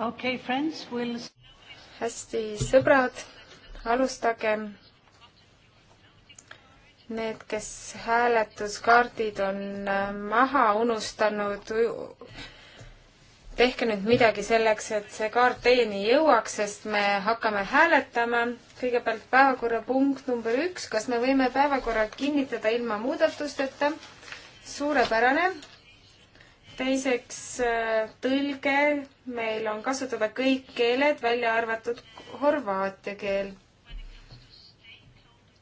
okay, friends, we'll... hästi, sõbrad, alustagem. Need, kes hääletuskaardid on äh, maha unustanud, tehke nüüd midagi selleks, et see kaart teieni jõuaks, sest me hakkame hääletama. kõigepealt päevakorrapunkt number üks, kas me võime päevakorra kinnitada ilma muudatusteta? suurepärane teiseks äh, tõlge, meil on kasutada kõik keeled, välja arvatud horvaatia keel.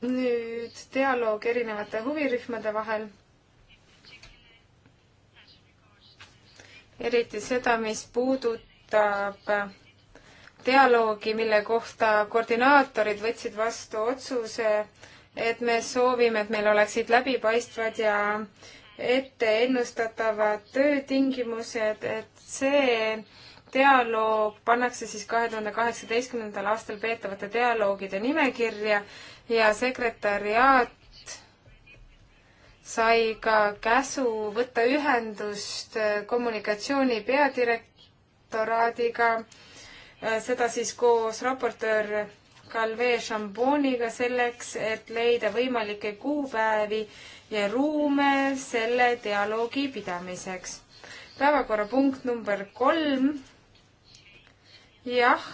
nüüd dialoog erinevate huvirühmade vahel. eriti seda, mis puudutab dialoogi, mille kohta koordinaatorid võtsid vastu otsuse, et me soovime, et meil oleksid läbipaistvad ja äh, ette ennustatavad töötingimused, et see dialoog pannakse siis kahe tuhande kaheksateistkümnendal aastal peetavate dialoogide nimekirja ja sekretäriaat sai ka käsu võtta ühendust kommunikatsiooni peadirektoraadiga, seda siis koos raportöör Calvee Šamboniga selleks, et leida võimalikke kuupäevi ja ruume selle dialoogi pidamiseks. päevakorrapunkt number kolm. jah,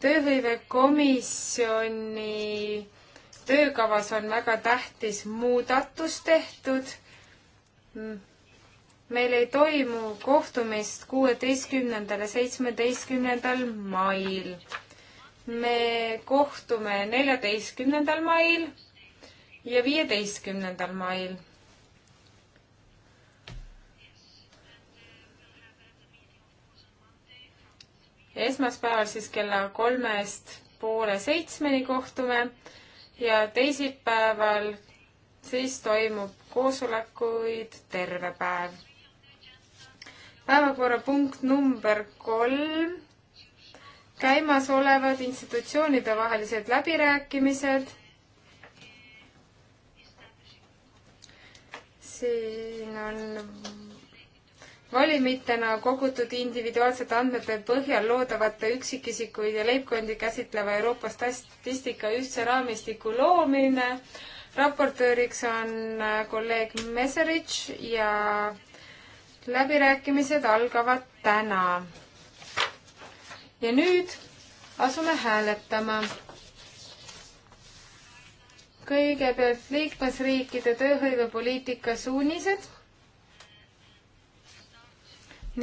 tööhõivekomisjoni töökavas on väga tähtis muudatus tehtud meil ei toimu kohtumist kuueteistkümnendal ja seitsmeteistkümnendal mail. me kohtume neljateistkümnendal mail ja viieteistkümnendal mail. esmaspäeval siis kella kolmest poole seitsmeni kohtume ja teisipäeval siis toimub koosolekuid terve päev. päevakorrapunkt number kolm, käimasolevad institutsioonide vahelised läbirääkimised siin on valimitena kogutud individuaalsete andmete põhjal loodavate üksikisikuid ja leibkondi käsitleva Euroopa statistika ühtse raamistiku loomine. raportööriks on äh, kolleeg Meserich ja läbirääkimised algavad täna. ja nüüd asume hääletama kõigepealt liikmesriikide tööhõivepoliitika suunised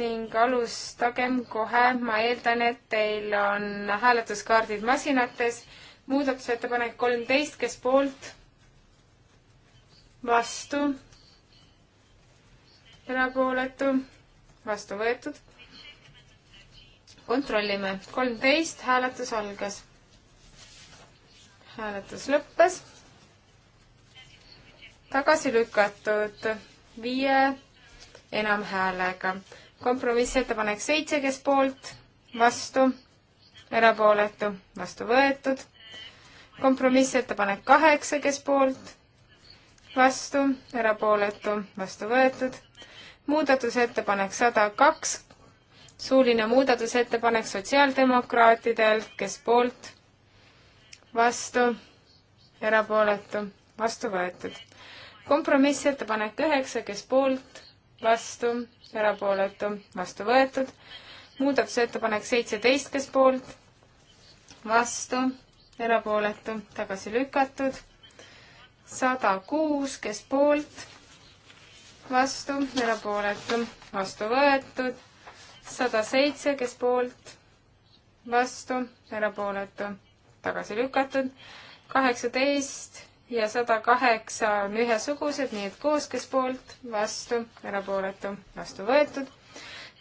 ning alustagem kohe, ma eeldan, et teil on hääletuskaardid masinates. muudatusettepanek kolmteist, kes poolt? vastu? erapooletu? vastu võetud? kontrollime, kolmteist, hääletus algas. hääletus lõppes tagasi lükatud viie enamhäälega. kompromissettepanek seitse, kes poolt, vastu, erapooletu, vastu võetud. kompromissettepanek kaheksa, kes poolt, vastu, erapooletu, vastu võetud. muudatusettepanek sada kaks, suuline muudatusettepanek sotsiaaldemokraatidelt, kes poolt, vastu, erapooletu, vastu võetud kompromissettepanek üheksa, kes poolt, vastu, erapooletu, vastu võetud. muudatusettepanek seitseteist, kes poolt, vastu, erapooletu, tagasi lükatud. sada kuus, kes poolt, vastu, erapooletu, vastu võetud. sada seitse, kes poolt, vastu, erapooletu, tagasi lükatud. kaheksateist ja sada kaheksa on ühesugused, nii et koos, kes poolt, vastu, erapooletu, vastu võetud.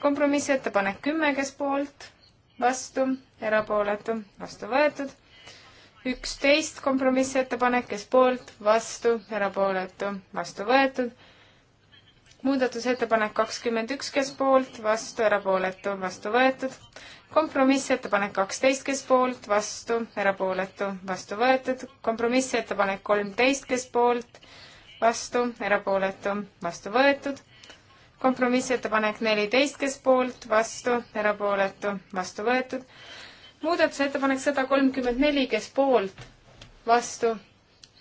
kompromissettepanek kümme, kes poolt, vastu, erapooletu, vastu võetud. üksteist kompromissettepanek, kes poolt, vastu, erapooletu, vastu võetud muudatusettepanek kakskümmend üks, kes poolt, vastu, erapooletu, vastu võetud. kompromissettepanek kaksteist, kes poolt, vastu, erapooletu, vastu võetud. kompromissettepanek kolmteist, kes poolt, vastu, erapooletu, vastu võetud. kompromissettepanek neliteist, kes poolt, vastu, erapooletu, vastu võetud. muudatusettepanek sada kolmkümmend neli, kes poolt, vastu,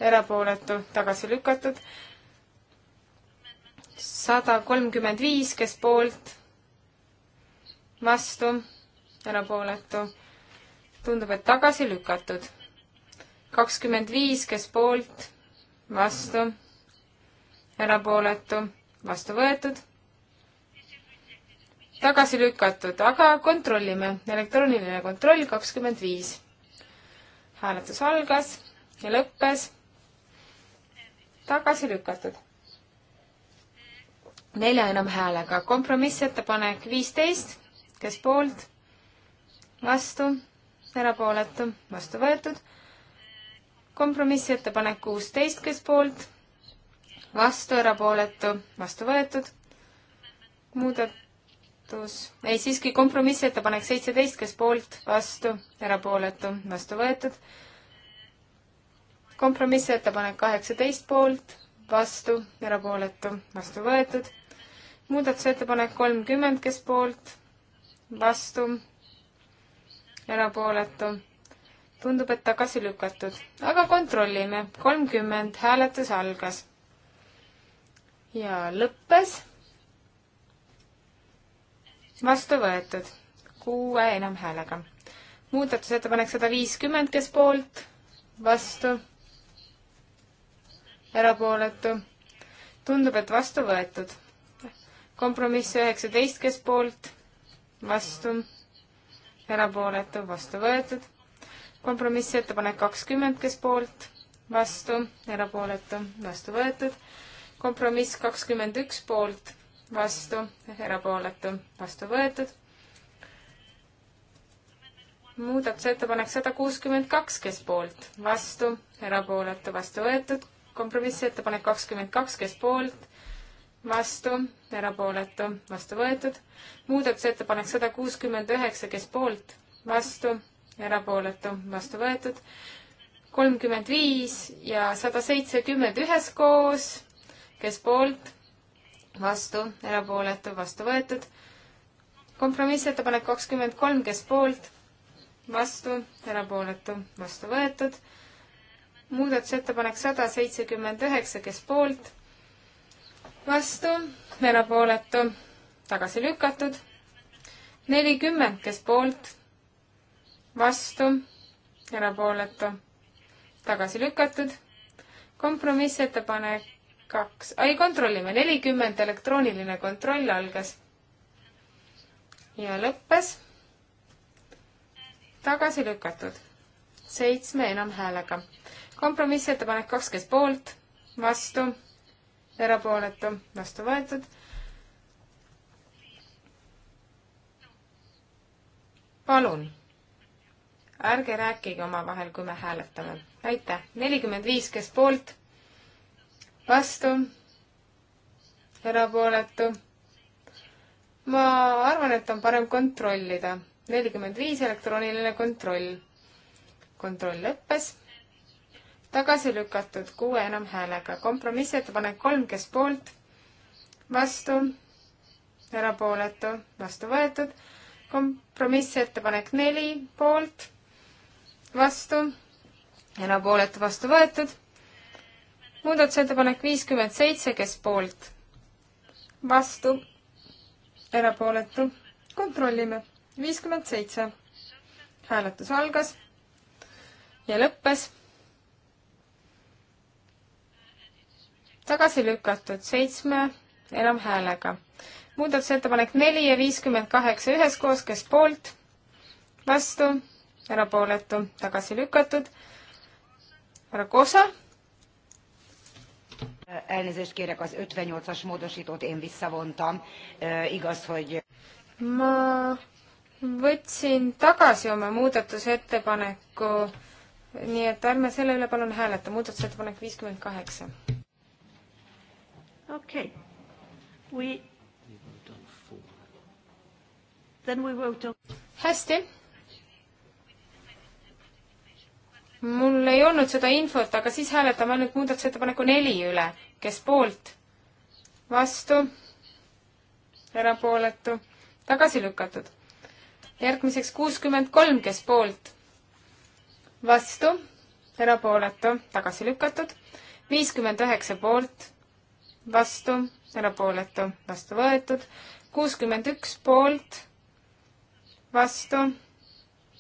erapooletu, tagasi lükatud sada kolmkümmend viis, kes poolt, vastu, erapooletu. tundub, et tagasi lükatud. kakskümmend viis, kes poolt, vastu, erapooletu, vastu võetud. tagasi lükatud, aga kontrollime. elektrooniline kontroll kakskümmend viis. hääletus algas ja lõppes. tagasi lükatud nelja enamhäälega. kompromissettepanek viisteist, kes poolt, vastu, erapooletu, vastu võetud. kompromissettepanek kuusteist, kes poolt, vastu, erapooletu, vastu võetud. muudatus, ei siiski kompromissettepanek seitseteist, kes poolt, vastu, erapooletu, vastu võetud. kompromissettepanek kaheksateist poolt, vastu, erapooletu, vastu võetud muudatusettepanek kolmkümmend, kes poolt, vastu, erapooletu. tundub, et tagasi lükatud, aga kontrollime. kolmkümmend, hääletus algas ja lõppes. vastu võetud, kuue enamhäälega. muudatusettepanek sada viiskümmend, kes poolt, vastu, erapooletu. tundub, et vastu võetud kompromiss üheksateist, kes poolt, vastu, erapooletu, vastu võetud. kompromissettepanek kakskümmend, kes poolt, vastu, erapooletu, vastu võetud. kompromiss kakskümmend üks poolt, vastu, erapooletu, vastu võetud. muudatusettepanek sada kuuskümmend kaks, kes poolt, vastu, erapooletu, vastu võetud. kompromissettepanek kakskümmend kaks, kes poolt vastu, erapooletu, vastu võetud. muudatusettepanek sada kuuskümmend üheksa, kes poolt, vastu, erapooletu, vastu võetud. kolmkümmend viis ja sada seitsekümmend üheskoos, kes poolt, vastu, erapooletu, vastu võetud. kompromissettepanek kakskümmend kolm, kes poolt, vastu, erapooletu, vastu võetud. muudatusettepanek sada seitsekümmend üheksa, kes poolt vastu, erapooletu, tagasi lükatud. nelikümmend, kes poolt, vastu, erapooletu, tagasi lükatud. kompromissettepanek kaks, ei kontrollime, nelikümmend elektrooniline kontroll algas ja lõppes tagasi lükatud seitsme enamhäälega. kompromissettepanek kakskümmend poolt, vastu erapooletu, vastu võetud. palun, ärge rääkige omavahel, kui me hääletame. aitäh, nelikümmend viis, kes poolt, vastu, erapooletu. ma arvan, et on parem kontrollida. nelikümmend viis elektrooniline kontroll. kontroll lõppes tagasi lükatud kuue enamhäälega. kompromissettepanek kolm, kes poolt, vastu, erapooletu, vastu võetud. kompromissettepanek neli, poolt, vastu, erapooletu, vastu võetud. muudatusettepanek viiskümmend seitse, kes poolt, vastu, erapooletu, kontrollime. viiskümmend seitse. hääletus algas ja lõppes tagasi lükatud seitsme enamhäälega. muudatusettepanek neli ja viiskümmend kaheksa üheskoos, kes poolt, vastu, erapooletu, tagasi lükatud. härra Kosa. Elnézést kérek, az 58-as módosítót én visszavontam. E, igaz, hogy... Ma võtsin tagasi oma muudatusettepaneku, nii et ärme selle üle palun hääleta. Muudatusettepanek 58. Okay. We... Then we vote on... hästi. mul ei olnud seda infot, aga siis hääletame nüüd muudatusettepaneku neli üle. kes poolt? vastu? erapooletu? tagasi lükatud. järgmiseks kuuskümmend kolm, kes poolt? vastu? erapooletu? tagasi lükatud. viiskümmend üheksa poolt vastu, erapooletu, vastu võetud, kuuskümmend üks poolt, vastu,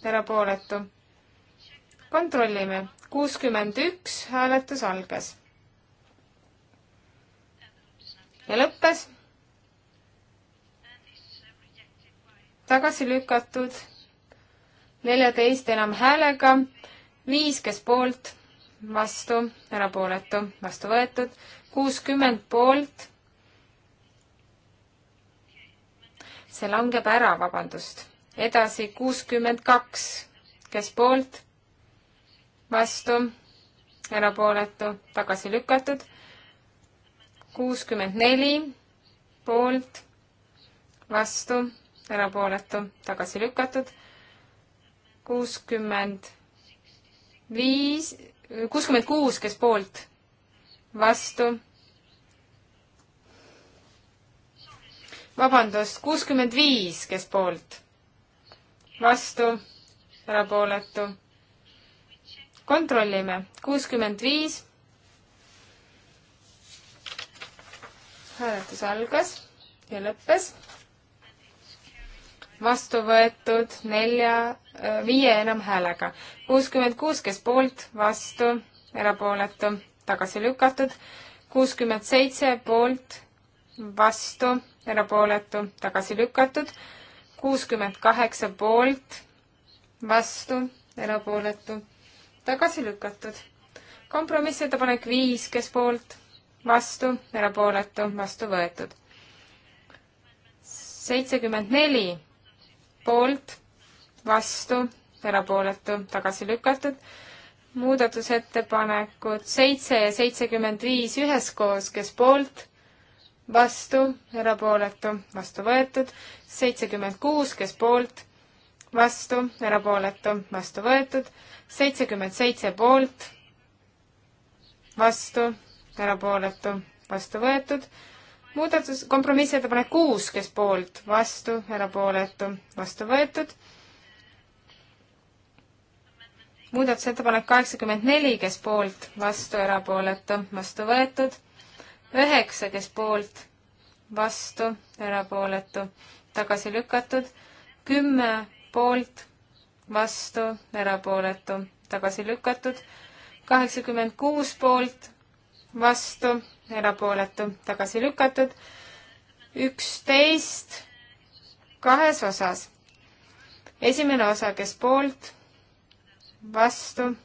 erapooletu. kontrollime, kuuskümmend üks, hääletus algas. ja lõppes. tagasi lükatud neljateist enamhäälega, viis, kes poolt, vastu, erapooletu, vastu võetud kuuskümmend poolt. see langeb ära, vabandust. edasi kuuskümmend kaks, kes poolt, vastu, erapooletu, tagasi lükatud. kuuskümmend neli poolt, vastu, erapooletu, tagasi lükatud. kuuskümmend viis, kuuskümmend kuus, kes poolt vastu. vabandust, kuuskümmend viis, kes poolt, vastu, erapooletu. kontrollime, kuuskümmend viis. hääletus algas ja lõppes vastu võetud nelja, äh, viie enamhäälega. kuuskümmend kuus, kes poolt, vastu, erapooletu, tagasi lükatud, kuuskümmend seitse poolt, vastu, erapooletu, tagasi lükatud, kuuskümmend kaheksa poolt, vastu, erapooletu, tagasi lükatud. kompromissettepanek viis, kes poolt, vastu, erapooletu, vastu võetud. seitsekümmend neli poolt, vastu, erapooletu, tagasi lükatud muudatusettepanekud seitse ja seitsekümmend viis üheskoos, kes poolt, vastu, erapooletu, vastu võetud, seitsekümmend kuus, kes poolt, vastu, erapooletu, vastu võetud, seitsekümmend seitse poolt, vastu, erapooletu, vastu võetud, muudatus, kompromissettepanek kuus, kes poolt, vastu, erapooletu, vastu võetud muudatusettepanek kaheksakümmend neli, kes poolt, vastu, erapooletu, vastu võetud. üheksa, kes poolt, vastu, erapooletu, tagasi lükatud. kümme poolt, vastu, erapooletu, tagasi lükatud. kaheksakümmend kuus poolt, vastu, erapooletu, tagasi lükatud. üksteist kahes osas. esimene osa, kes poolt vastu,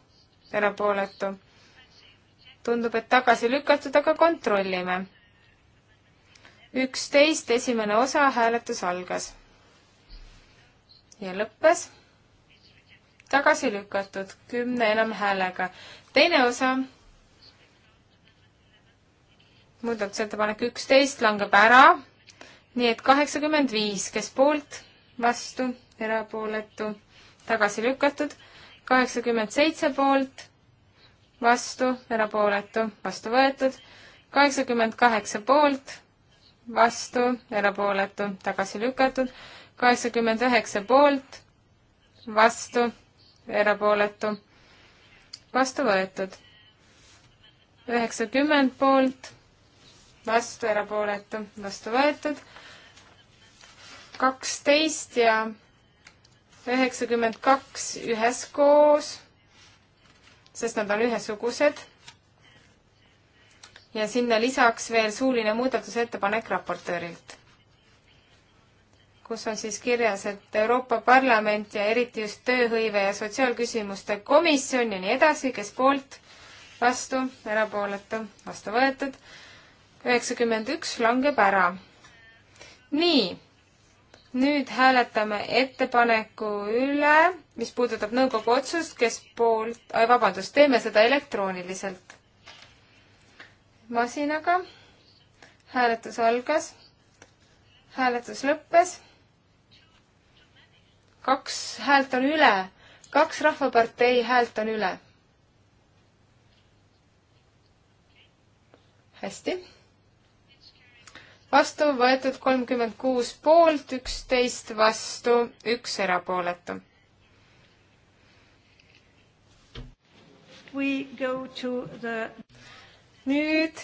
erapooletu. tundub, et tagasi lükatud, aga kontrollime. üksteist, esimene osa, hääletus algas. ja lõppes. tagasi lükatud, kümne enamhäälega. teine osa, muudatusettepanek üksteist langeb ära, nii et kaheksakümmend viis, kes poolt, vastu, erapooletu, tagasi lükatud kaheksakümmend seitse poolt, vastu, erapooletu, vastu võetud, kaheksakümmend kaheksa poolt, vastu, erapooletu, tagasi lükatud, kaheksakümmend üheksa poolt, vastu, erapooletu, vastu võetud, üheksakümmend poolt, vastu, erapooletu, vastu võetud, kaksteist ja üheksakümmend kaks üheskoos, sest nad on ühesugused. ja sinna lisaks veel suuline muudatusettepanek raportöörilt, kus on siis kirjas, et Euroopa Parlament ja eriti just tööhõive ja sotsiaalküsimuste komisjon ja nii edasi, kes poolt, vastu, erapooletu, vastu võetud, üheksakümmend üks langeb ära. nii nüüd hääletame ettepaneku üle, mis puudutab nõukogu otsust, kes poolt, äh, vabandust, teeme seda elektrooniliselt masinaga. hääletus algas, hääletus lõppes. kaks häält on üle, kaks Rahvapartei häält on üle. hästi vastu võetud kolmkümmend kuus poolt, üksteist vastu, üks erapooletu. The... nüüd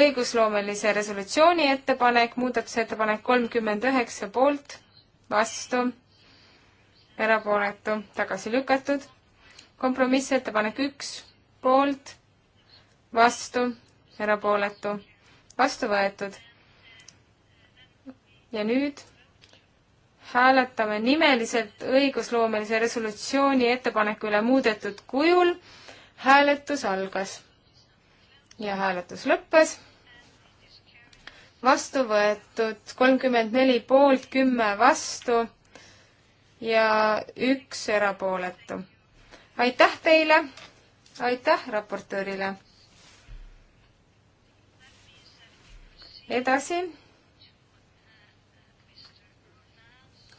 õigusloomelise resolutsiooni ettepanek, muudatusettepanek kolmkümmend üheksa poolt, vastu, erapooletu, tagasi lükatud. kompromissettepanek üks, poolt, vastu, erapooletu, vastu võetud ja nüüd hääletame nimeliselt õigusloomelise resolutsiooni ettepaneku üle muudetud kujul. hääletus algas ja hääletus lõppes. vastu võetud kolmkümmend neli poolt, kümme vastu ja üks erapooletu. aitäh teile, aitäh raportöörile. edasi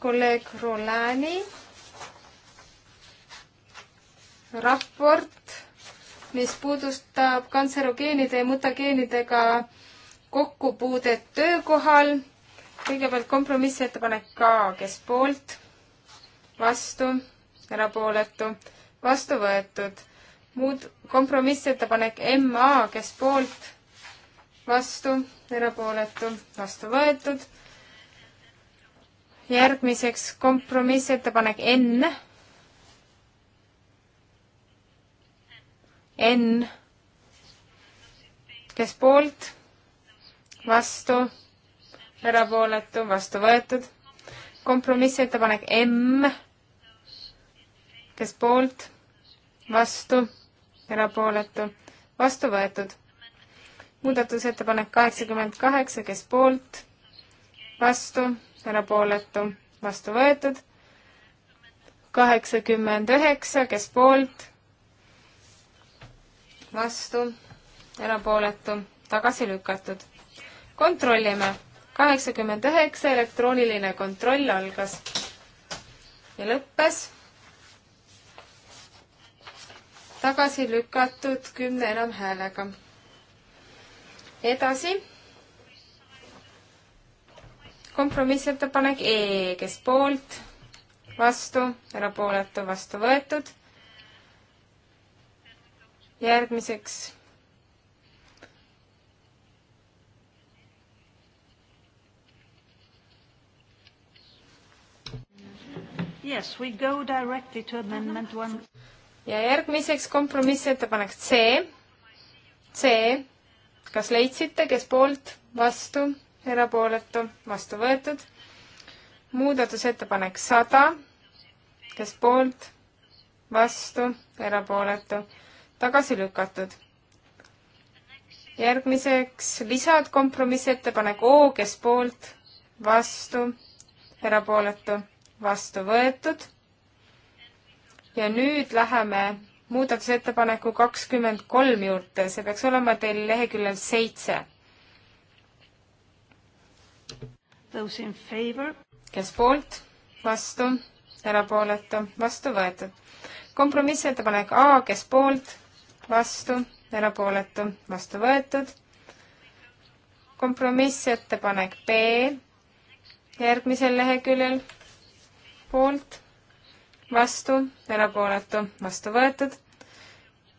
kolleeg Rolani raport, mis puudustab kantserogeenide ja mutageenidega kokkupuudet töökohal. kõigepealt kompromissettepanek ka, kes poolt, vastu, erapooletu, vastu võetud. muud, kompromissettepanek MA, kes poolt, vastu, erapooletu, vastu võetud järgmiseks kompromissettepanek N. N, kes poolt, vastu, erapooletu, vastu võetud. kompromissettepanek M, kes poolt, vastu, erapooletu, vastu võetud. muudatusettepanek kaheksakümmend kaheksa, kes poolt, vastu erapooletu, vastu võetud. kaheksakümmend üheksa, kes poolt, vastu, erapooletu, tagasi lükatud. kontrollime. kaheksakümmend üheksa, elektrooniline kontroll algas ja lõppes. tagasi lükatud kümne enamhäälega. edasi kompromissettepanek E, kes poolt, vastu, erapooletu, vastu võetud. järgmiseks Yes, we go directly to amendment one. ja järgmiseks kompromissettepanek C. C, kas leidsite, kes poolt, vastu, erapooletu, vastu võetud. muudatusettepanek sada, kes poolt, vastu, erapooletu, tagasi lükatud. järgmiseks lisad kompromissettepanek O, kes poolt, vastu, erapooletu, vastu võetud. ja nüüd läheme muudatusettepaneku kakskümmend kolm juurde, see peaks olema teil leheküljel seitse kes poolt, vastu, erapooletu, vastu võetud. kompromissettepanek A, kes poolt, vastu, erapooletu, vastu võetud. kompromissettepanek B, järgmisel leheküljel, poolt, vastu, erapooletu, vastu võetud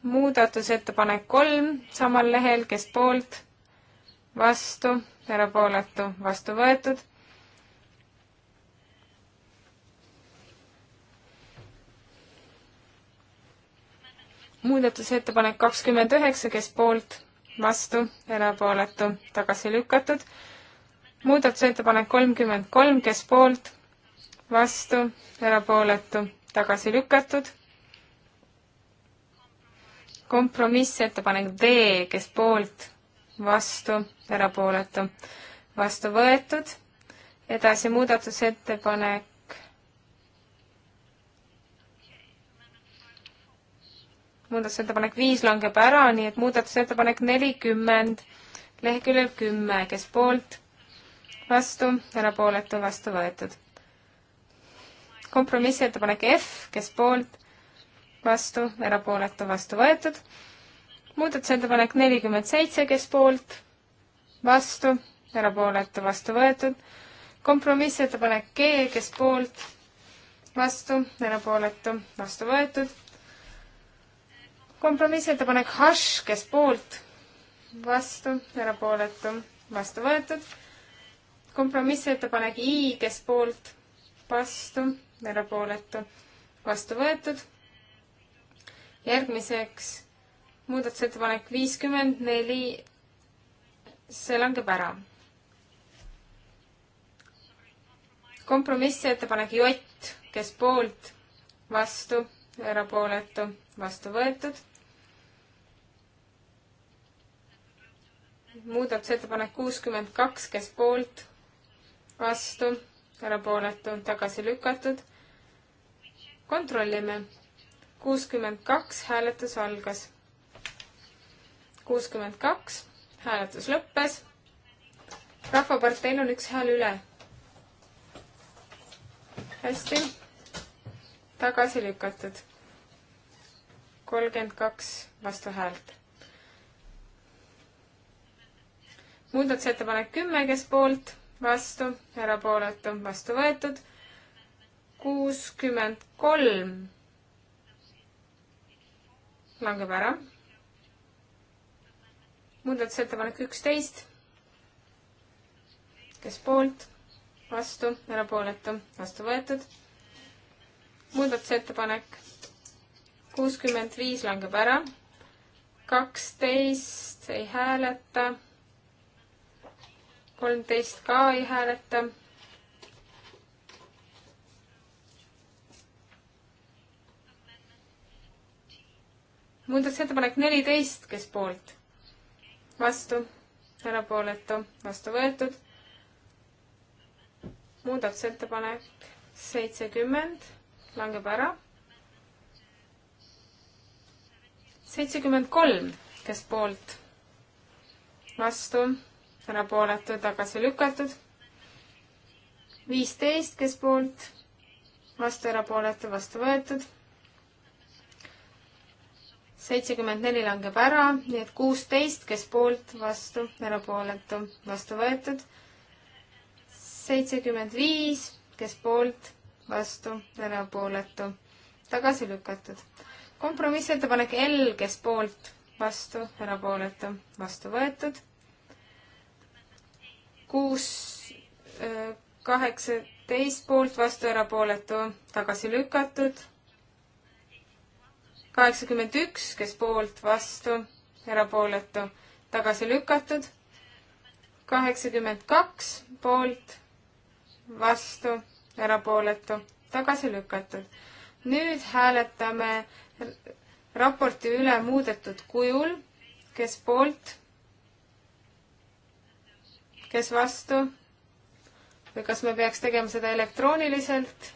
muudatusettepanek kolm samal lehel, kes poolt, vastu, erapooletu, vastu võetud. muudatusettepanek kakskümmend üheksa, kes poolt, vastu, erapooletu, tagasi lükatud. muudatusettepanek kolmkümmend kolm, kes poolt, vastu, erapooletu, tagasi lükatud kompromissettepanek D, kes poolt, vastu, erapooletu, vastu võetud. edasi muudatusettepanek. muudatusettepanek viis langeb ära, nii et muudatusettepanek nelikümmend, leheküljel kümme, kes poolt, vastu, erapooletu, vastu võetud. kompromissettepanek F, kes poolt, vastu, erapooletu, vastu võetud muudatusettepanek nelikümmend seitse, kes poolt, vastu, erapooletu, vastu võetud. kompromissettepanek G, kes poolt, vastu, erapooletu, vastu võetud. kompromissettepanek H, kes poolt, vastu, erapooletu, vastu võetud. kompromissettepanek I, kes poolt, vastu, erapooletu, vastu võetud. järgmiseks muudatusettepanek viiskümmend neli, see langeb ära. kompromissettepanek J, kes poolt, vastu, erapooletu, vastu võetud. muudatusettepanek kuuskümmend kaks, kes poolt, vastu, erapooletu, tagasi lükatud. kontrollime. kuuskümmend kaks, hääletus algas kuuskümmend kaks, hääletus lõppes. rahvaparteil on üks hääl üle. hästi, tagasi lükatud. kolmkümmend kaks vastuhäält. muudatusettepanek kümme, kes poolt, vastu, erapooletu, vastu võetud. kuuskümmend kolm langeb ära muudatusettepanek üksteist, kes poolt, vastu, erapooletu, vastu võetud. muudatusettepanek kuuskümmend viis langeb ära, kaksteist ei hääleta, kolmteist ka ei hääleta muudatusettepanek neliteist, kes poolt? vastu, erapooletu, vastu võetud. muudatusettepanek seitsekümmend langeb ära. seitsekümmend kolm, kes poolt, vastu, erapooletu, tagasi lükatud. viisteist, kes poolt, vastu, erapooletu, vastu võetud seitsekümmend neli langeb ära, nii et kuusteist, kes poolt, vastu, erapooletu, vastu võetud. seitsekümmend viis, kes poolt, vastu, erapooletu, tagasi lükatud. kompromissettepanek L, kes poolt, vastu, erapooletu, vastu võetud. kuus, kaheksateist poolt, vastu, erapooletu, tagasi lükatud kaheksakümmend üks, kes poolt, vastu, erapooletu, tagasi lükatud. kaheksakümmend kaks poolt, vastu, erapooletu, tagasi lükatud. nüüd hääletame raporti üle muudetud kujul, kes poolt, kes vastu või kas me peaks tegema seda elektrooniliselt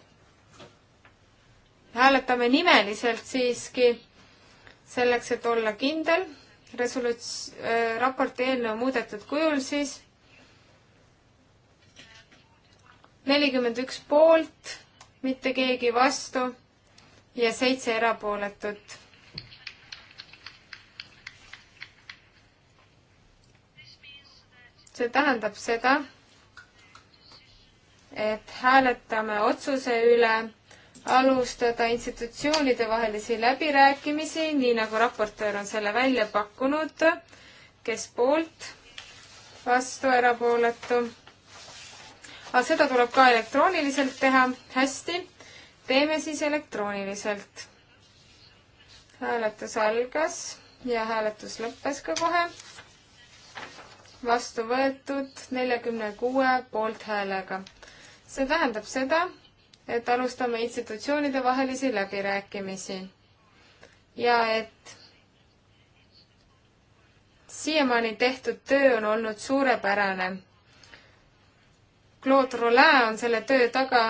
hääletame nimeliselt siiski, selleks et olla kindel, resoluts-, äh, raporti eelnõu muudetud kujul siis nelikümmend üks poolt, mitte keegi vastu ja seitse erapooletut. see tähendab seda, et hääletame otsuse üle alustada institutsioonide vahelisi läbirääkimisi, nii nagu raportöör on selle välja pakkunud. kes poolt, vastu, erapooletu? aga seda tuleb ka elektrooniliselt teha. hästi, teeme siis elektrooniliselt. hääletus algas ja hääletus lõppes ka kohe. vastu võetud neljakümne kuue poolthäälega. see tähendab seda, et alustame institutsioonide vahelisi läbirääkimisi ja et siiamaani tehtud töö on olnud suurepärane. Claude Rolin on selle töö taga.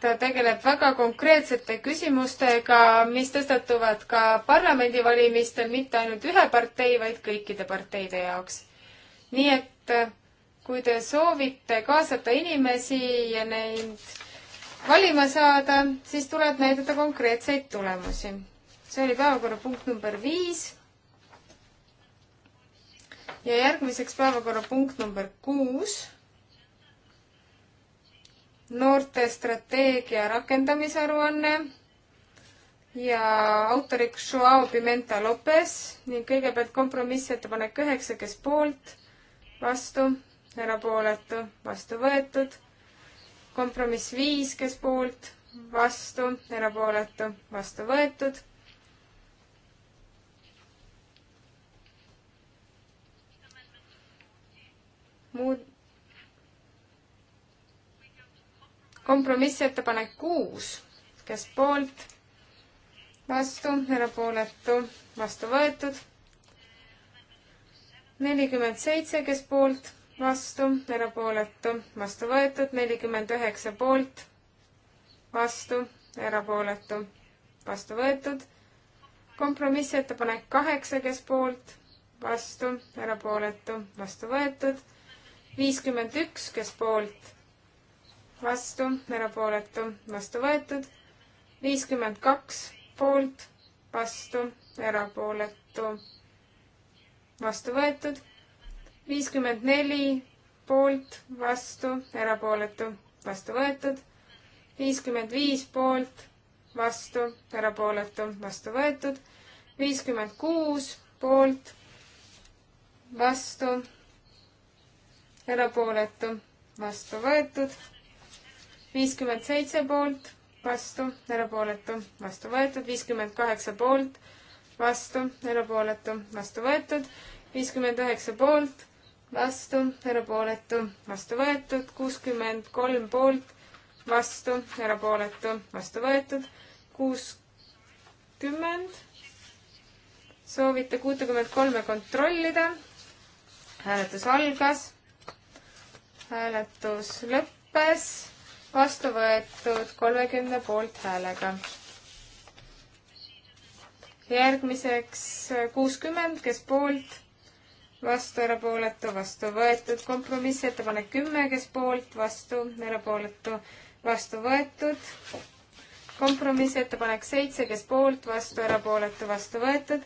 ta tegeleb väga konkreetsete küsimustega, mis tõstatuvad ka parlamendivalimistel, mitte ainult ühe partei, vaid kõikide parteide jaoks. nii et kui te soovite kaasata inimesi ja neid valima saada, siis tuleb näidata konkreetseid tulemusi. see oli päevakorrapunkt number viis. ja järgmiseks päevakorrapunkt number kuus. noorte strateegia rakendamisaruanne ja autoriks Joao Pimenta Lopes ning kõigepealt kompromissettepanek üheksa, kes poolt, vastu, erapooletu, vastu võetud kompromiss viis, kes poolt, vastu, erapooletu, vastu võetud. muud. kompromissettepanek kuus, kes poolt, vastu, erapooletu, vastu võetud. nelikümmend seitse, kes poolt vastu, erapooletu, vastu võetud, nelikümmend üheksa poolt, vastu, erapooletu, vastu võetud. kompromissettepanek kaheksa, kes poolt, vastu, erapooletu, vastu võetud. viiskümmend üks, kes poolt, vastu, erapooletu, vastu võetud. viiskümmend kaks poolt, vastu, erapooletu, vastu võetud viiskümmend neli poolt, vastu, erapooletu, vastu võetud. viiskümmend viis poolt, vastu, erapooletu, vastu võetud. viiskümmend kuus poolt, vastu, erapooletu, vastu võetud. viiskümmend seitse poolt, vastu, erapooletu, vastu võetud. viiskümmend kaheksa poolt vastu, erapooletu, vastu võetud, viiskümmend üheksa poolt, vastu, erapooletu, vastu võetud, kuuskümmend kolm poolt, vastu, erapooletu, vastu võetud, kuuskümmend. soovite kuutekümmet kolme kontrollida. hääletus algas, hääletus lõppes, vastu võetud kolmekümne poolthäälega järgmiseks kuuskümmend, kes poolt, vastu, erapooletu, vastu võetud. kompromissettepanek kümme, kes poolt, vastu, erapooletu, vastu võetud. kompromissettepanek seitse, kes poolt, vastu, erapooletu, vastu võetud.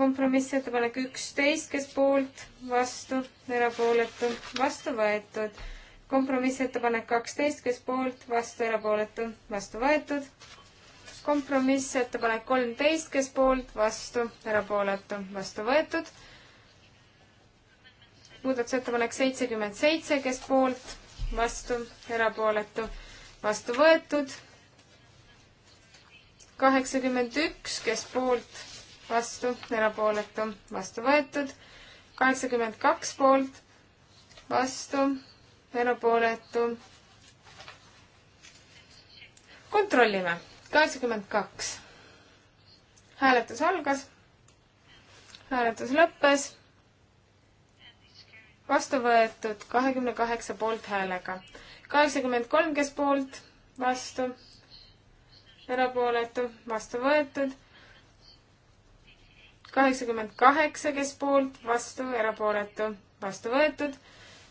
kompromissettepanek üksteist, kes poolt, vastu, erapooletu, vastu võetud. kompromissettepanek kaksteist, kes poolt, vastu, erapooletu, vastu võetud kompromissettepanek kolmteist, kes poolt, vastu, erapooletu, vastu võetud. muudatusettepanek seitsekümmend seitse, kes poolt, vastu, erapooletu, vastu võetud. kaheksakümmend üks, kes poolt, vastu, erapooletu, vastu võetud. kaheksakümmend kaks poolt, vastu, erapooletu kontrollime kaheksakümmend kaks. hääletus algas. hääletus lõppes. vastu võetud kahekümne kaheksa poolthäälega. kaheksakümmend kolm, kes poolt, vastu, erapooletu, vastu võetud kaheksakümmend kaheksa, kes poolt, vastu, erapooletu, vastu võetud.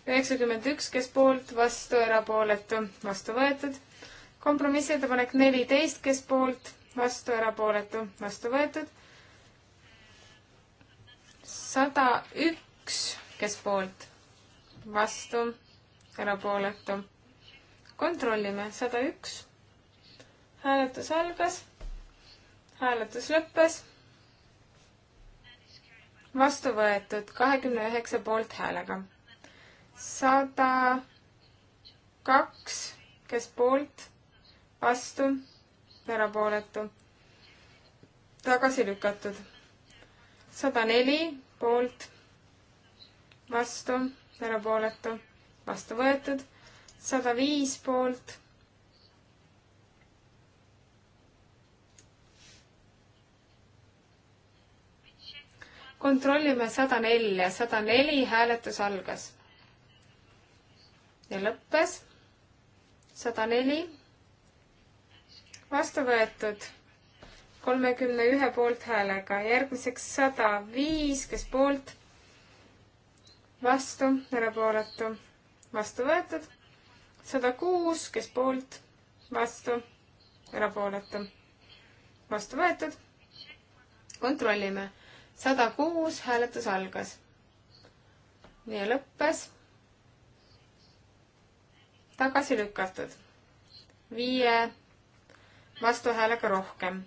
üheksakümmend üks, kes poolt, vastu, erapooletu, vastu võetud kompromissettepanek neliteist, kes poolt, vastu, erapooletu, vastu võetud. sada üks, kes poolt, vastu, erapooletu. kontrollime, sada üks. hääletus algas, hääletus lõppes. vastu võetud kahekümne üheksa poolthäälega. sada kaks, kes poolt vastu, erapooletu, tagasi lükatud. sada neli poolt, vastu, erapooletu, vastu võetud, sada viis poolt kontrollime sada nelja, sada neli hääletus algas ja lõppes sada neli vastu võetud kolmekümne ühe poolthäälega, järgmiseks sada viis, kes poolt, vastu, erapooletu, vastu võetud, sada kuus, kes poolt, vastu, erapooletu, vastu võetud. kontrollime, sada kuus, hääletus algas ja lõppes tagasi lükatud viie vastuhäälega rohkem.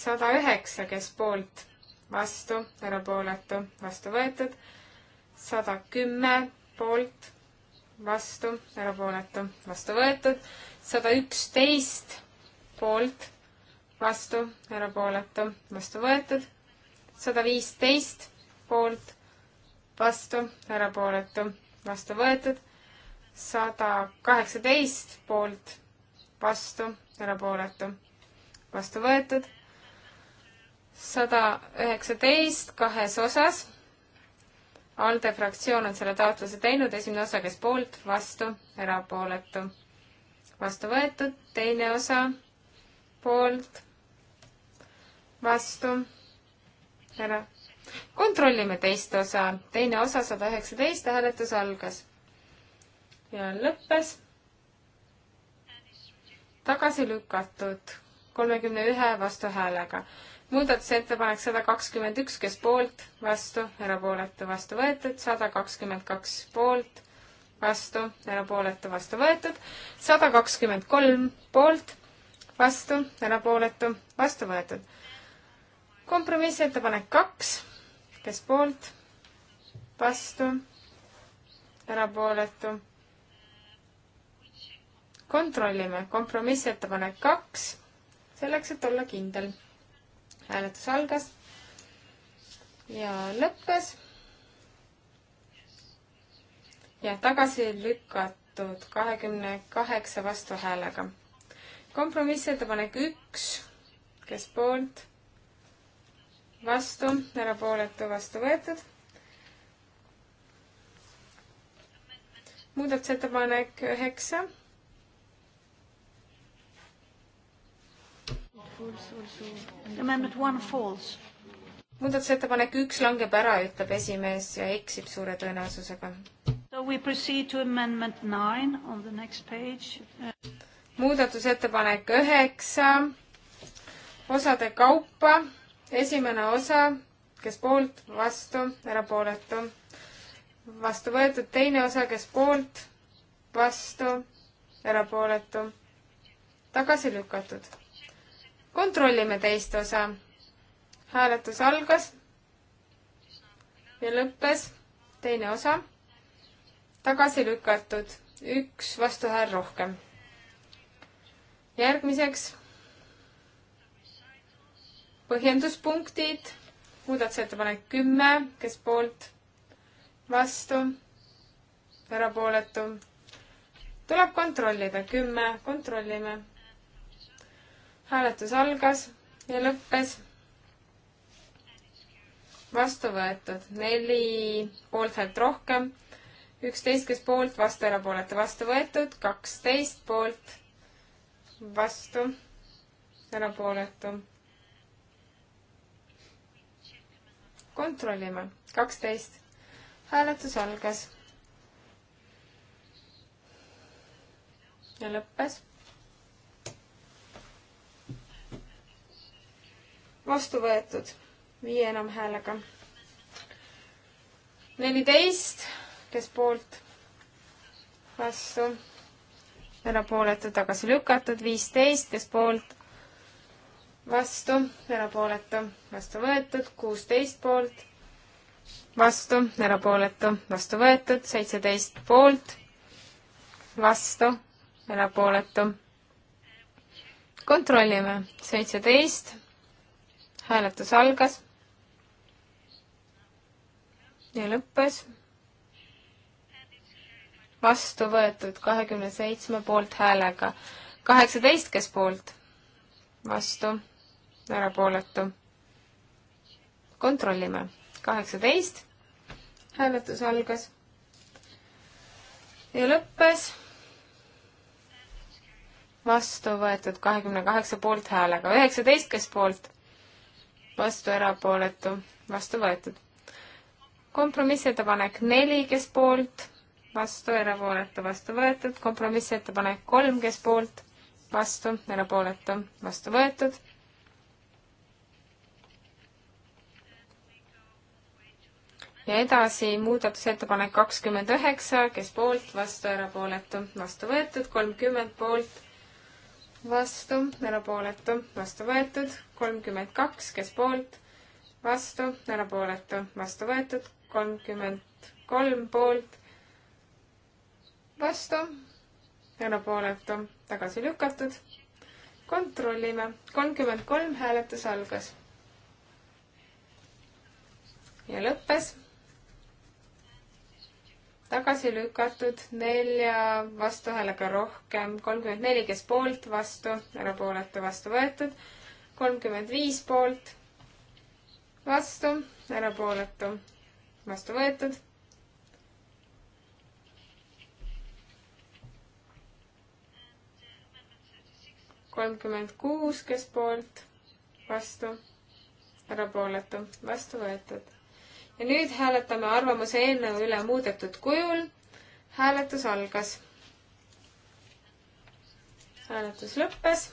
sada üheksa, kes poolt, vastu, erapooletu, vastu võetud. sada kümme poolt, vastu, erapooletu, vastu võetud. sada üksteist poolt, vastu, erapooletu, vastu võetud. sada viisteist poolt vastu, erapooletu, vastu võetud. sada kaheksateist poolt, vastu, erapooletu, vastu võetud. sada üheksateist kahes osas. ALDE fraktsioon on selle taotluse teinud, esimene osa, kes poolt, vastu, erapooletu, vastu võetud, teine osa poolt, vastu, ära kontrollime teist osa, teine osa sada üheksateist, hääletus algas ja lõppes. tagasi lükatud kolmekümne ühe vastuhäälega. muudatusettepanek sada kakskümmend üks, kes poolt, vastu, erapooletu, vastu võetud, sada kakskümmend kaks poolt, vastu, erapooletu, vastu võetud, sada kakskümmend kolm poolt, vastu, erapooletu, vastu võetud. kompromissettepanek kaks kes poolt, vastu, erapooletu. kontrollime, kompromissettepanek kaks, selleks, et olla kindel. hääletus algas ja lõppes. ja tagasi lükatud kahekümne kaheksa vastuhäälega. kompromissettepanek üks, kes poolt vastu, erapooletu, vastu võetud. muudatusettepanek üheksa. muudatusettepanek üks langeb ära, ütleb esimees ja eksib suure tõenäosusega. muudatusettepanek üheksa, osade kaupa esimene osa, kes poolt, vastu, erapooletu. vastu võetud teine osa, kes poolt, vastu, erapooletu. tagasi lükatud. kontrollime teist osa. hääletus algas ja lõppes teine osa. tagasi lükatud, üks vastuhääl rohkem. järgmiseks põhjenduspunktid, muudatusettepanek kümme, kes poolt, vastu, erapooletu. tuleb kontrollida, kümme, kontrollime. hääletus algas ja lõppes. vastu võetud neli poolthäält rohkem, üksteist, kes poolt, vastu, erapooletu, vastu võetud, kaksteist poolt, vastu, erapooletu kontrollime. kaksteist. hääletus algas. ja lõppes. vastu võetud viie enamhäälega. neliteist, kes poolt, vastu, erapooletu tagasi lükatud, viisteist, kes poolt vastu, erapooletu, vastu võetud, kuusteist poolt, vastu, erapooletu, vastu võetud, seitseteist poolt, vastu, erapooletu. kontrollime, seitseteist, hääletus algas ja lõppes vastu võetud kahekümne seitsme poolthäälega. kaheksateist, kes poolt? vastu, erapooletu. kontrollime. kaheksateist. hääletus algas ja lõppes vastu võetud kahekümne kaheksa poolthäälega, üheksateist kes poolt, vastu erapooletu, vastu võetud. kompromissettepanek neli, kes poolt, vastu erapooletu, vastu võetud, kompromissettepanek kolm, kes poolt, vastu erapooletu, vastu võetud, ja edasi muudatusettepanek kakskümmend üheksa, kes poolt, vastu, erapooletu, vastu võetud, kolmkümmend poolt, vastu, erapooletu, vastu võetud, kolmkümmend kaks, kes poolt, vastu, erapooletu, vastu võetud, kolmkümmend kolm poolt, vastu, erapooletu, tagasi lükatud. kontrollime, kolmkümmend kolm hääletus algas ja lõppes tagasi lükatud, nelja vastuhäälega rohkem, kolmkümmend neli, kes poolt, vastu, erapooletu, vastu võetud, kolmkümmend viis poolt, vastu, erapooletu, vastu võetud. kolmkümmend kuus, kes poolt, vastu, erapooletu, vastu võetud ja nüüd hääletame arvamuse eelnõu üle muudetud kujul. hääletus algas. hääletus lõppes.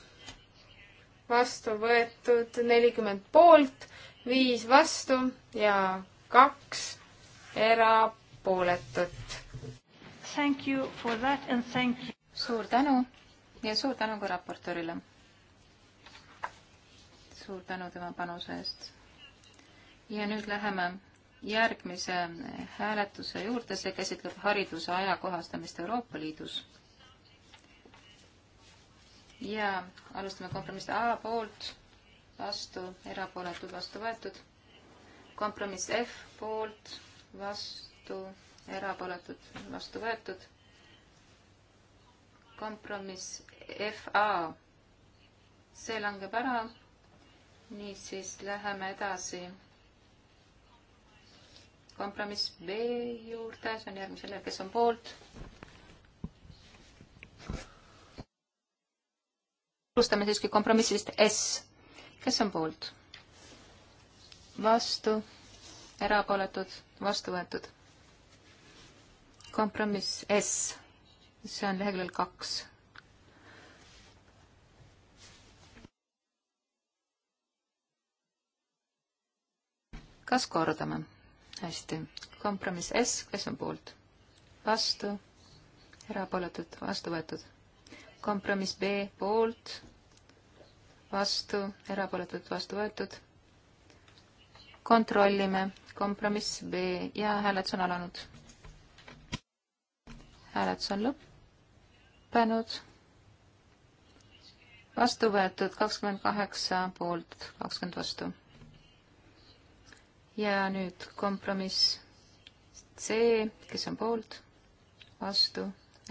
vastu võetud nelikümmend poolt, viis vastu ja kaks erapooletut. Thank you for that and thank you. suur tänu ja suur tänu ka raportöörile. suur tänu tema panuse eest. ja nüüd läheme järgmise hääletuse juurde, see käsitleb hariduse ajakohastamist Euroopa Liidus. ja alustame kompromissi A poolt, vastu, erapooletud, vastu võetud. kompromiss F poolt, vastu, erapooletud, vastu võetud. kompromiss FA, see langeb ära. niisiis läheme edasi kompromiss B juurde, see on järgmisele, kes on poolt. alustame siiski kompromissist S. kes on poolt? vastu, erapooletud, vastu võetud. kompromiss S, see on leheküljel kaks kas kordame? hästi, kompromiss S, kes on poolt? vastu, erapooletud, vastu võetud. kompromiss B, poolt, vastu, erapooletud, vastu võetud. kontrollime, kompromiss B ja hääletus on alanud. hääletus on lõppenud vastu võetud kakskümmend kaheksa poolt, kakskümmend vastu ja nüüd kompromiss C, kes on poolt, vastu,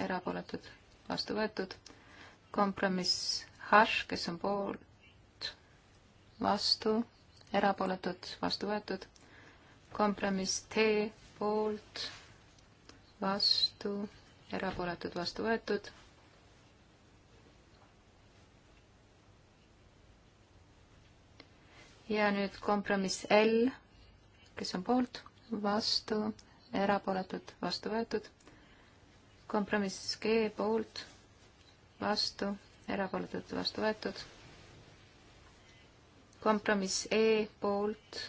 erapooletud, vastu võetud. kompromiss H, kes on poolt, vastu, erapooletud, vastu võetud. kompromiss T, poolt, vastu, erapooletud, vastu võetud ja nüüd kompromiss L kes on poolt, vastu, erapooletud, vastu võetud. kompromiss G poolt, vastu, erapooletud, vastu võetud. kompromiss E poolt,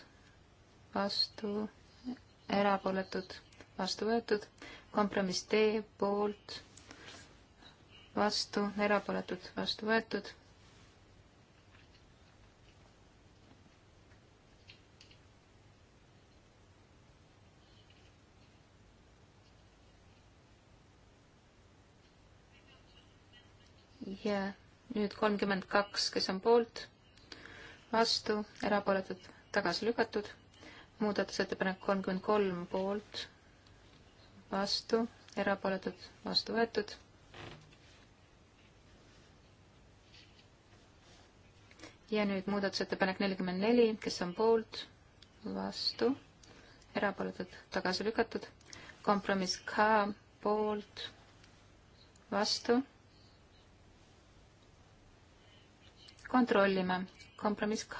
vastu, erapooletud, vastu võetud. kompromiss D poolt, vastu, erapooletud, vastu võetud ja nüüd kolmkümmend kaks, kes on poolt, vastu, erapooletud, tagasi lükatud. muudatusettepanek kolmkümmend kolm poolt, vastu, erapooletud, vastu võetud. ja nüüd muudatusettepanek nelikümmend neli, kes on poolt, vastu, erapooletud, tagasi lükatud. kompromiss K poolt, vastu kontrollime. kompromiss K.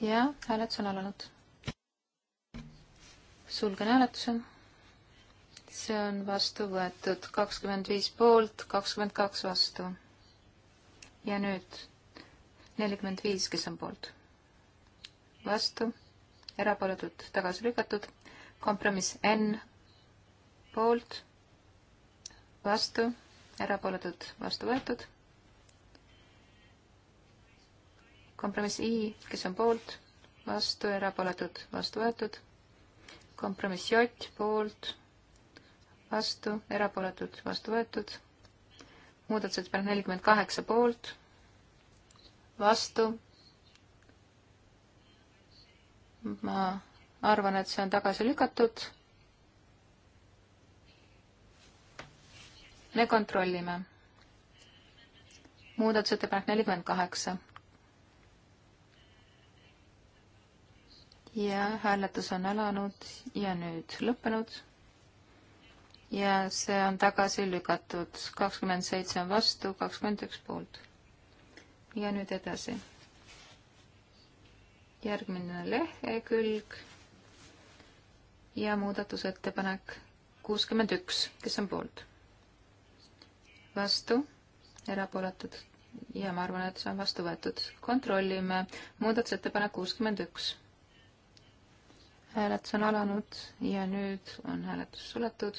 ja hääletus on alanud. sulgen hääletuse. see on vastu võetud kakskümmend viis poolt, kakskümmend kaks vastu. ja nüüd nelikümmend viis, kes on poolt. vastu, erapooletud, tagasi lükatud. kompromiss N poolt, vastu, erapooletud, vastu võetud kompromiss I, kes on poolt, vastu, erapooletud, vastu võetud. kompromiss J, poolt, vastu, erapooletud, vastu võetud. muudatusettepanek nelikümmend kaheksa poolt, vastu. ma arvan, et see on tagasi lükatud. me kontrollime. muudatusettepanek nelikümmend kaheksa ja hääletus on alanud ja nüüd lõppenud. ja see on tagasi lükatud, kakskümmend seitse on vastu, kakskümmend üks poolt. ja nüüd edasi. järgmine lehekülg ja muudatusettepanek kuuskümmend üks, kes on poolt? vastu, erapooletud ja ma arvan, et see on vastu võetud. kontrollime muudatusettepanek kuuskümmend üks hääletus on alanud ja nüüd on hääletus suletud.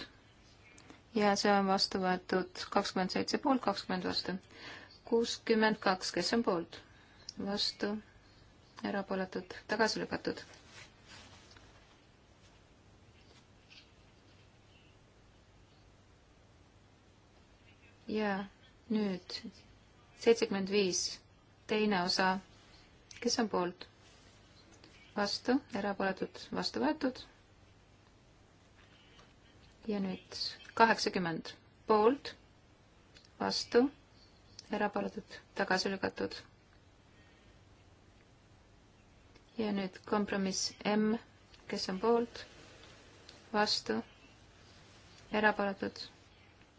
ja see on vastu võetud kakskümmend seitse poolt, kakskümmend vastu. kuuskümmend kaks, kes on poolt? vastu, erapooletud, tagasi lükatud. ja nüüd seitsekümmend viis, teine osa, kes on poolt? vastu, erapooletud, vastu võetud. ja nüüd kaheksakümmend poolt, vastu, erapooletud, tagasi lükatud. ja nüüd kompromiss M, kes on poolt, vastu, erapooletud,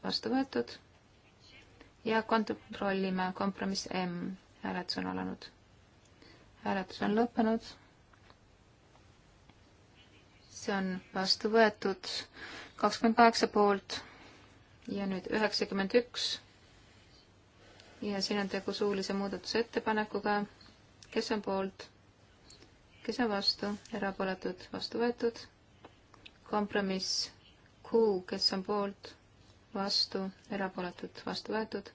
vastu võetud ja kontrollime kompromiss M, hääletus on alanud. hääletus on lõppenud see on vastu võetud kakskümmend kaheksa poolt ja nüüd üheksakümmend üks. ja siin on tegu suulise muudatusettepanekuga. kes on poolt? kes on vastu? erapooletud, vastu võetud. kompromiss Q, kes on poolt? vastu, erapooletud, vastu võetud.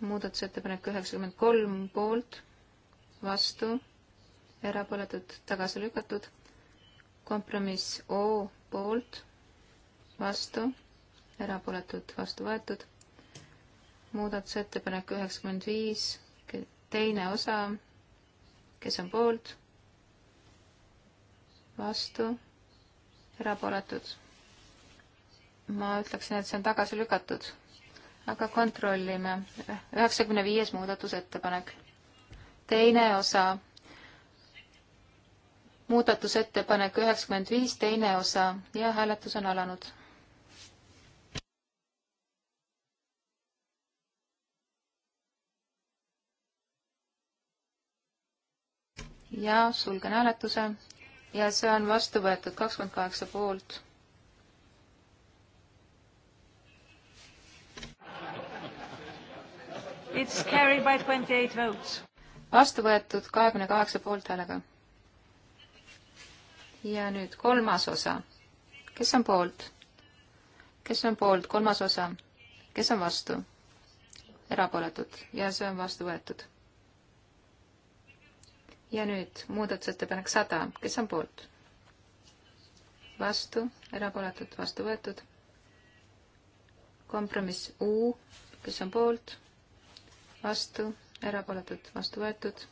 muudatusettepanek üheksakümmend kolm poolt, vastu, erapooletud, tagasi lükatud kompromiss O poolt, vastu, erapooletud, vastu võetud. muudatusettepanek üheksakümmend viis, teine osa, kes on poolt, vastu, erapooletud. ma ütleksin, et see on tagasi lükatud, aga kontrollime. üheksakümne viies muudatusettepanek, teine osa muudatusettepanek üheksakümmend viis, teine osa ja hääletus on alanud. ja sulgen hääletuse ja see on vastu võetud kakskümmend kaheksa poolt. It's carried by twenty eight votes. vastu võetud kahekümne kaheksa poolthäälega ja nüüd kolmas osa. kes on poolt? kes on poolt, kolmas osa? kes on vastu? erapooletud ja see on vastu võetud. ja nüüd muudatusettepanek sada, kes on poolt? vastu, erapooletud, vastu võetud. kompromiss U, kes on poolt? vastu, erapooletud, vastu võetud.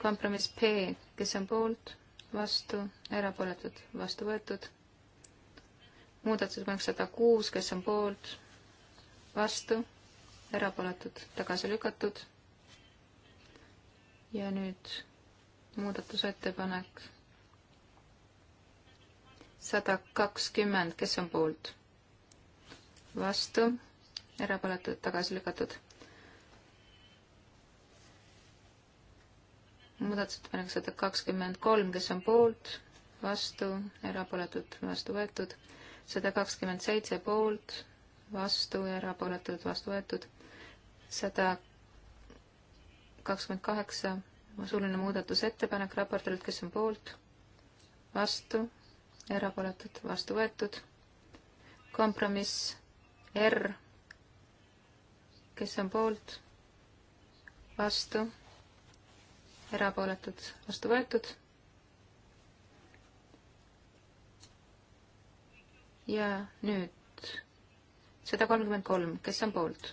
kompromiss P, kes on poolt, vastu, erapooletud, vastu võetud. muudatusettepanek sada kuus, kes on poolt, vastu, erapooletud, tagasi lükatud. ja nüüd muudatusettepanek sada kakskümmend, kes on poolt, vastu, erapooletud, tagasi lükatud muudatusettepanek sada kakskümmend kolm, kes on poolt, vastu, erapooletud, vastu võetud, sada kakskümmend seitse poolt, vastu, erapooletud, vastu võetud, sada kakskümmend kaheksa, suuline muudatusettepanek raportilt, kes on poolt, vastu, erapooletud, vastu võetud, kompromiss R, kes on poolt, vastu erapooletud, vastu võetud. ja nüüd sada kolmkümmend kolm, kes on poolt?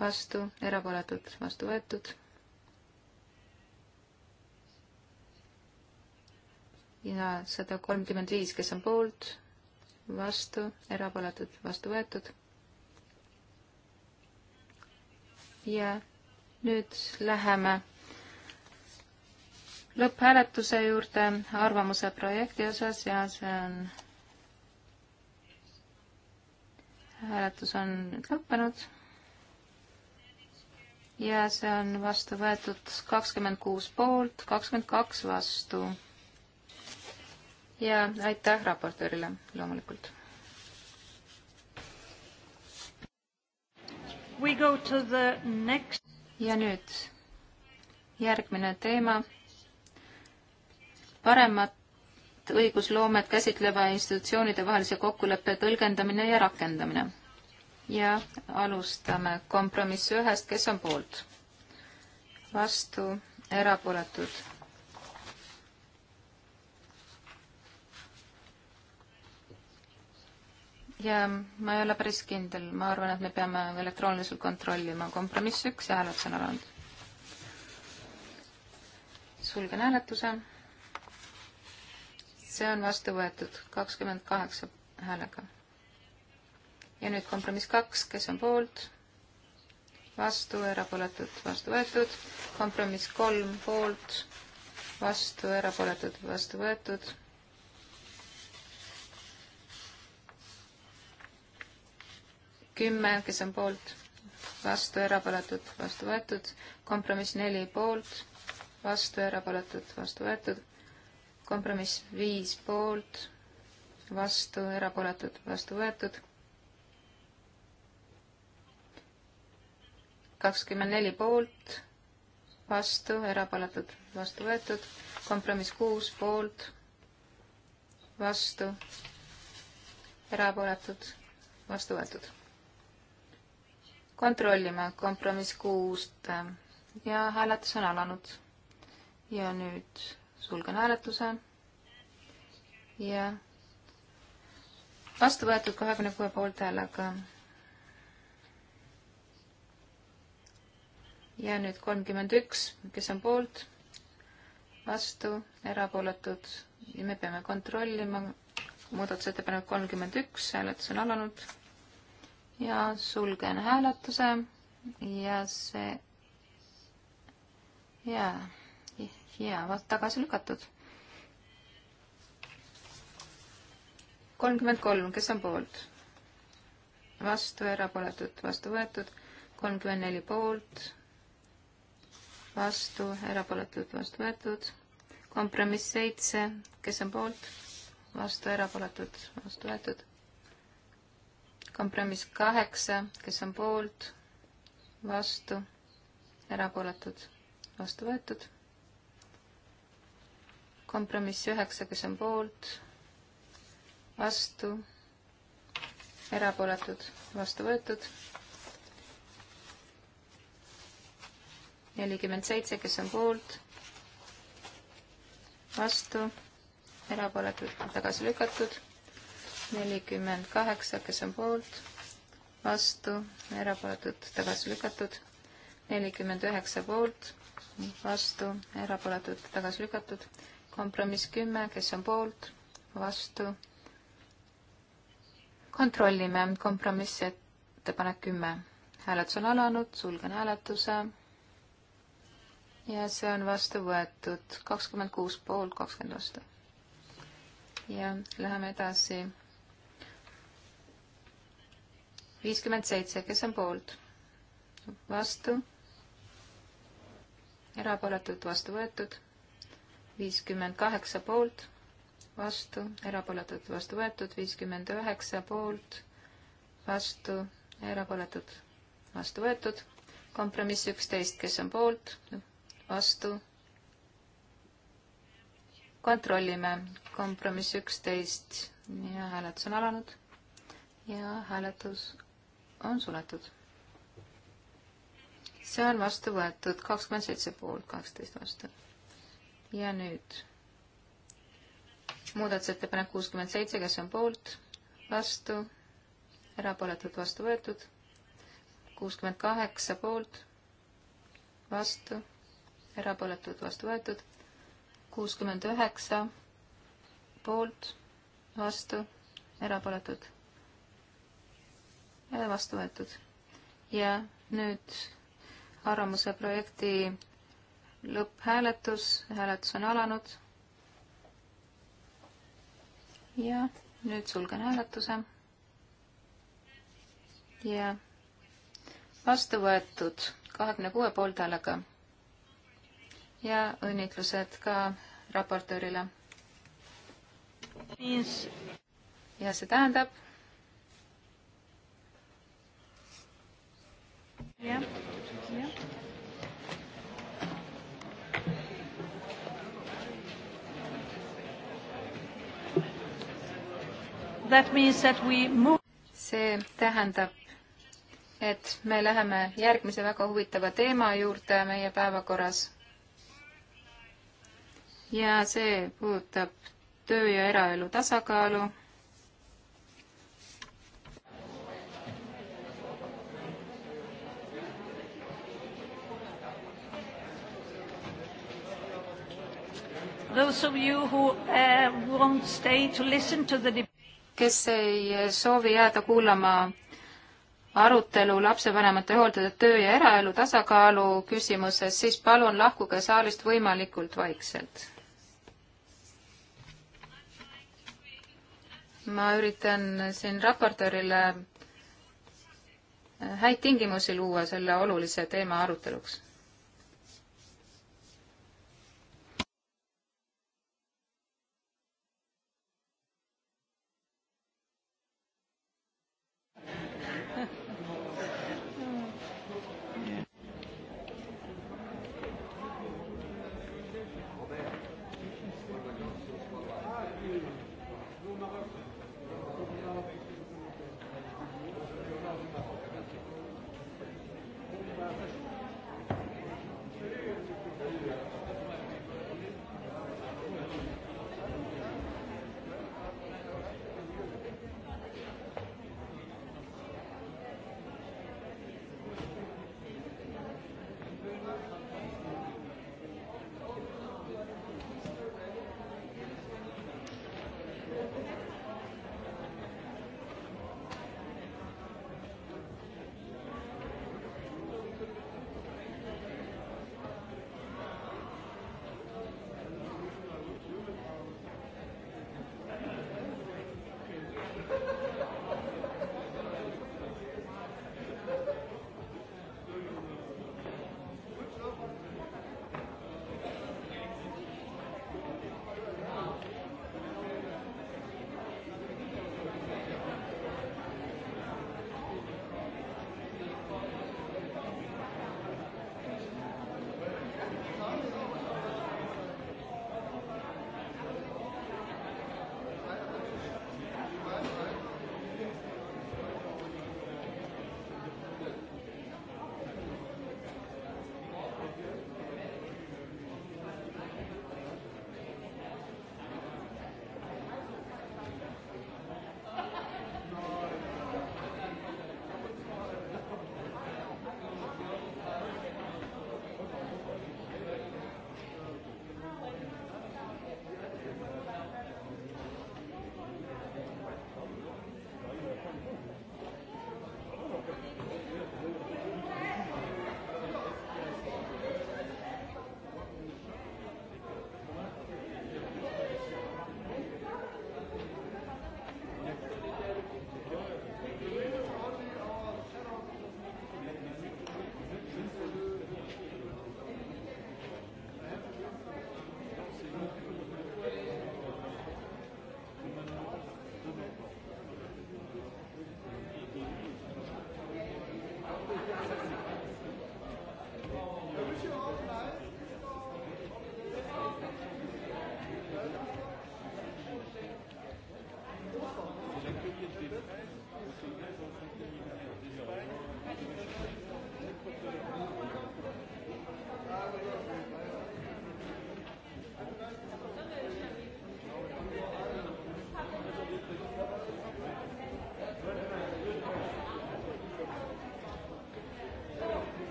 vastu, erapooletud, vastu võetud. ja sada kolmkümmend viis, kes on poolt? vastu, erapooletud, vastu võetud ja nüüd läheme lõpphääletuse juurde arvamuse projekti osas ja see on, hääletus on nüüd lõppenud ja see on vastu võetud kakskümmend kuus poolt, kakskümmend kaks vastu. ja aitäh raportöörile loomulikult. ja nüüd järgmine teema paremat õigusloomet käsitleva institutsioonide vahelise kokkuleppe tõlgendamine ja rakendamine. ja alustame kompromissi ühest, kes on poolt, vastu, erapooletud. ja ma ei ole päris kindel, ma arvan, et me peame elektrooniliselt kontrollima kompromiss üks ja hääletus on alanud. sulgen hääletuse see on vastu võetud kakskümmend kaheksa häälega. ja nüüd kompromiss kaks, kes on poolt, vastu, erapooletud, vastu võetud, kompromiss kolm poolt, vastu, erapooletud, vastu võetud kümme, kes on poolt, vastu, erapooletud, vastu võetud, kompromiss neli poolt, vastu, erapooletud, vastu võetud, kompromiss viis poolt, vastu, erapooletud, vastu võetud. kakskümmend neli poolt, vastu, erapooletud, vastu võetud. kompromiss kuus poolt, vastu, erapooletud, vastu võetud. kontrollime kompromiss kuust ja hääletus on alanud. ja nüüd sulgen hääletuse ja vastu võetud kahekümne kuue poolthäälega. ja nüüd kolmkümmend üks, kes on poolt, vastu, erapooletud ja me peame kontrollima muudatusettepanek kolmkümmend üks, hääletus on alanud ja sulgen hääletuse ja see jaa yeah jäävad tagasi lükatud. kolmkümmend kolm, kes on poolt? vastu, erapooletud, vastu võetud. kolmkümmend neli poolt, vastu, erapooletud, vastu võetud. kompromiss seitse, kes on poolt? vastu, erapooletud, vastu võetud. kompromiss kaheksa, kes on poolt? vastu, erapooletud, vastu võetud kompromiss üheksa, kes on poolt, vastu, erapooletud, vastu võetud. nelikümmend seitse, kes on poolt, vastu, erapooletud, tagasi lükatud. nelikümmend kaheksa, kes on poolt, vastu, erapooletud, tagasi lükatud. nelikümmend üheksa poolt, vastu, erapooletud, tagasi lükatud kompromiss kümme, kes on poolt, vastu. kontrollime kompromissettepanek kümme. hääletus on alanud, sulgen hääletuse. ja see on vastu võetud kakskümmend kuus poolt, kakskümmend vastu. ja läheme edasi. viiskümmend seitse, kes on poolt? vastu. erapooletult vastu võetud viiskümmend kaheksa poolt, vastu, erapooletud, vastu võetud, viiskümmend üheksa poolt, vastu, erapooletud, vastu võetud, kompromiss üksteist, kes on poolt, vastu, kontrollime, kompromiss üksteist ja hääletus on alanud ja hääletus on suletud. see on vastu võetud kakskümmend seitse poolt, kaksteist vastu ja nüüd muudatusettepanek kuuskümmend seitse, kes on poolt, vastu, erapooletud, vastu võetud, kuuskümmend kaheksa poolt, vastu, erapooletud, vastu võetud, kuuskümmend üheksa poolt, vastu, erapooletud, vastu võetud. ja nüüd arvamuse projekti lõpphääletus, hääletus on alanud. ja nüüd sulgen hääletuse. ja vastu võetud kahekümne kuue poolthäälega. ja õnnitlused ka raportöörile. ja see tähendab. jah, jah. see tähendab, et me läheme järgmise väga huvitava teema juurde meie päevakorras. ja see puudutab töö ja eraelu tasakaalu Those of you who uh, won't stay to listen to the kes ei soovi jääda kuulama arutelu lapsevanemate hooldajate töö ja eraelu tasakaalu küsimuses, siis palun lahkuge saalist võimalikult vaikselt. ma üritan siin raportöörile häid tingimusi luua selle olulise teema aruteluks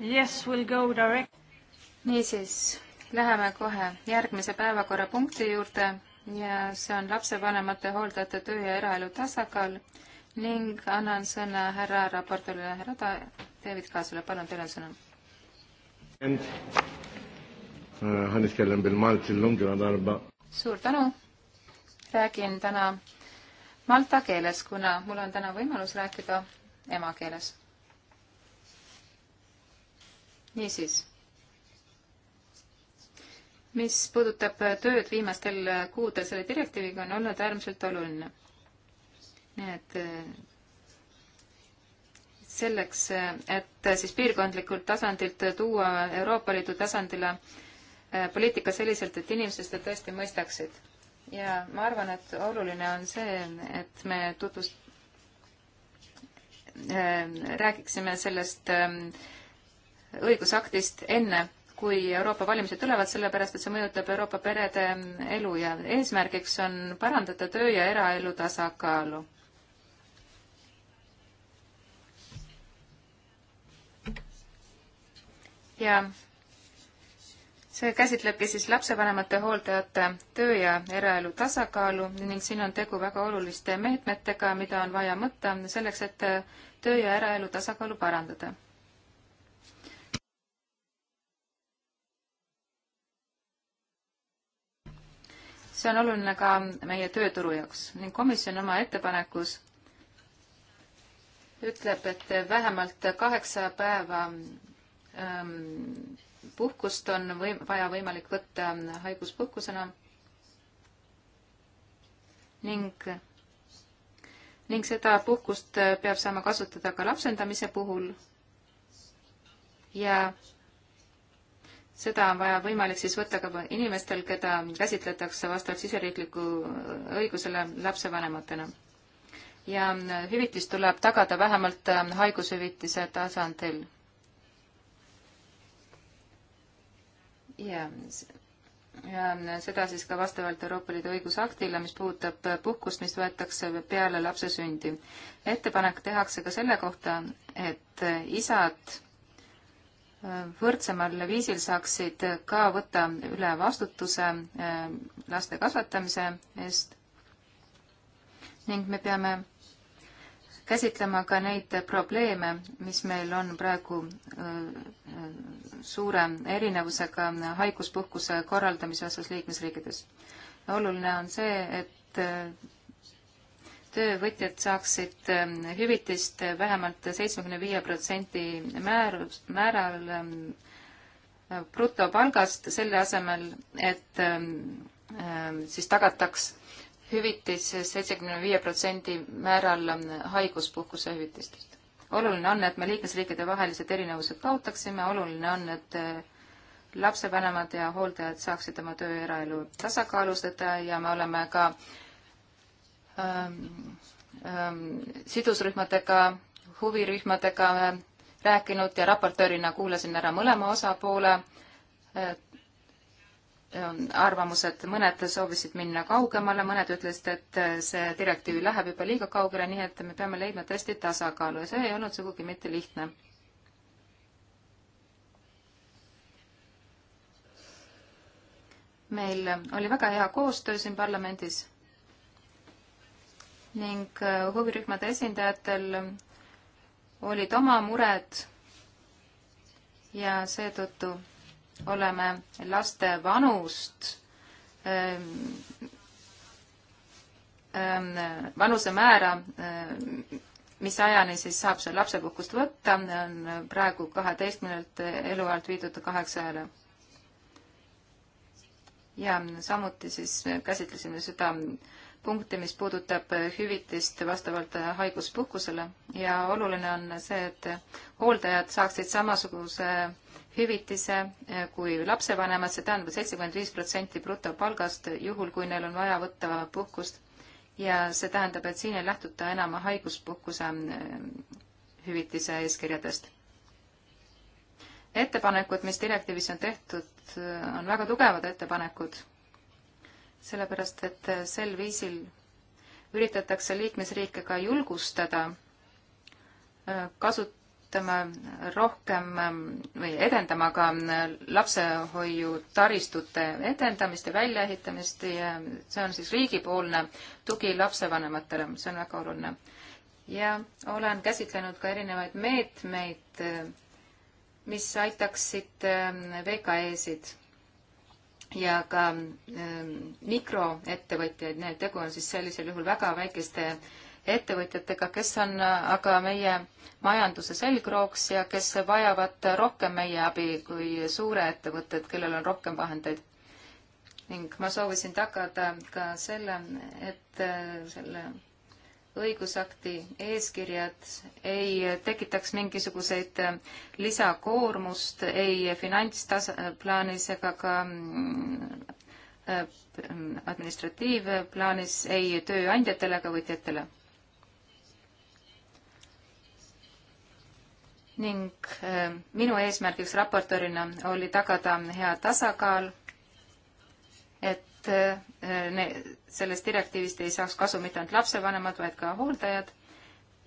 Yes, we'll go direct. niisiis, läheme kohe järgmise päevakorrapunkti juurde ja see on lapsevanemate hooldajate töö ja eraelu tasakaal ning annan sõna härra raportööle, härra David Kaasule, palun, teil on sõna. Äh, suur tänu, räägin täna malta keeles, kuna mul on täna võimalus rääkida emakeeles niisiis, mis puudutab tööd viimastel kuudel selle direktiiviga, on olnud äärmiselt oluline. nii et eh, selleks, et siis piirkondlikult tasandilt tuua Euroopa Liidu tasandile eh, poliitika selliselt, et inimesed seda tõesti mõistaksid. ja ma arvan, et oluline on see, et me tutvust-, eh, räägiksime sellest äh, õigusaktist enne, kui Euroopa valimised tulevad, sellepärast et see mõjutab Euroopa perede elu ja eesmärgiks on parandada töö ja eraelu tasakaalu ja see käsitlebki siis lapsevanemate hooldajate töö ja eraelu tasakaalu ning siin on tegu väga oluliste meetmetega, mida on vaja mõtta selleks, et töö ja eraelu tasakaalu parandada. see on oluline ka meie tööturu jaoks ning komisjon oma ettepanekus ütleb, et vähemalt kaheksa päeva ähm, puhkust on või, vaja võimalik võtta haiguspuhkusena ning, ning seda puhkust peab saama kasutada ka lapsendamise puhul ja seda on vaja võimalik siis võtta ka inimestel, keda käsitletakse vastavalt siseriikliku äh, õigusele lapsevanematena. ja äh, hüvitis tuleb tagada vähemalt äh, haigushüvitise tasandil. ja ja seda siis ka vastavalt Euroopa Liidu õigusaktile, mis puudutab puhkust, mis võetakse peale lapse sündi. ettepanek tehakse ka selle kohta, et isad võrdsemal viisil saaksid ka võtta üle vastutuse äh, laste kasvatamise eest ning me peame käsitlema ka neid probleeme, mis meil on praegu äh, äh, suure erinevusega haiguspuhkuse korraldamise osas liikmesriikides. oluline on see, et töövõtjad saaksid ähm, hüvitist vähemalt seitsmekümne viie protsendi määr, määral ähm, brutopalgast, selle asemel, et ähm, siis tagataks hüvitis seitsekümne viie protsendi määral haiguspuhkuse hüvitistest. oluline on, et me liikmesriikide vahelised erinevused kaotaksime, oluline on, et äh, lapsevanemad ja hooldajad saaksid oma töö ja eraelu tasakaalustada ja me oleme ka äh, Ähm, ähm, sidusrühmadega, huvirühmadega rääkinud ja raportöörina kuulasin ära mõlema osapoole arvamused, mõned soovisid minna kaugemale, mõned ütlesid, et see direktiiv läheb juba liiga kaugele, nii et me peame leidma tõesti tasakaalu ja see ei olnud sugugi mitte lihtne. meil oli väga hea koostöö siin parlamendis ning äh, huvirühmade esindajatel olid oma mured ja seetõttu oleme laste vanust ähm, ähm, vanusemäära, äh, mis ajani siis saab seal lapsepuhkust võtta, on praegu kaheteistkümnelt eluajalt viidud kaheksajale. ja samuti siis käsitlesime seda äh, punkti, mis puudutab hüvitist vastavalt haiguspuhkusele ja oluline on see, et hooldajad saaksid samasuguse hüvitise kui lapsevanemad, see tähendab seitsekümmend viis protsenti brutopalgast, juhul kui neil on vaja võtta puhkust. ja see tähendab, et siin ei lähtuta enam haiguspuhkuse hüvitise eeskirjadest. ettepanekud, mis direktiivis on tehtud, on väga tugevad ettepanekud sellepärast et sel viisil üritatakse liikmesriike ka julgustada äh, kasutama rohkem äh, või edendama ka äh, lapsehoiu taristute edendamist ja väljaehitamist ja see on siis riigipoolne tugi lapsevanematele, see on väga oluline. ja olen käsitlenud ka erinevaid meetmeid, mis aitaksid VKE-sid ja ka ähm, mikroettevõtjaid, nii et tegu on siis sellisel juhul väga väikeste ettevõtjatega, kes on äh, aga meie majanduse selgrooks ja kes vajavad rohkem meie abi kui suure ettevõtted, kellel on rohkem vahendeid. ning ma soovisin tagada ka selle, et äh, selle õigusakti eeskirjad ei tekitaks mingisuguseid äh, lisakoormust ei finantsplaanis ega ka mm, äh, mm, administratiivplaanis ei tööandjatele ega võtjatele. ning äh, minu eesmärgiks raportöörina oli tagada hea tasakaal, et et äh, ne, sellest direktiivist ei saaks kasu mitte ainult lapsevanemad, vaid ka hooldajad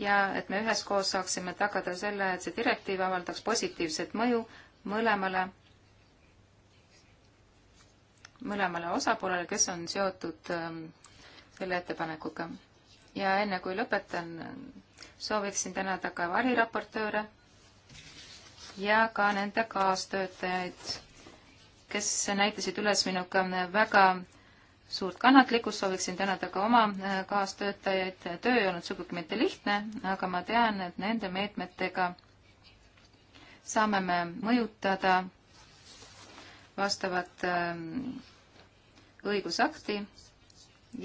ja et me üheskoos saaksime tagada selle, et see direktiiv avaldaks positiivset mõju mõlemale, mõlemale osapoolele, kes on seotud ähm, selle ettepanekuga. ja enne kui lõpetan, sooviksin tänada ka variraportööre ja ka nende kaastöötajaid kes näitasid üles minuga väga suurt kannatlikkust, sooviksin tänada ka oma äh, kaastöötajaid, töö ei olnud sugugi mitte lihtne, aga ma tean, et nende meetmetega saame me mõjutada vastavat ähm, õigusakti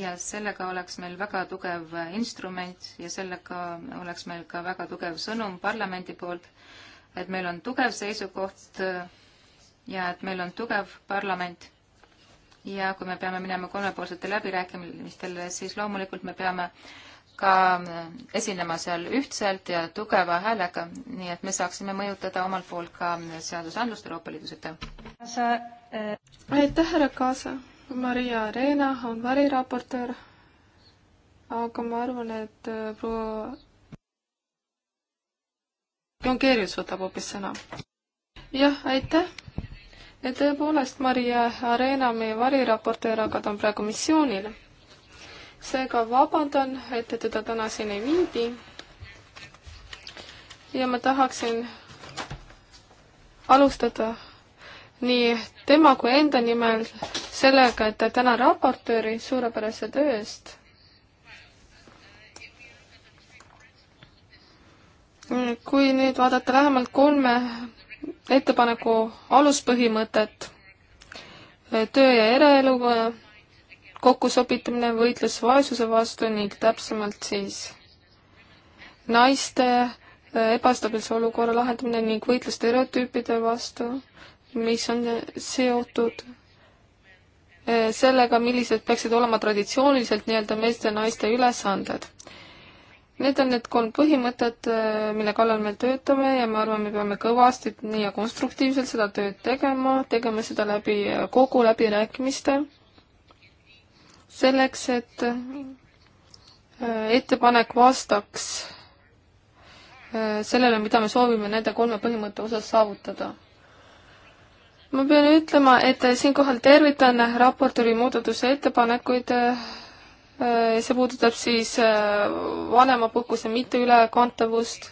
ja sellega oleks meil väga tugev instrument ja sellega oleks meil ka väga tugev sõnum parlamendi poolt, et meil on tugev seisukoht äh, ja et meil on tugev parlament ja kui me peame minema kolmepoolsete läbirääkimistele, siis loomulikult me peame ka esinema seal ühtselt ja tugeva häälega, nii et me saaksime mõjutada omalt poolt ka seadusandlust Euroopa Liidus, aitäh. aitäh, härra Kaasa. Maria Reena on variraportöör, aga ma arvan, et äh, proua Jongeerius võtab hoopis sõna. jah, aitäh tõepoolest, Maria Arena, meie variraportöör, aga ta on praegu missioonil. seega vabandan, et teda täna siin ei viidi. ja ma tahaksin alustada nii tema kui enda nimel sellega, et ta tänan raportööri suurepärase töö eest. kui nüüd vaadata lähemalt kolme ettepaneku aluspõhimõtet, äh, töö ja eraelu äh, kokkusobitamine, võitlus vaesuse vastu ning täpsemalt siis naiste äh, ebastabiilse olukorra lahendamine ning võitlus stereotüüpide vastu, mis on seotud sellega, millised peaksid olema traditsiooniliselt nii-öelda meeste ja naiste ülesanded. Need on need kolm põhimõtet, äh, mille kallal me töötame ja ma arvan, me peame kõvasti ja konstruktiivselt seda tööd tegema, tegema seda läbi äh, kogu läbirääkimiste. selleks, et äh, ettepanek vastaks sellele, mida me soovime nende kolme põhimõtte osas saavutada ma pean ütlema, et siinkohal tervitan raportööri muudatuse ettepanekuid Äh, see puudutab siis äh, vanemapuhkuse mitteülekantavust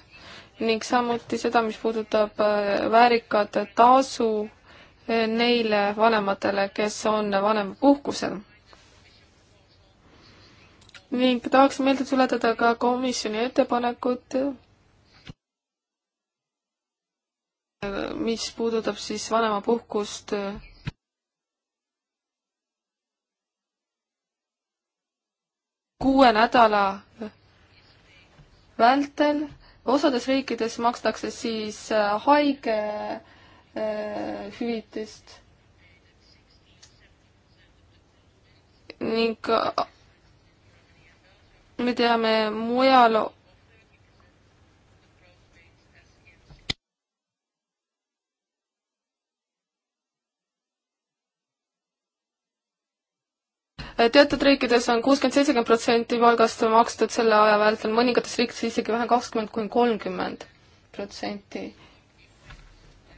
ning samuti seda, mis puudutab äh, väärikat tasu neile vanematele, kes on vanemapuhkusel. ning tahaks meelde tuletada ka komisjoni ettepanekut, mis puudutab siis vanemapuhkust kuue nädala vältel. osades riikides makstakse siis äh, haige äh, hüvitist. ning äh, me teame mujal teatud riikides on kuuskümmend, seitsekümmend protsenti palgast makstud selle aja vältel, mõningates riikides isegi vähem kakskümmend kuni kolmkümmend protsenti.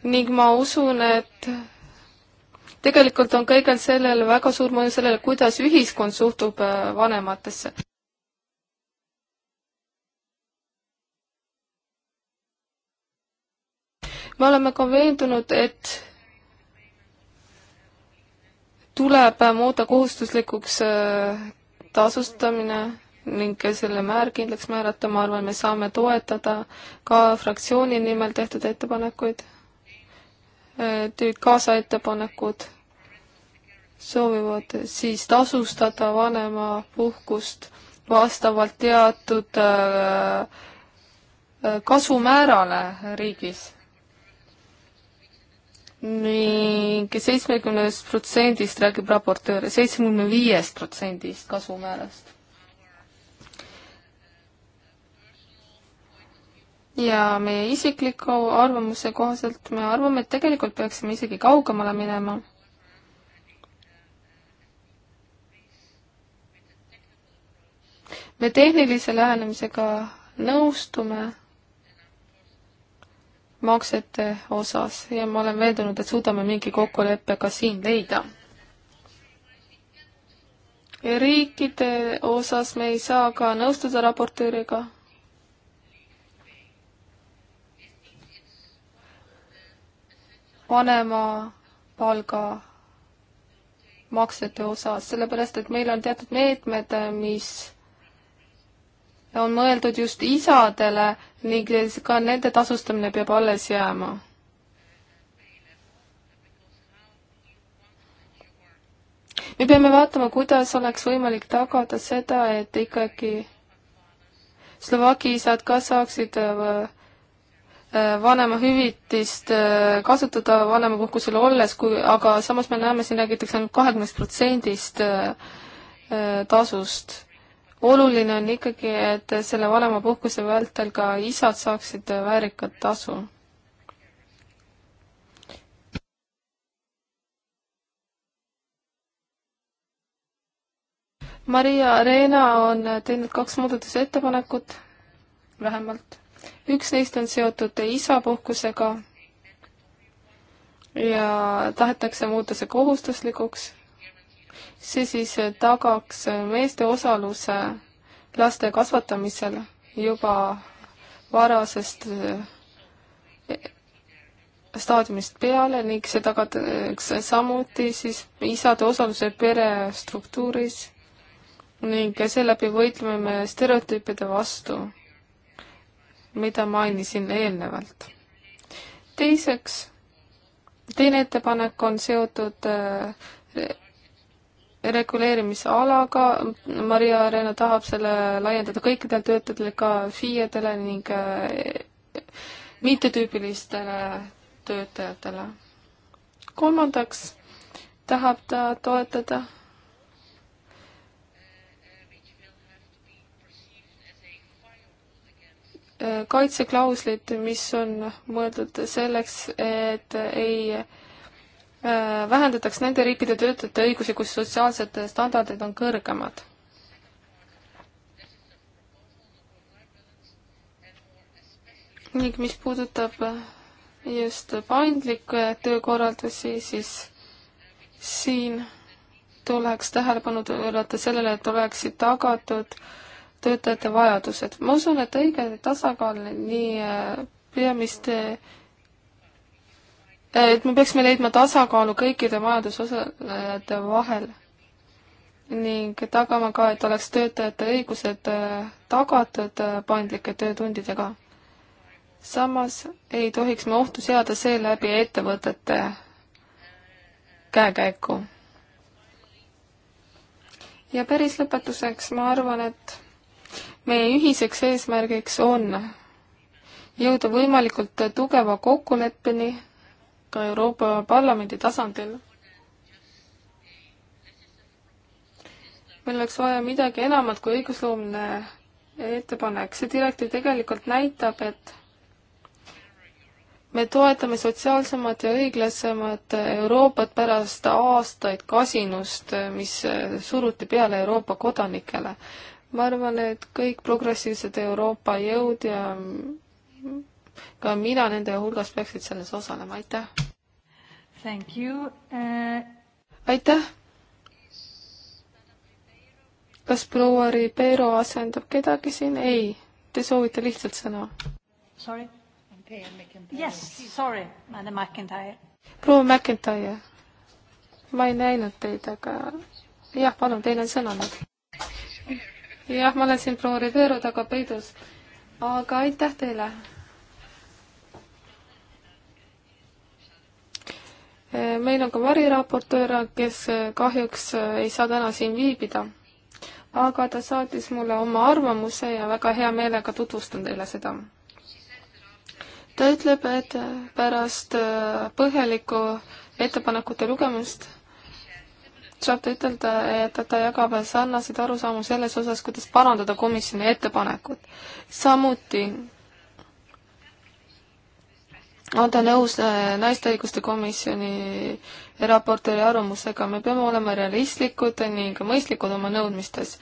ning ma usun, et tegelikult on kõigel sellel väga suur mõju sellele, kuidas ühiskond suhtub äh, vanematesse. me oleme ka veendunud, et tuleb muuta kohustuslikuks äh, tasustamine ning selle määr kindlaks määrata, ma arvan, me saame toetada ka fraktsiooni nimel tehtud ettepanekuid, äh, tulid kaasaettepanekud, soovivad siis tasustada vanemapuhkust vastavalt teatud äh, kasumäärale riigis ning seitsmekümnest protsendist räägib raportöör, seitsmekümne viiest protsendist kasumäärast. ja meie isikliku arvamuse kohaselt me arvame, et tegelikult peaksime isegi kaugemale minema me tehnilise lähenemisega nõustume maksete osas ja ma olen veendunud, et suudame mingi kokkuleppe ka siin leida. riikide osas me ei saa ka nõustuda raportööriga. vanema palga maksete osas, sellepärast et meil on teatud meetmed, mis on mõeldud just isadele ning ka nende tasustamine peab alles jääma. me peame vaatama, kuidas oleks võimalik tagada seda, et ikkagi Slovaki isad ka saaksid äh, äh, vanemahüvitist äh, kasutada vanemapuhkusel olles, kui, aga samas me näeme, siin räägitakse ainult kahekümnest protsendist tasust oluline on ikkagi, et selle vanemapuhkuse vältel ka isad saaksid väärikat tasu. Maria Reena on teinud kaks muudatusettepanekut, vähemalt. üks neist on seotud isapuhkusega ja tahetakse muuta see kohustuslikuks see siis tagaks meeste osaluse laste kasvatamisel juba varasest eh, staadiumist peale ning see tagatakse samuti siis isade osaluse perestruktuuris ning seeläbi võitleme me stereotüüpide vastu, mida mainisin eelnevalt. teiseks, teine ettepanek on seotud eh, reguleerimisalaga, Maria Arena tahab selle laiendada kõikidele töötajatele, ka FIE-dele ning äh, mittetüübilistele töötajatele. kolmandaks tahab ta toetada kaitseklauslid, mis on mõeldud selleks, et ei Äh, vähendataks nende riikide töötajate õigusi, kus sotsiaalsed standardid on kõrgemad. ning mis puudutab just paindlikke töökorraldusi, siis siin tuleks tähelepanu pöörata sellele, et oleksid tagatud töötajate vajadused. ma usun, et õige tasakaal nii äh, peamiste et me peaksime leidma tasakaalu kõikide majandusosalejate vahel ning tagama ka, et oleks töötajate õigused äh, tagatud äh, paindlike töötundidega. samas ei tohiks me ohtu seada seeläbi ettevõtete käekäiku. ja päris lõpetuseks ma arvan, et meie ühiseks eesmärgiks on jõuda võimalikult tugeva kokkuleppeni ka Euroopa Parlamendi tasandil. meil oleks vaja midagi enamat kui õigusloomne ettepanek, see direktiiv tegelikult näitab, et me toetame sotsiaalsemat ja õiglasemat Euroopat pärast aastaid kasinust, mis suruti peale Euroopa kodanikele. ma arvan, et kõik progressiivsed Euroopa jõud ja ka mina nende hulgas peaksid selles osalema, aitäh! Thank you uh...! aitäh! kas proua Ribeiro asendab kedagi siin? ei, te soovite lihtsalt sõna? Sorry? Yes, sorry, madam McIntyre. proua McIntyre, ma ei näinud teid, aga jah, palun, teil on sõna nüüd jah, ma olen siin proua Rivero taga peidus. aga aitäh teile meil on ka variraportöör, kes äh, kahjuks äh, ei saa täna siin viibida. aga ta saatis mulle oma arvamuse ja väga hea meelega tutvustan teile seda. ta ütleb, et äh, pärast põhjalikku ettepanekute lugemist saab ta ütelda, et ta jagab sarnaseid arusaamu selles osas, kuidas parandada komisjoni ettepanekut. samuti anda nõus äh, naiste õiguste komisjoni raportööri arvamusega, me peame olema realistlikud ning mõistlikud oma nõudmistes.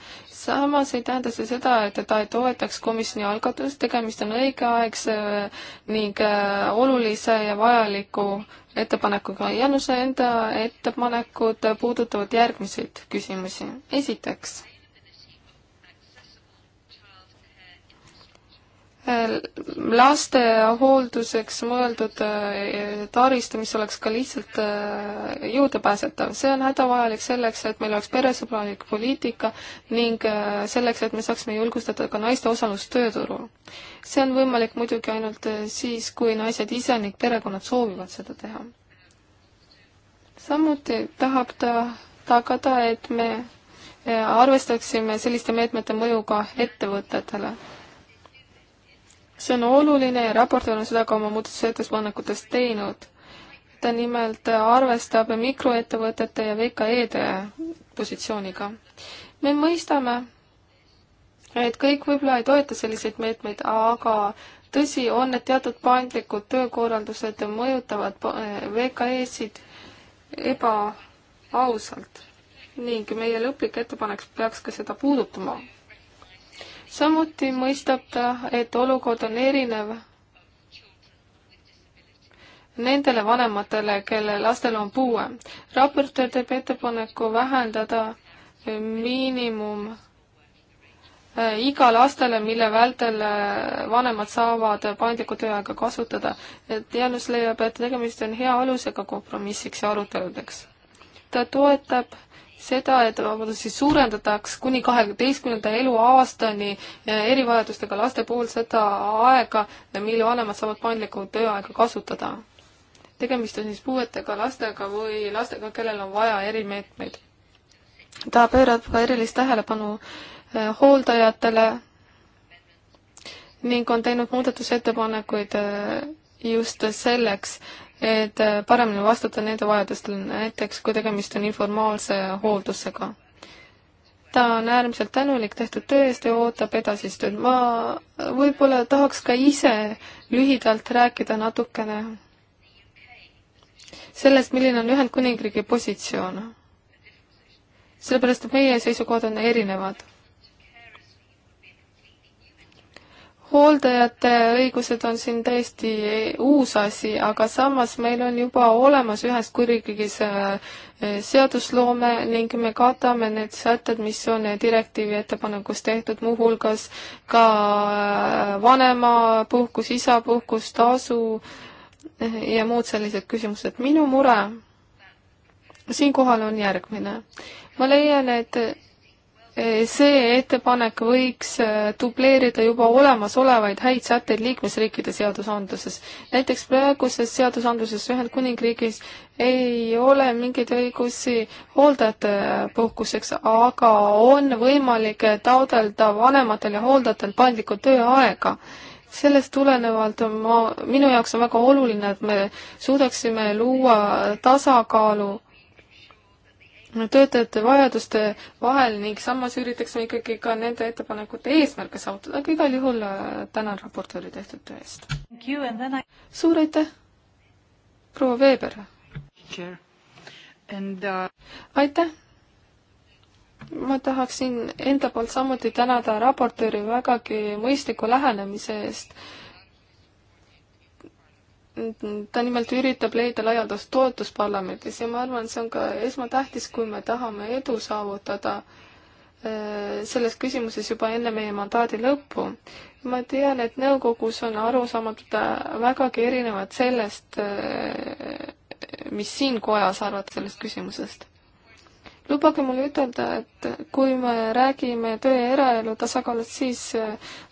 samas ei tähenda see seda, et ta ei toetaks komisjoni algatust, tegemist on õigeaegse äh, ning äh, olulise ja vajaliku ettepanekuga. Januse enda ettepanekud puudutavad järgmiseid küsimusi. esiteks laste hoolduseks mõeldud eh, taristu, mis oleks ka lihtsalt eh, juurdepääsetav. see on hädavajalik selleks, et meil oleks peresõbralik poliitika ning eh, selleks, et me saaksime julgustada ka naiste osalust tööturul. see on võimalik muidugi ainult siis, kui naised ise ning perekonnad soovivad seda teha. samuti tahab ta tagada, et me arvestaksime selliste meetmete mõju ka ettevõtetele see on oluline ja raportöör on seda ka oma muudatusettepanekutes teinud. ta nimelt arvestab mikroettevõtete ja VKE-de positsiooniga. me mõistame, et kõik võib-olla ei toeta selliseid meetmeid, aga tõsi on, et teatud paindlikud töökorraldused mõjutavad VKE-sid ebaausalt ning meie lõplik ettepanek peaks ka seda puudutama samuti mõistab ta, et olukord on erinev nendele vanematele, kelle lastel on puue. raportöör teeb ettepaneku vähendada miinimum äh, iga lastele, mille vältel äh, vanemad saavad paindliku tööaega kasutada. et Jaanus leiab, et tegemist on hea alusega kompromissiks ja aruteludeks. ta toetab äh, seda, et vabandust, siis suurendataks kuni kaheteistkümnenda eluaastani eh, erivajadustega laste puhul seda aega, mil vanemad saavad paindlikku tööaega kasutada. tegemist on siis puuetega lastega või lastega, kellel on vaja erimeetmeid. ta pöörab ka erilist tähelepanu eh, hooldajatele ning on teinud muudatusettepanekuid eh, just selleks, et äh, paremini vastuta nende vajadustele, näiteks kui tegemist on informaalse hooldusega. ta on äärmiselt tänulik tehtud töö eest ja ootab edasist tööd. ma võib-olla tahaks ka ise lühidalt rääkida natukene sellest, milline on Ühendkuningriigi positsioon. sellepärast, et meie seisukohad on erinevad hooldajate õigused on siin täiesti uus asi, aga samas meil on juba olemas ühes kuriigis äh, seadusloome ning me katame need sätted, mis on direktiivi ettepanekus tehtud, muuhulgas ka äh, vanemapuhkus, isapuhkus, tasu äh, ja muud sellised küsimused. minu mure siinkohal on järgmine. ma leian, et Eh, see ettepanek võiks eh, dubleerida juba olemasolevaid häid sätteid liikmesriikide seadusandluses. näiteks praeguses seadusandluses Ühendkuningriigis ei ole mingeid õigusi hooldajate puhkuseks, aga on võimalik taodelda vanematel ja hooldajatel paindlikku tööaega. sellest tulenevalt ma, minu jaoks on väga oluline, et me suudaksime luua tasakaalu töötajate vajaduste vahel ning samas üritaksime ikkagi ka nende ettepanekute eesmärke saavutada, aga igal juhul äh, tänan raportööri tehtud töö eest. I... suur aitäh, proua Veeber! Uh, aitäh! ma tahaksin enda poolt samuti tänada raportööri vägagi mõistliku lähenemise eest ta nimelt üritab leida laialdast toetust parlamendis ja ma arvan, see on ka esmatähtis, kui me tahame edu saavutada äh, selles küsimuses juba enne meie mandaadi lõppu. ma tean, et nõukogus on arusaamad äh, vägagi erinevad sellest, äh, mis siin kojas arvate sellest küsimusest. lubage mul ütelda, et kui me räägime töö ja eraelu tasakaalust, siis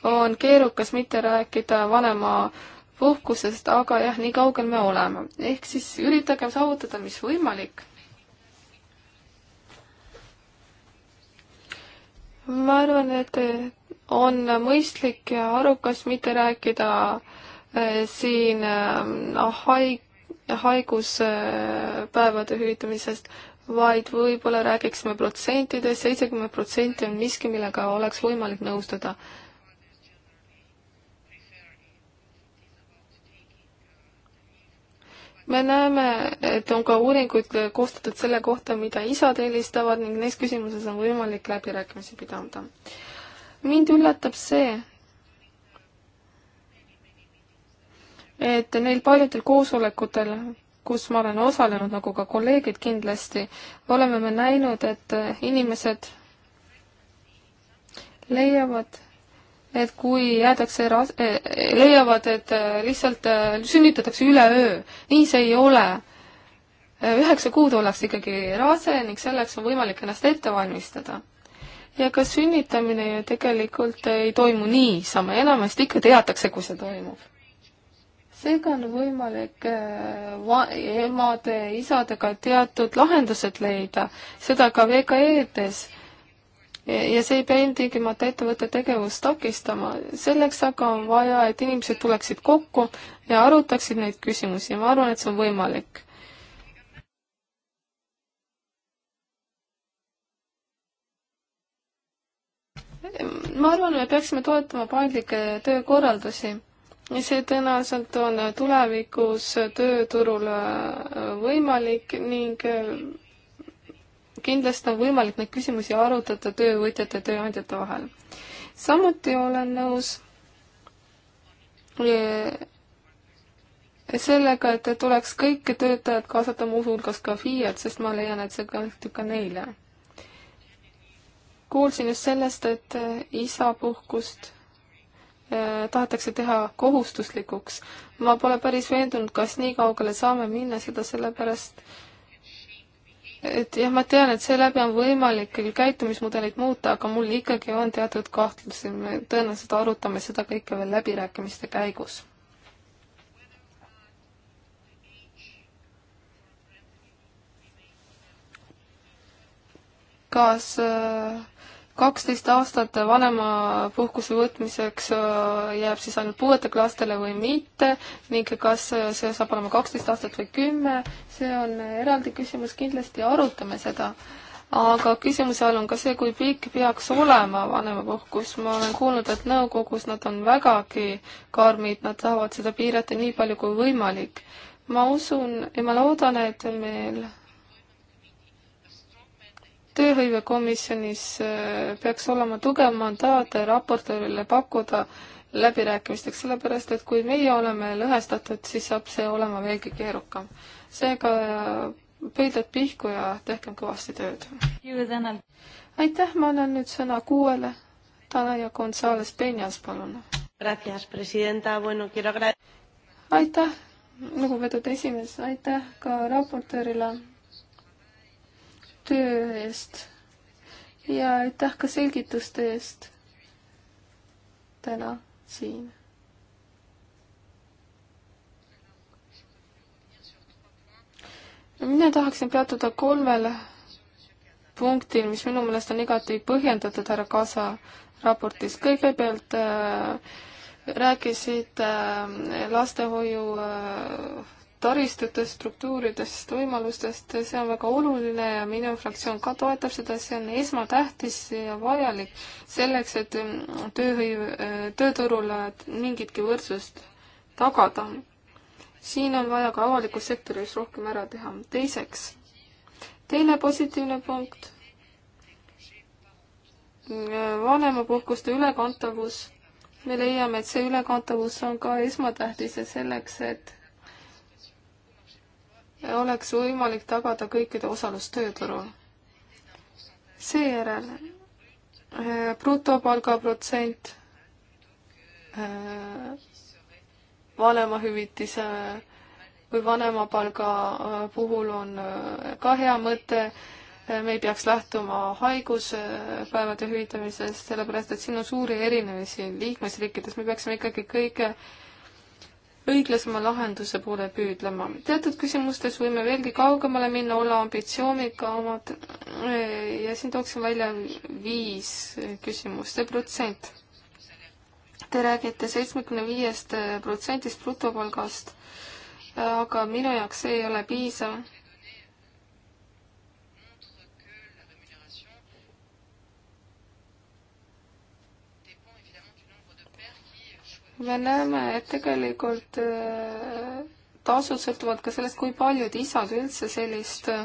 on keerukas mitte rääkida vanema äh, puhkusest, aga jah, nii kaugel me oleme. ehk siis üritagem saavutada, mis võimalik. ma arvan, et on mõistlik ja arukas mitte rääkida eh, siin eh, ah, haig-, haiguspäevade hüvitamisest, vaid võib-olla räägiksime protsentides, seitsekümmend protsenti on miski, millega oleks võimalik nõustuda me näeme, et on ka uuringuid koostatud selle kohta, mida isad eelistavad ning neis küsimuses on võimalik läbirääkimisi pidada. mind üllatab see, et neil paljudel koosolekutel, kus ma olen osalenud, nagu ka kolleegid kindlasti, oleme me näinud, et inimesed leiavad, et kui jäädakse ras-, e-, e-, leiavad, et e, lihtsalt sünnitatakse üleöö, nii see ei ole. üheksa kuud ollakse ikkagi rase ning selleks on võimalik ennast ette valmistada. ja ka sünnitamine ju tegelikult ei toimu niisama, enamasti ikka teatakse, kui see toimub seega on võimalik emade, isadega teatud lahendused leida, seda ka VKE-des ja see ei pea ilmtingimata ettevõtte tegevust takistama, selleks aga on vaja, et inimesed tuleksid kokku ja arutaksid neid küsimusi ja ma arvan, et see on võimalik. ma arvan, me peaksime toetama paindlikke töökorraldusi ja see tõenäoliselt on tulevikus tööturul võimalik ning kindlasti on võimalik neid küsimusi arutada töövõtjate ja tööandjate vahel. samuti olen nõus eh, sellega, et tuleks kõik töötajad kaasata, muuhulgas ka FIE-d, sest ma leian, et see kehtib ka neile. kuulsin just sellest, et eh, isapuhkust eh, tahetakse teha kohustuslikuks. ma pole päris veendunud, kas nii kaugele saame minna, seda sellepärast, et jah, ma tean, et seeläbi on võimalik küll käitumismudelit muuta, aga mul ikkagi on teatud kahtlusi, me tõenäoliselt arutame seda kõike veel läbirääkimiste käigus. kas äh, kaksteist aastat vanemapuhkuse võtmiseks äh, jääb siis ainult puuetega lastele või mitte ning kas äh, see saab olema kaksteist aastat või kümme, see on eraldi küsimus, kindlasti arutame seda. aga küsimuse all on ka see, kui pikk peaks olema vanemapuhkus, ma olen kuulnud, et nõukogus nad on vägagi karmid, nad tahavad seda piirata nii palju kui võimalik. ma usun ja ma loodan, et meil tööhõivekomisjonis äh, peaks olema tugev mandaat raportöörile pakkuda läbirääkimisteks, sellepärast et kui meie oleme lõhestatud, siis saab see olema veelgi keerukam. seega äh, pöidlad pihku ja tehkem kõvasti tööd. aitäh, ma annan nüüd sõna kuuele. Tana ja Gonzales Peñas, palun. aitäh, lugupeetud esimees, aitäh ka raportöörile töö eest ja aitäh ka selgituste eest täna siin. mina tahaksin peatuda kolmel punktil, mis minu meelest on igati põhjendatud härra Kasa raportis. kõigepealt äh, rääkisid äh, lastehoiu äh, taristutest, struktuuridest, võimalustest, see on väga oluline ja minu fraktsioon ka toetab seda, see on esmatähtis ja vajalik selleks, et mm, tööhõiv, äh, tööturul äh, mingitki võrdsust tagada. siin on vaja ka avalikus sektoris rohkem ära teha. teiseks, teine positiivne punkt, mm, vanemapuhkuste ülekantavus me leiame, et see ülekantavus on ka esmatähtis ja selleks, et oleks võimalik tagada kõikide osalus tööturul. seejärel äh, brutopalga protsent, äh, vanemahüvitise või vanemapalga äh, puhul on ka hea mõte, me ei peaks lähtuma haiguspäevade hüvitamisest, sellepärast et siin on suuri erinevusi liikmesriikides, me peaksime ikkagi kõige äh, õiglasema lahenduse poole püüdlema. teatud küsimustes võime veelgi kaugemale minna, olla ambitsioonikamad eh, ja siin tooksin välja viis küsimust ja protsent. Te räägite seitsmekümne viiest protsendist brutopalgast, aga minu jaoks see ei ole piisav me näeme, et tegelikult äh, tasud sõltuvad ka sellest, kui paljud isad üldse sellist äh,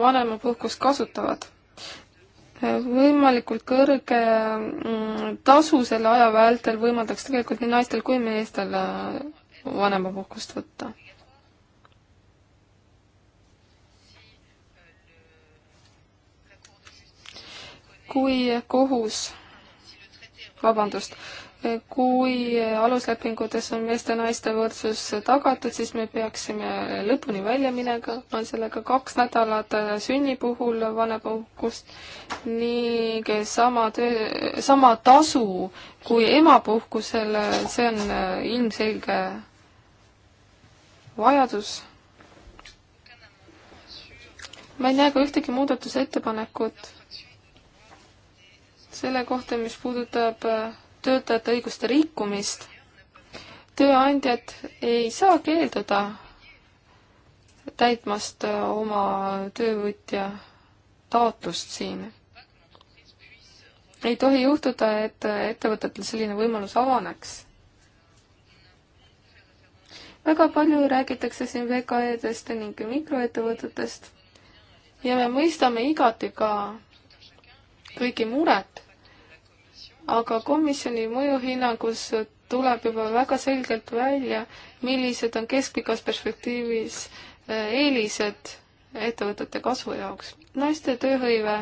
vanemapuhkust kasutavad. Äh, võimalikult kõrge mm, tasu selle aja vältel võimaldaks tegelikult nii naistel kui meestel vanemapuhkust võtta. kui kohus, vabandust, kui aluslepingutes on meeste-naiste võrdsus tagatud, siis me peaksime lõpuni välja minema, on sellega kaks nädalat äh, sünni puhul vanepuhkust ning sama töö, sama tasu kui emapuhkusel, see on äh, ilmselge vajadus. ma ei näe ka ühtegi muudatusettepanekut selle kohta, mis puudutab äh, töötajate õiguste rikkumist, tööandjad ei saa keelduda täitmast äh, oma töövõtja taotlust siin. ei tohi juhtuda, et äh, ettevõtetel selline võimalus avaneks. väga palju räägitakse siin VKE-dest ning mikroettevõtetest ja me mõistame igati ka kõigi muret aga komisjoni mõjuhinnangus tuleb juba väga selgelt välja, millised on keskpikas perspektiivis eh, eelised ettevõtete kasvu jaoks. naiste tööhõive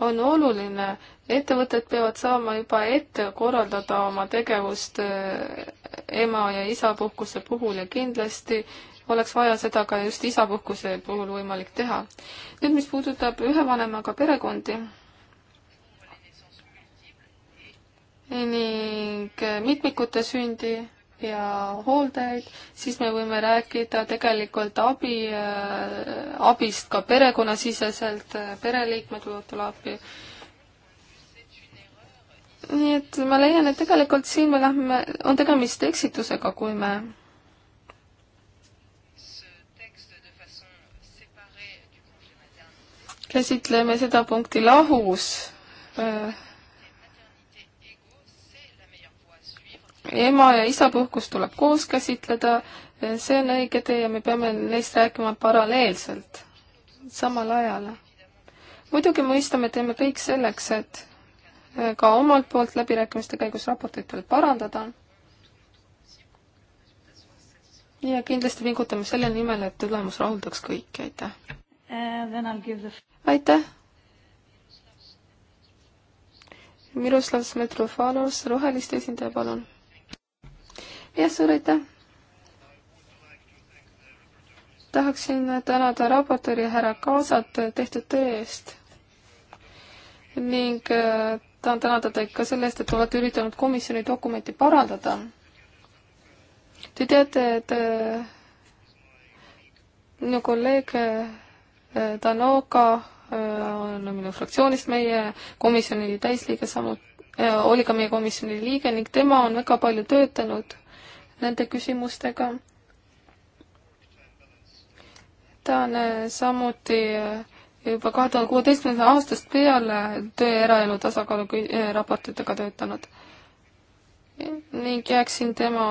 on oluline, ettevõtted peavad saama juba ette korraldada oma tegevust eh, ema ja isapuhkuse puhul ja kindlasti oleks vaja seda ka just isapuhkuse puhul võimalik teha. nüüd, mis puudutab ühe vanemaga perekondi ning mitmikute sündi ja hooldajaid, siis me võime rääkida tegelikult abi, äh, abist ka perekonnasiseselt, äh, pereliikmed võivad tulla appi nii et ma leian, et tegelikult siin me lähme, on tegemist eksitusega, kui me käsitleme seda punkti lahus. ema ja isapuhkus tuleb koos käsitleda, see on õige tee ja me peame neist rääkima paralleelselt, samal ajal. muidugi mõistame, teeme kõik selleks, et ka omalt poolt läbirääkimiste käigus raporteid tuleb parandada. ja kindlasti pingutame selle nimel, et tulemus rahuldaks kõiki, aitäh! Uh, the... aitäh. Miroslav Smetrofanos, Roheliste esindaja, palun. jah, suur aitäh. tahaksin tänada raportööri härra Kaasat tehtud töö eest ning äh, tahan tänada teid ka selle eest, et olete üritanud komisjoni dokumenti parandada. Te teate, et äh, minu kolleeg äh, Danoka äh, on minu fraktsioonist meie komisjoni täisliige, samuti äh, oli ka meie komisjoni liige ning tema on väga palju töötanud nende küsimustega. ta on äh, samuti juba kahe tuhande kuueteistkümnenda aastast peale töö ja eraelu tasakaalu raportitega töötanud. ning jääksin tema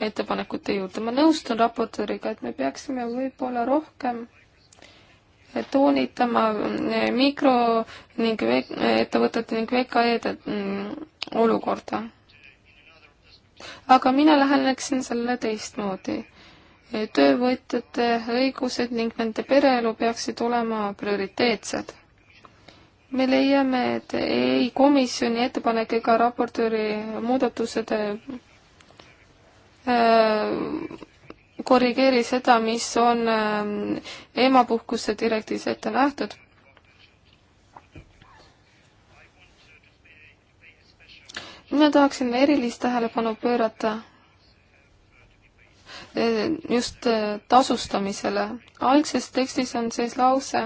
ettepanekute juurde. ma nõustun raportööriga, et me peaksime võib-olla rohkem toonitama eh, mikro- ning ettevõtete ning VKE-de mm, olukorda. aga mina läheneksin sellele teistmoodi. Eh, töövõtjate õigused ning nende pereelu peaksid olema prioriteetsed. me leiame, et ei komisjoni ettepanek ega raportööri muudatused äh, korrigeeri seda, mis on ähm, emapuhkuse direktiivis ette nähtud. mina tahaksin erilist tähelepanu pöörata äh, just äh, tasustamisele. algses tekstis on sees lause,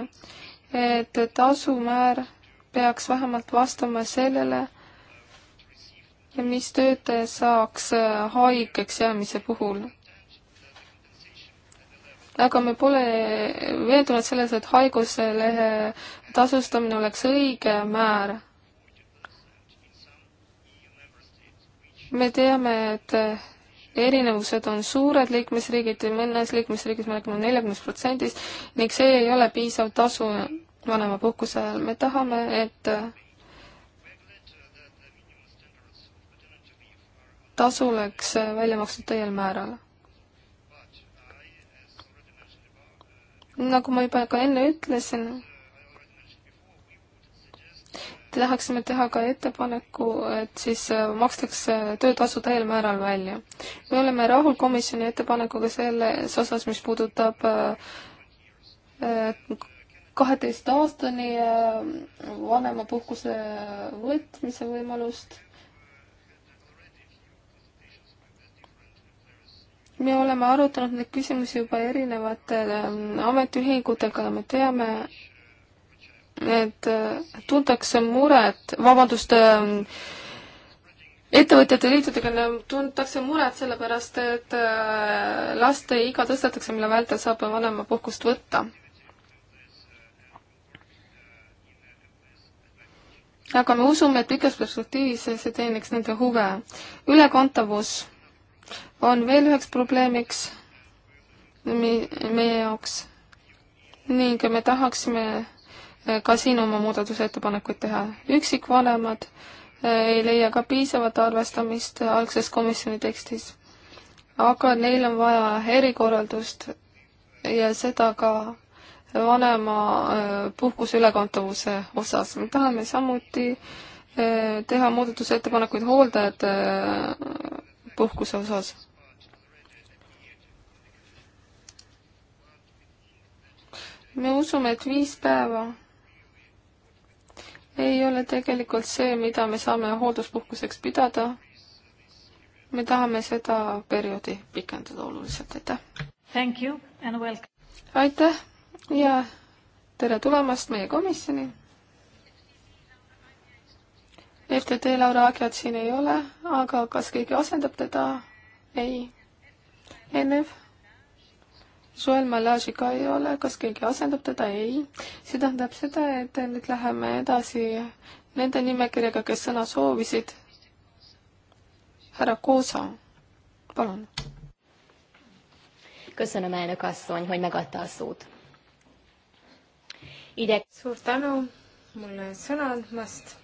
et tasumäär peaks vähemalt vastama sellele, mis töötaja saaks äh, haigeks jäämise puhul aga me pole veendunud selles, et haiguslehe tasustamine oleks õige määr. me teame, et erinevused on suured liikmesriigid, mõnes liikmesriigis me räägime neljakümnest protsendist ning see ei ole piisav tasu vanemapuhkuse ajal. me tahame, et tasu oleks välja makstud täiel määral nagu ma juba ka enne ütlesin, tahaksime teha ka ettepaneku, et siis äh, makstakse äh, töötasu täiel määral välja. me oleme rahul komisjoni ettepanekuga selles osas, mis puudutab äh, kaheteist aastani vanemapuhkuse võtmise võimalust. me oleme arutanud neid küsimusi juba erinevate ähm, ametiühingutega ja me teame, et äh, tuntakse muret, vabandust, ähm, ettevõtjate liitudega tuntakse muret selle pärast, et äh, laste iga tõstetakse, mille vältel saab vanemapuhkust võtta. aga me usume, et pikas perspektiivis see teeniks nende huve. ülekantavus on veel üheks probleemiks meie jaoks ning me tahaksime eh, ka siin oma muudatusettepanekuid teha. üksikvanemad eh, ei leia ka piisavat arvestamist algses komisjoni tekstis, aga neil on vaja erikorraldust ja seda ka vanema eh, puhkuse ülekantavuse osas. me tahame samuti teha muudatusettepanekuid hooldajate puhkuse osas me usume, et viis päeva ei ole tegelikult see, mida me saame hoolduspuhkuseks pidada. me tahame seda perioodi pikendada oluliselt, aitäh! Thank you and welcome! aitäh ja tere tulemast meie komisjoni! FTT Laura Agiat siin ei ole, aga kas keegi asendab teda? ei. NF? Joel Malaži ka ei ole, kas keegi asendab teda? ei. see tähendab seda, et nüüd läheme edasi nende nimekirjaga, kes sõna soovisid. härra Koosa, palun. köszönöm, elnök asszony, hogy megadta a szót. Ide. suur tänu mulle sõna andmast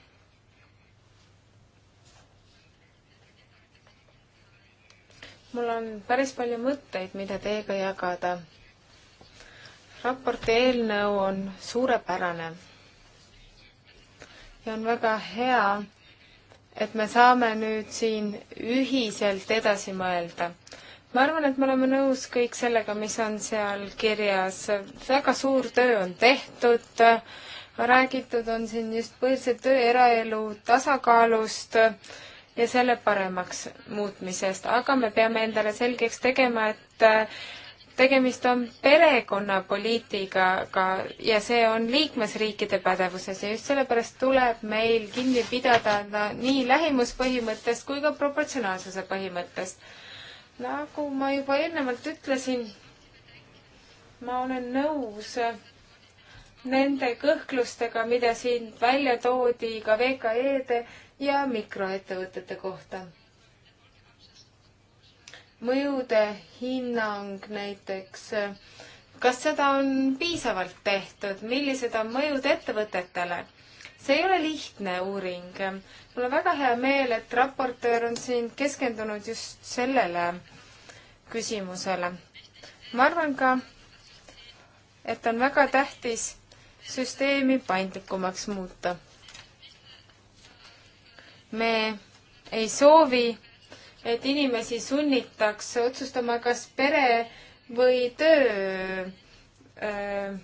mul on päris palju mõtteid, mida teiega jagada. raporti eelnõu on suurepärane ja on väga hea, et me saame nüüd siin ühiselt edasi mõelda. ma arvan, et me oleme nõus kõik sellega, mis on seal kirjas. väga suur töö on tehtud, räägitud on siin just põhiliselt töö eraelu tasakaalust ja selle paremaks muutmisest, aga me peame endale selgeks tegema, et äh, tegemist on perekonnapoliitikaga ja see on liikmesriikide pädevuses ja just sellepärast tuleb meil kinni pidada nii lähimuspõhimõttest kui ka proportsionaalsuse põhimõttest. nagu ma juba eelnevalt ütlesin, ma olen nõus nende kõhklustega, mida siin välja toodi ka VKE-de ja mikroettevõtete kohta. mõjude hinnang näiteks, kas seda on piisavalt tehtud, millised on mõjud ettevõtetele? see ei ole lihtne uuring. mul on väga hea meel, et raportöör on siin keskendunud just sellele küsimusele. ma arvan ka, et on väga tähtis süsteemi paindlikumaks muuta me ei soovi, et inimesi sunnitaks otsustama, kas pere või töö öö, äh,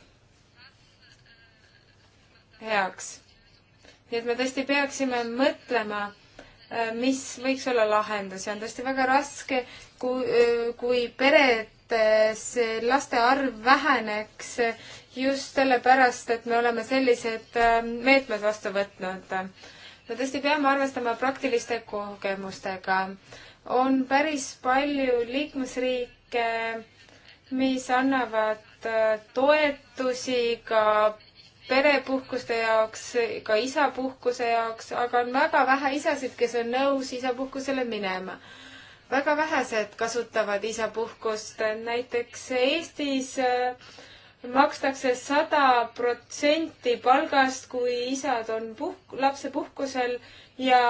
heaks. nii et me tõesti peaksime mõtlema, äh, mis võiks olla lahendus ja on tõesti väga raske, äh, kui, kui peredes laste arv väheneks just sellepärast, et me oleme sellised meetmed vastu võtnud me tõesti peame arvestama praktiliste kogemustega. on päris palju liikmesriike, mis annavad äh, toetusi ka perepuhkuste jaoks, ka isapuhkuse jaoks, aga on väga vähe isasid, kes on nõus isapuhkusele minema. väga vähesed kasutavad isapuhkust, näiteks Eestis äh, makstakse sada protsenti palgast, kui isad on puhk-, lapsepuhkusel ja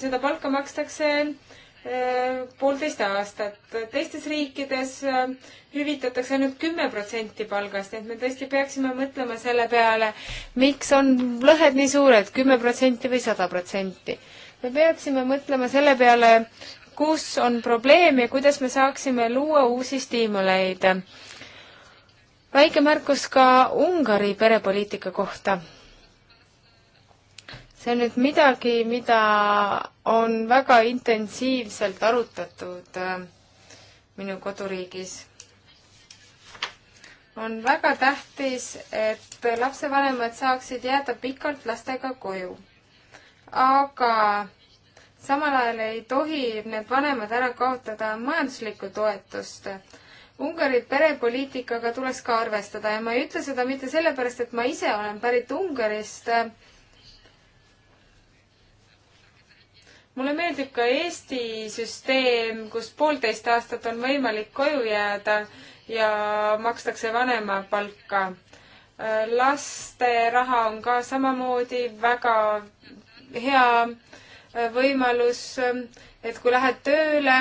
seda palka makstakse äh, poolteist aastat. teistes riikides äh, hüvitatakse ainult kümme protsenti palgast, et me tõesti peaksime mõtlema selle peale, miks on lõhed nii suured, kümme protsenti või sada protsenti. me peaksime mõtlema selle peale, kus on probleem ja kuidas me saaksime luua uusi stiimuleid väike märkus ka Ungari perepoliitika kohta. see on nüüd midagi, mida on väga intensiivselt arutatud äh, minu koduriigis. on väga tähtis, et lapsevanemad saaksid jääda pikalt lastega koju. aga samal ajal ei tohi need vanemad ära kaotada majanduslikku toetust Ungari perepoliitikaga tuleks ka arvestada ja ma ei ütle seda mitte sellepärast, et ma ise olen pärit Ungarist. mulle meeldib ka Eesti süsteem, kus poolteist aastat on võimalik koju jääda ja makstakse vanemapalka. laste raha on ka samamoodi väga hea võimalus, et kui lähed tööle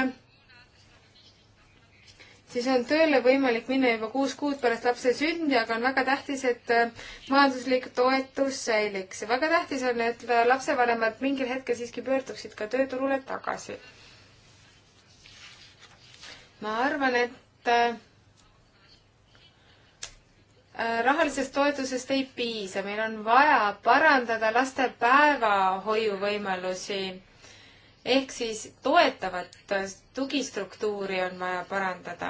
siis on tööle võimalik minna juba kuus kuud pärast lapse sündi, aga on väga tähtis, et äh, majanduslik toetus säiliks. väga tähtis on, et äh, lapsevanemad mingil hetkel siiski pöörduksid ka tööturule tagasi. ma arvan, et äh, rahalisest toetusest ei piisa, meil on vaja parandada laste päevahoiu võimalusi ehk siis toetavat tugistruktuuri on vaja parandada.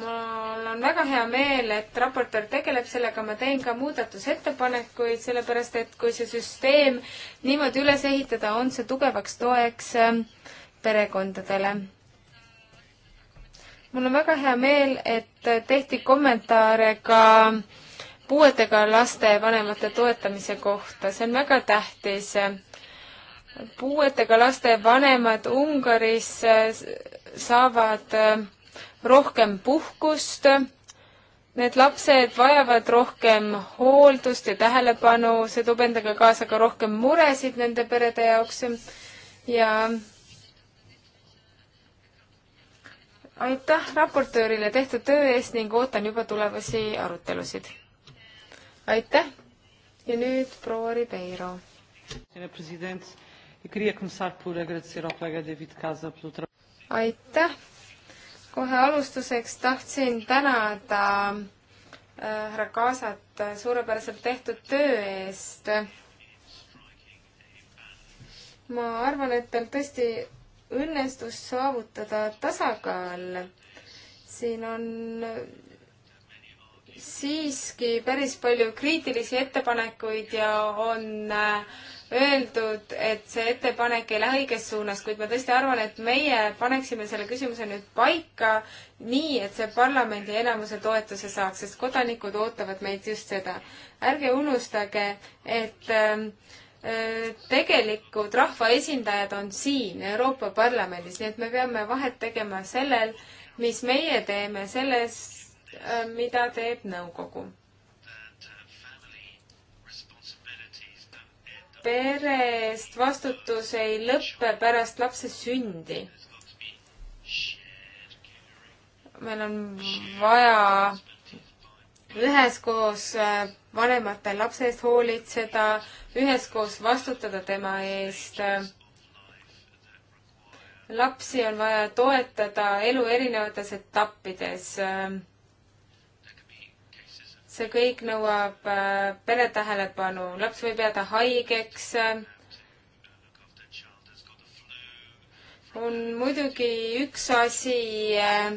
mul on väga hea meel, et raportöör tegeleb sellega, ma teen ka muudatusettepanekuid, sellepärast et kui see süsteem niimoodi üles ehitada, on see tugevaks toeks ähm, perekondadele mul on väga hea meel, et tehti kommentaare ka puuetega laste vanemate toetamise kohta, see on väga tähtis puuetega laste vanemad Ungaris eh, saavad eh, rohkem puhkust. Need lapsed vajavad rohkem hooldust ja tähelepanu, see toob endaga kaasa ka rohkem muresid nende perede jaoks ja aitäh raportöörile tehtud töö eest ning ootan juba tulevasi arutelusid. aitäh ja nüüd proua Ribeiro. president aitäh! kohe alustuseks tahtsin tänada äh, härra Kaasat äh, suurepäraselt tehtud töö eest. ma arvan, et tal tõesti õnnestus saavutada tasakaal. siin on siiski päris palju kriitilisi ettepanekuid ja on äh, öeldud, et see ettepanek ei lähe õiges suunas, kuid ma tõesti arvan, et meie paneksime selle küsimuse nüüd paika nii, et see parlamendi enamuse toetuse saaks, sest kodanikud ootavad meilt just seda. ärge unustage, et ähm, äh, tegelikud rahvaesindajad on siin Euroopa Parlamendis, nii et me peame vahet tegema sellel, mis meie teeme, selles Äh, mida teeb nõukogu. pere eest vastutus ei lõpe pärast lapse sündi. meil on vaja üheskoos äh, vanemate lapse eest hoolitseda, üheskoos vastutada tema eest. lapsi on vaja toetada elu erinevates etappides see kõik nõuab äh, pere tähelepanu, laps võib jääda haigeks. on muidugi üks asi, äh,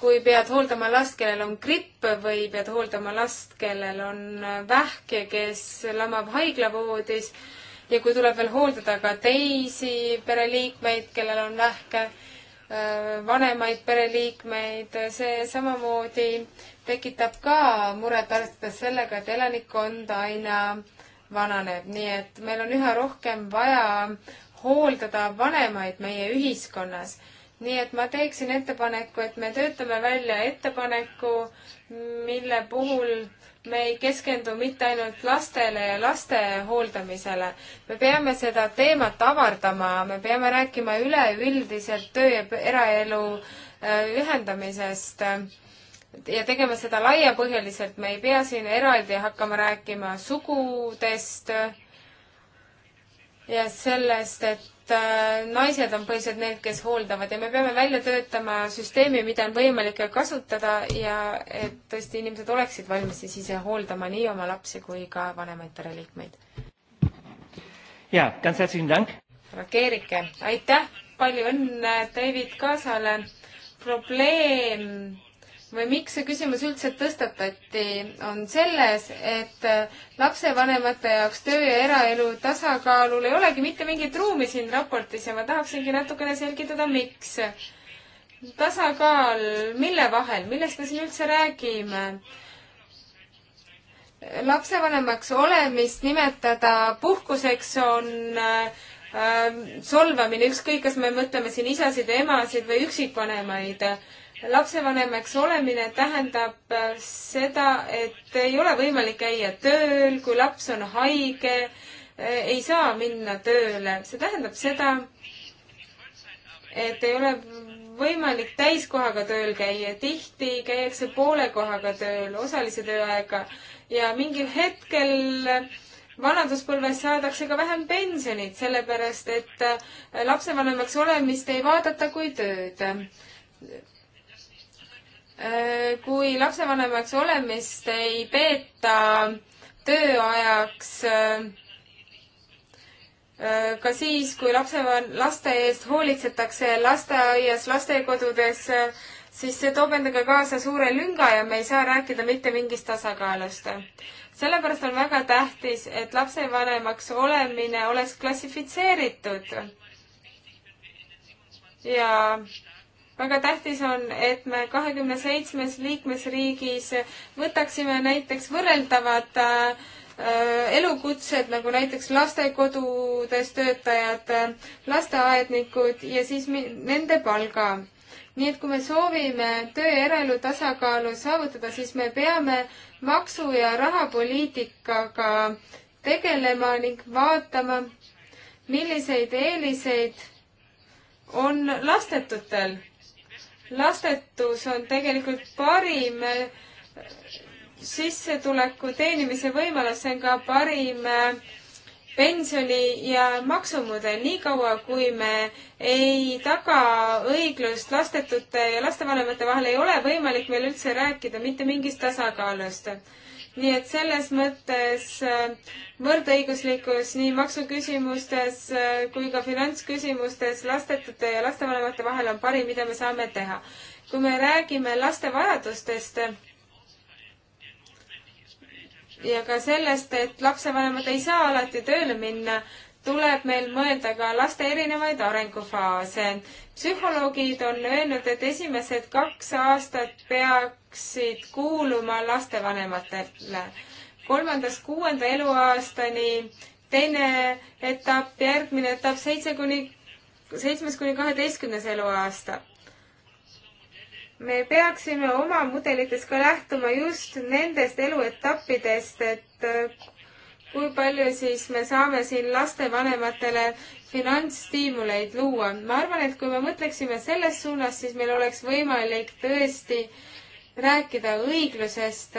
kui pead hooldama last, kellel on gripp või pead hooldama last, kellel on äh, vähk ja kes lamab haiglavoodis ja kui tuleb veel hooldada ka teisi pereliikmeid, kellel on vähke vanemaid pereliikmeid, see samamoodi tekitab ka muret, arvestades sellega, et elanikkond aina vananeb, nii et meil on üha rohkem vaja hooldada vanemaid meie ühiskonnas. nii et ma teeksin ettepaneku, et me töötame välja ettepaneku, mille puhul me ei keskendu mitte ainult lastele ja laste hooldamisele. me peame seda teemat avardama, me peame rääkima üleüldiselt töö ja eraelu äh, ühendamisest ja tegema seda laiapõhjaliselt, me ei pea siin eraldi hakkama rääkima sugudest ja sellest, et äh, naised on põhiliselt need, kes hooldavad ja me peame välja töötama süsteemi, mida on võimalik kasutada ja et tõesti inimesed oleksid valmis siis ise hooldama nii oma lapsi kui ka vanemaid pereliikmeid. jaa, ganz herzlichen Dank! Rakeerike, aitäh, palju õnne David Kaasale! probleem või miks see küsimus üldse tõstatati, on selles, et äh, lapsevanemate jaoks töö ja eraelu tasakaalul ei olegi mitte mingit ruumi siin raportis ja ma tahaksingi natukene selgitada, miks. tasakaal, mille vahel, millest me siin üldse räägime? lapsevanemaks olemist nimetada puhkuseks on äh, äh solvamine, ükskõik, kas me mõtleme siin isasid ja emasid või üksikvanemaid lapsevanemaks olemine tähendab äh, seda, et ei ole võimalik käia tööl, kui laps on haige, äh, ei saa minna tööle. see tähendab seda, et ei ole võimalik täiskohaga tööl käia, tihti käiakse poole kohaga tööl, osalise tööaega ja mingil hetkel vanaduspõlves saadakse ka vähem pensionit, sellepärast et äh, lapsevanemaks olemist ei vaadata kui tööd Äh, kui lapsevanemaks olemist ei peeta tööajaks äh, äh, ka siis, kui lapsevan-, laste eest hoolitsetakse lasteaias, lastekodudes, siis see toob endaga kaasa suure lünga ja me ei saa rääkida mitte mingist tasakaalust. sellepärast on väga tähtis, et lapsevanemaks olemine oleks klassifitseeritud. ja väga tähtis on, et me kahekümne seitsmes liikmesriigis võtaksime näiteks võrreldavad äh, elukutsed nagu näiteks lastekodudes töötajad, lasteaednikud ja siis nende palga. nii et kui me soovime töö ja eraelu tasakaalu saavutada, siis me peame maksu- ja rahapoliitikaga tegelema ning vaatama, milliseid eeliseid on lastetutel lastetus on tegelikult parim sissetuleku teenimise võimalus, see on ka parim pensioni ja maksumudel, niikaua kui me ei taga õiglust lastetute ja lastevanemate vahel, ei ole võimalik meil üldse rääkida mitte mingist tasakaalust nii et selles mõttes äh, võrdõiguslikkus nii maksuküsimustes äh, kui ka finantsküsimustes lastetute ja lastevanemate vahel on parim, mida me saame teha. kui me räägime laste vajadustest, ja ka sellest, et lapsevanemad ei saa alati tööle minna, tuleb meil mõelda ka laste erinevaid arengufaase. psühholoogid on öelnud, et esimesed kaks aastat peaksid kuuluma lastevanematele. kolmandast kuuenda eluaastani teine etapp, järgmine etapp seitse kuni, seitsmes kuni kaheteistkümnes eluaasta me peaksime oma mudelites ka lähtuma just nendest eluetappidest, et kui palju siis me saame siin lastevanematele finantsstiimuleid luua. ma arvan, et kui me mõtleksime selles suunas, siis meil oleks võimalik tõesti rääkida õiglusest.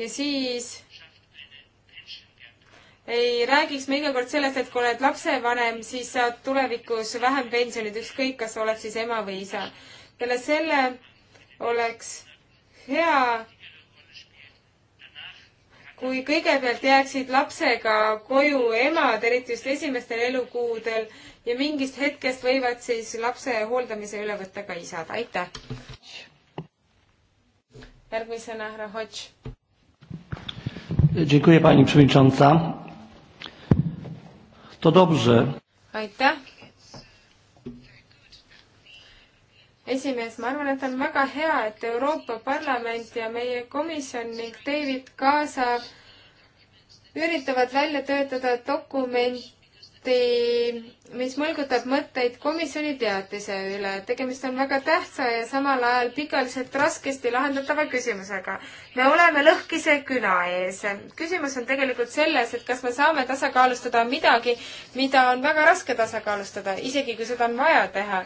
ja siis ei räägiks me iga kord sellest, et kui oled lapsevanem, siis saad tulevikus vähem pensionit, ükskõik, kas oled siis ema või isa. peale selle oleks hea kui kõigepealt jääksid lapsega koju emad, eriti just esimestel elukuudel ja mingist hetkest võivad siis lapse hooldamise üle võtta ka isad, aitäh. järgmisena härra Hodž. aitäh, esimees, ma arvan, et on väga hea, et Euroopa Parlament ja meie komisjon ning David Kaasa üritavad välja töötada dokumenti, mis mõlgutab mõtteid komisjoni teatise üle. tegemist on väga tähtsa ja samal ajal pikaajaliselt raskesti lahendatava küsimusega. me oleme lõhkise küna ees. küsimus on tegelikult selles, et kas me saame tasakaalustada midagi, mida on väga raske tasakaalustada, isegi kui seda on vaja teha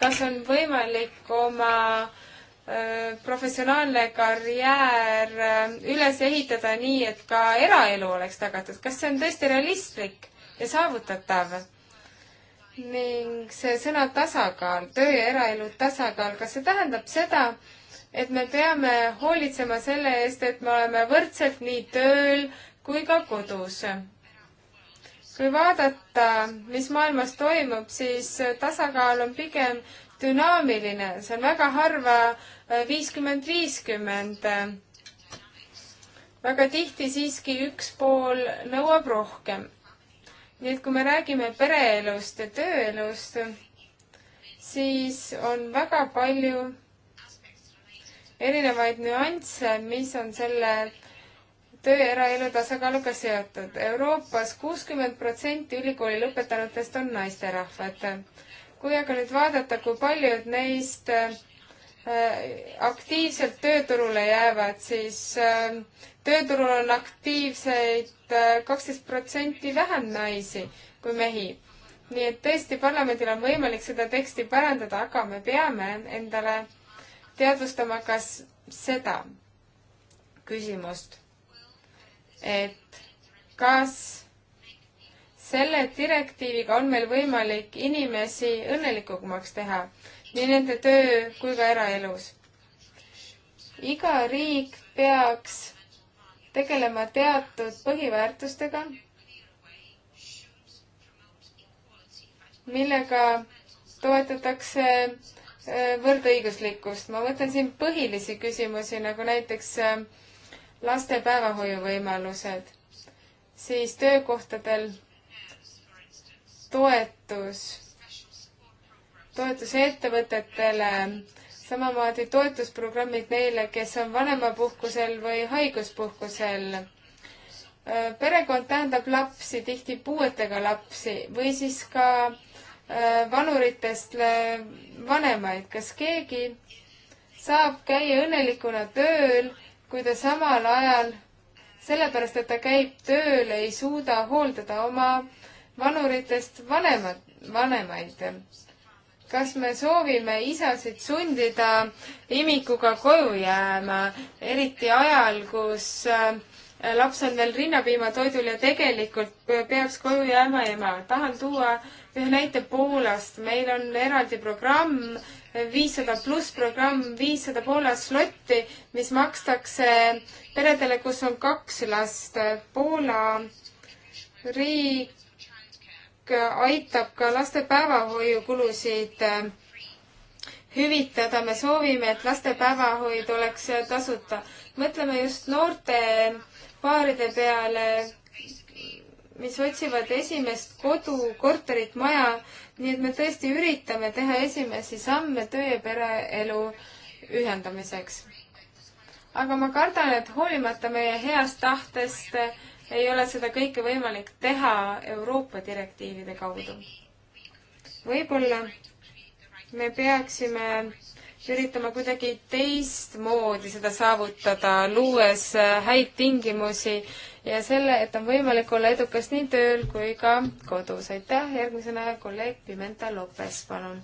kas on võimalik oma äh, professionaalne karjäär äh, üles ehitada nii, et ka eraelu oleks tagatud, kas see on tõesti realistlik ja saavutatav? ning see sõna tasakaal, töö ja eraelu tasakaal, kas see tähendab seda, et me peame hoolitsema selle eest, et me oleme võrdselt nii tööl kui ka kodus? kui vaadata, mis maailmas toimub, siis tasakaal on pigem dünaamiline, see on väga harva äh, viiskümmend, viiskümmend. väga tihti siiski üks pool nõuab rohkem. nii et kui me räägime pereelust ja tööelust, siis on väga palju erinevaid nüansse, mis on selle töö eraelu tasakaaluga seotud. Euroopas kuuskümmend protsenti ülikooli lõpetanutest on naisterahvad. kui aga nüüd vaadata, kui paljud neist äh, aktiivselt tööturule jäävad, siis äh, tööturul on aktiivseid äh, kaksteist protsenti vähem naisi kui mehi. nii et tõesti, parlamendil on võimalik seda teksti parandada, aga me peame endale teadvustama ka seda küsimust et kas selle direktiiviga on meil võimalik inimesi õnnelikumaks teha nii nende töö kui ka eraelus. iga riik peaks tegelema teatud põhiväärtustega, millega toetatakse äh, võrdõiguslikkust. ma mõtlen siin põhilisi küsimusi nagu näiteks äh, laste päevahoiuvõimalused, siis töökohtadel toetus, toetus ettevõtetele, samamoodi toetusprogrammid neile, kes on vanemapuhkusel või haiguspuhkusel. perekond tähendab lapsi, tihti puuetega lapsi või siis ka vanuritest vanemaid, kas keegi saab käia õnnelikuna tööl kui ta samal ajal sellepärast, et ta käib tööl, ei suuda hooldada oma vanuritest vanemad, vanemaid. kas me soovime isasid sundida imikuga koju jääma, eriti ajal, kus äh, laps on veel rinnapiimatoidul ja tegelikult peaks koju jääma ema. tahan tuua ühe näite Poolast. meil on eraldi programm viissada pluss programm, viissada Poola slotti, mis makstakse peredele, kus on kaks last. Poola riik aitab ka laste päevahoiukulusid hüvitada, me soovime, et laste päevahoid oleks tasuta. mõtleme just noorte paaride peale, mis otsivad esimest kodu, korterit, maja nii et me tõesti üritame teha esimesi samme töö ja pereelu ühendamiseks. aga ma kardan, et hoolimata meie heast tahtest ei ole seda kõike võimalik teha Euroopa direktiivide kaudu. võib-olla me peaksime üritama kuidagi teistmoodi seda saavutada, luues häid tingimusi ja selle, et on võimalik olla edukas nii tööl kui ka kodus. aitäh, järgmisena kolleeg Pimenta Lopes, palun.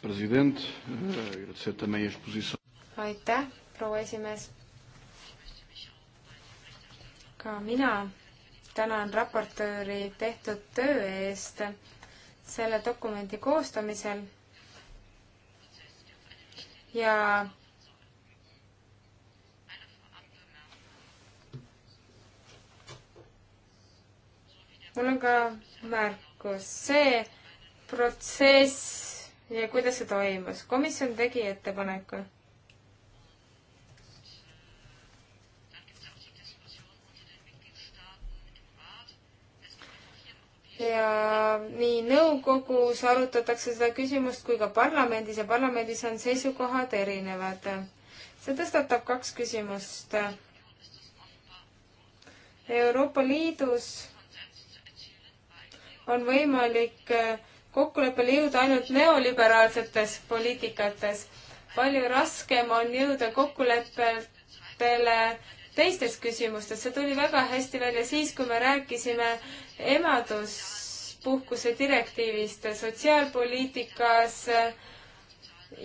president, aitäh, proua esimees. ka mina tänan raportööri tehtud töö eest selle dokumendi koostamisel ja mul on ka märkus, see protsess ja kuidas see toimus, komisjon tegi ettepaneku. ja nii nõukogus arutatakse seda küsimust kui ka parlamendis ja parlamendis on seisukohad erinevad. see tõstatab kaks küsimust. Euroopa Liidus on võimalik äh, kokkuleppele jõuda ainult neoliberaalsetes poliitikates. palju raskem on jõuda kokkulepetele teistes küsimustes. see tuli väga hästi välja siis, kui me rääkisime emaduspuhkuse direktiivist sotsiaalpoliitikas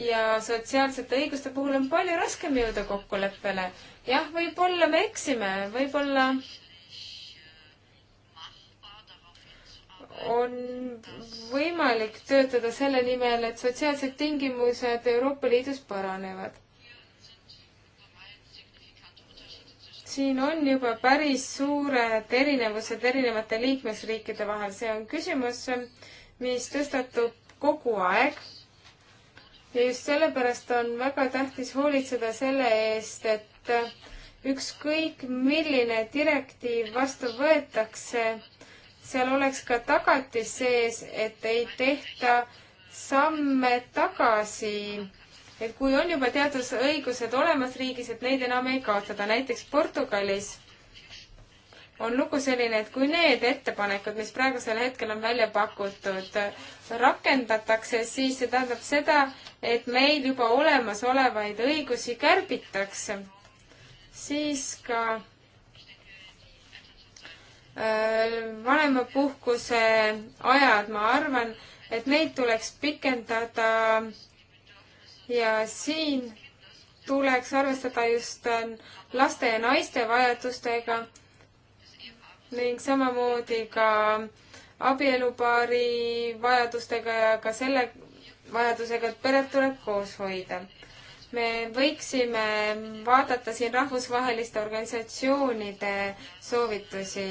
ja sotsiaalsete õiguste puhul on palju raskem jõuda kokkuleppele. jah, võib-olla me eksime, võib-olla on võimalik töötada selle nimel, et sotsiaalsed tingimused Euroopa Liidus paranevad. siin on juba päris suured erinevused erinevate liikmesriikide vahel, see on küsimus, mis tõstatub kogu aeg. ja just sellepärast on väga tähtis hoolitseda selle eest, et ükskõik milline direktiiv vastu võetakse, seal oleks ka tagatis sees, et ei tehta samme tagasi. et kui on juba teadusõigused olemas riigis, et neid enam ei kaotada. näiteks Portugalis on lugu selline, et kui need ettepanekud, mis praegusel hetkel on välja pakutud, rakendatakse, siis see tähendab seda, et meil juba olemasolevaid õigusi kärbitakse. siis ka Äh, vanemapuhkuse ajad, ma arvan, et neid tuleks pikendada ja siin tuleks arvestada just äh, laste ja naiste vajadustega ning samamoodi ka abielupaari vajadustega ja ka selle vajadusega, et peret tuleb koos hoida me võiksime vaadata siin rahvusvaheliste organisatsioonide soovitusi.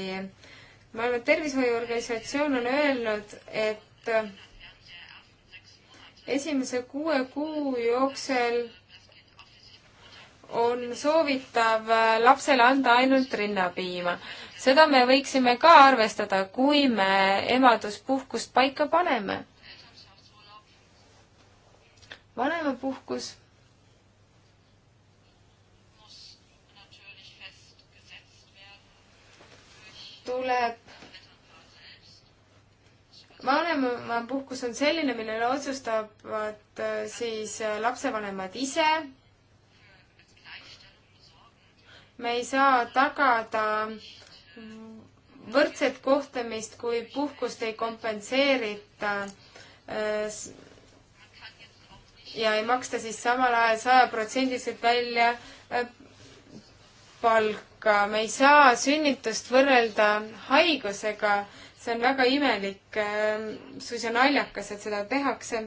maailma Tervishoiuorganisatsioon on öelnud, et esimese kuue kuu jooksul on soovitav lapsele anda ainult rinnapiima. seda me võiksime ka arvestada, kui me emaduspuhkust paika paneme. vanemapuhkus tuleb vanemapuhkus on selline, millele otsustavad äh, siis äh, lapsevanemad ise. me ei saa tagada võrdset kohtlemist, kui puhkust ei kompenseerita äh, ja ei maksta siis samal ajal sajaprotsendiliselt välja palka, me ei saa sünnitust võrrelda haigusega, see on väga imelik, ähm, suisa naljakas, et seda tehakse.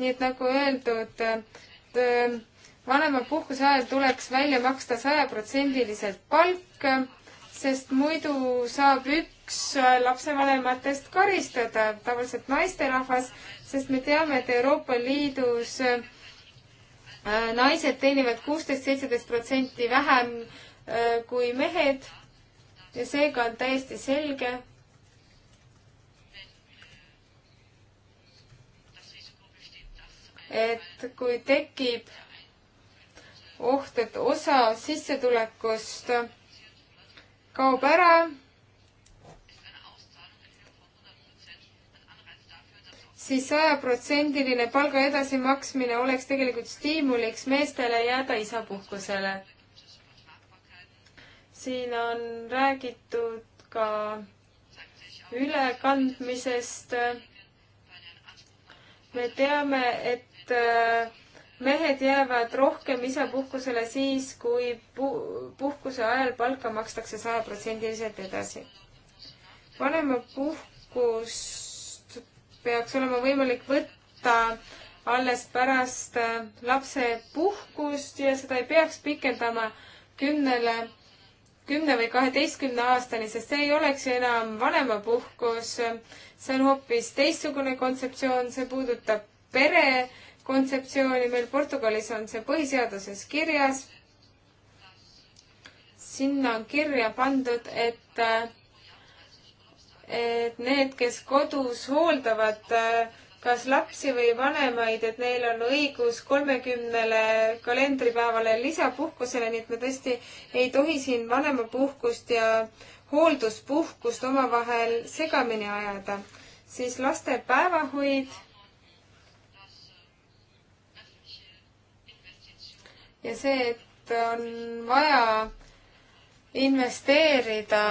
nii et nagu öeldud, ähm, vanemapuhkuse ajal tuleks välja maksta sajaprotsendiliselt palk, sest muidu saab üks lapsevanematest karistada, tavaliselt naisterahvas, sest me teame, et Euroopa Liidus äh, naised teenivad kuusteist, seitseteist protsenti vähem Äh, kui mehed ja seega on täiesti selge, et kui tekib oht, et osa sissetulekust kaob ära, siis sajaprotsendiline palga edasimaksmine oleks tegelikult stiimuliks meestele jääda isapuhkusele siin on räägitud ka ülekandmisest. me teame, et äh, mehed jäävad rohkem isapuhkusele siis kui pu, kui puhkuse ajal palka makstakse sajaprotsendiliselt edasi. vanemapuhkust peaks olema võimalik võtta alles pärast äh, lapsepuhkust ja seda ei peaks pikendama kümnele kümne või kaheteistkümne aastani, sest see ei oleks ju enam vanemapuhkus. see on hoopis teistsugune kontseptsioon, see puudutab pere kontseptsiooni, meil Portugalis on see põhiseaduses kirjas. sinna on kirja pandud, et, et need, kes kodus hooldavad kas lapsi või vanemaid, et neil on õigus kolmekümnele kalendripäevale lisapuhkusele, nii et me tõesti ei tohi siin vanemapuhkust ja hoolduspuhkust omavahel segamini ajada. siis laste päevahoid. ja see, et on vaja investeerida,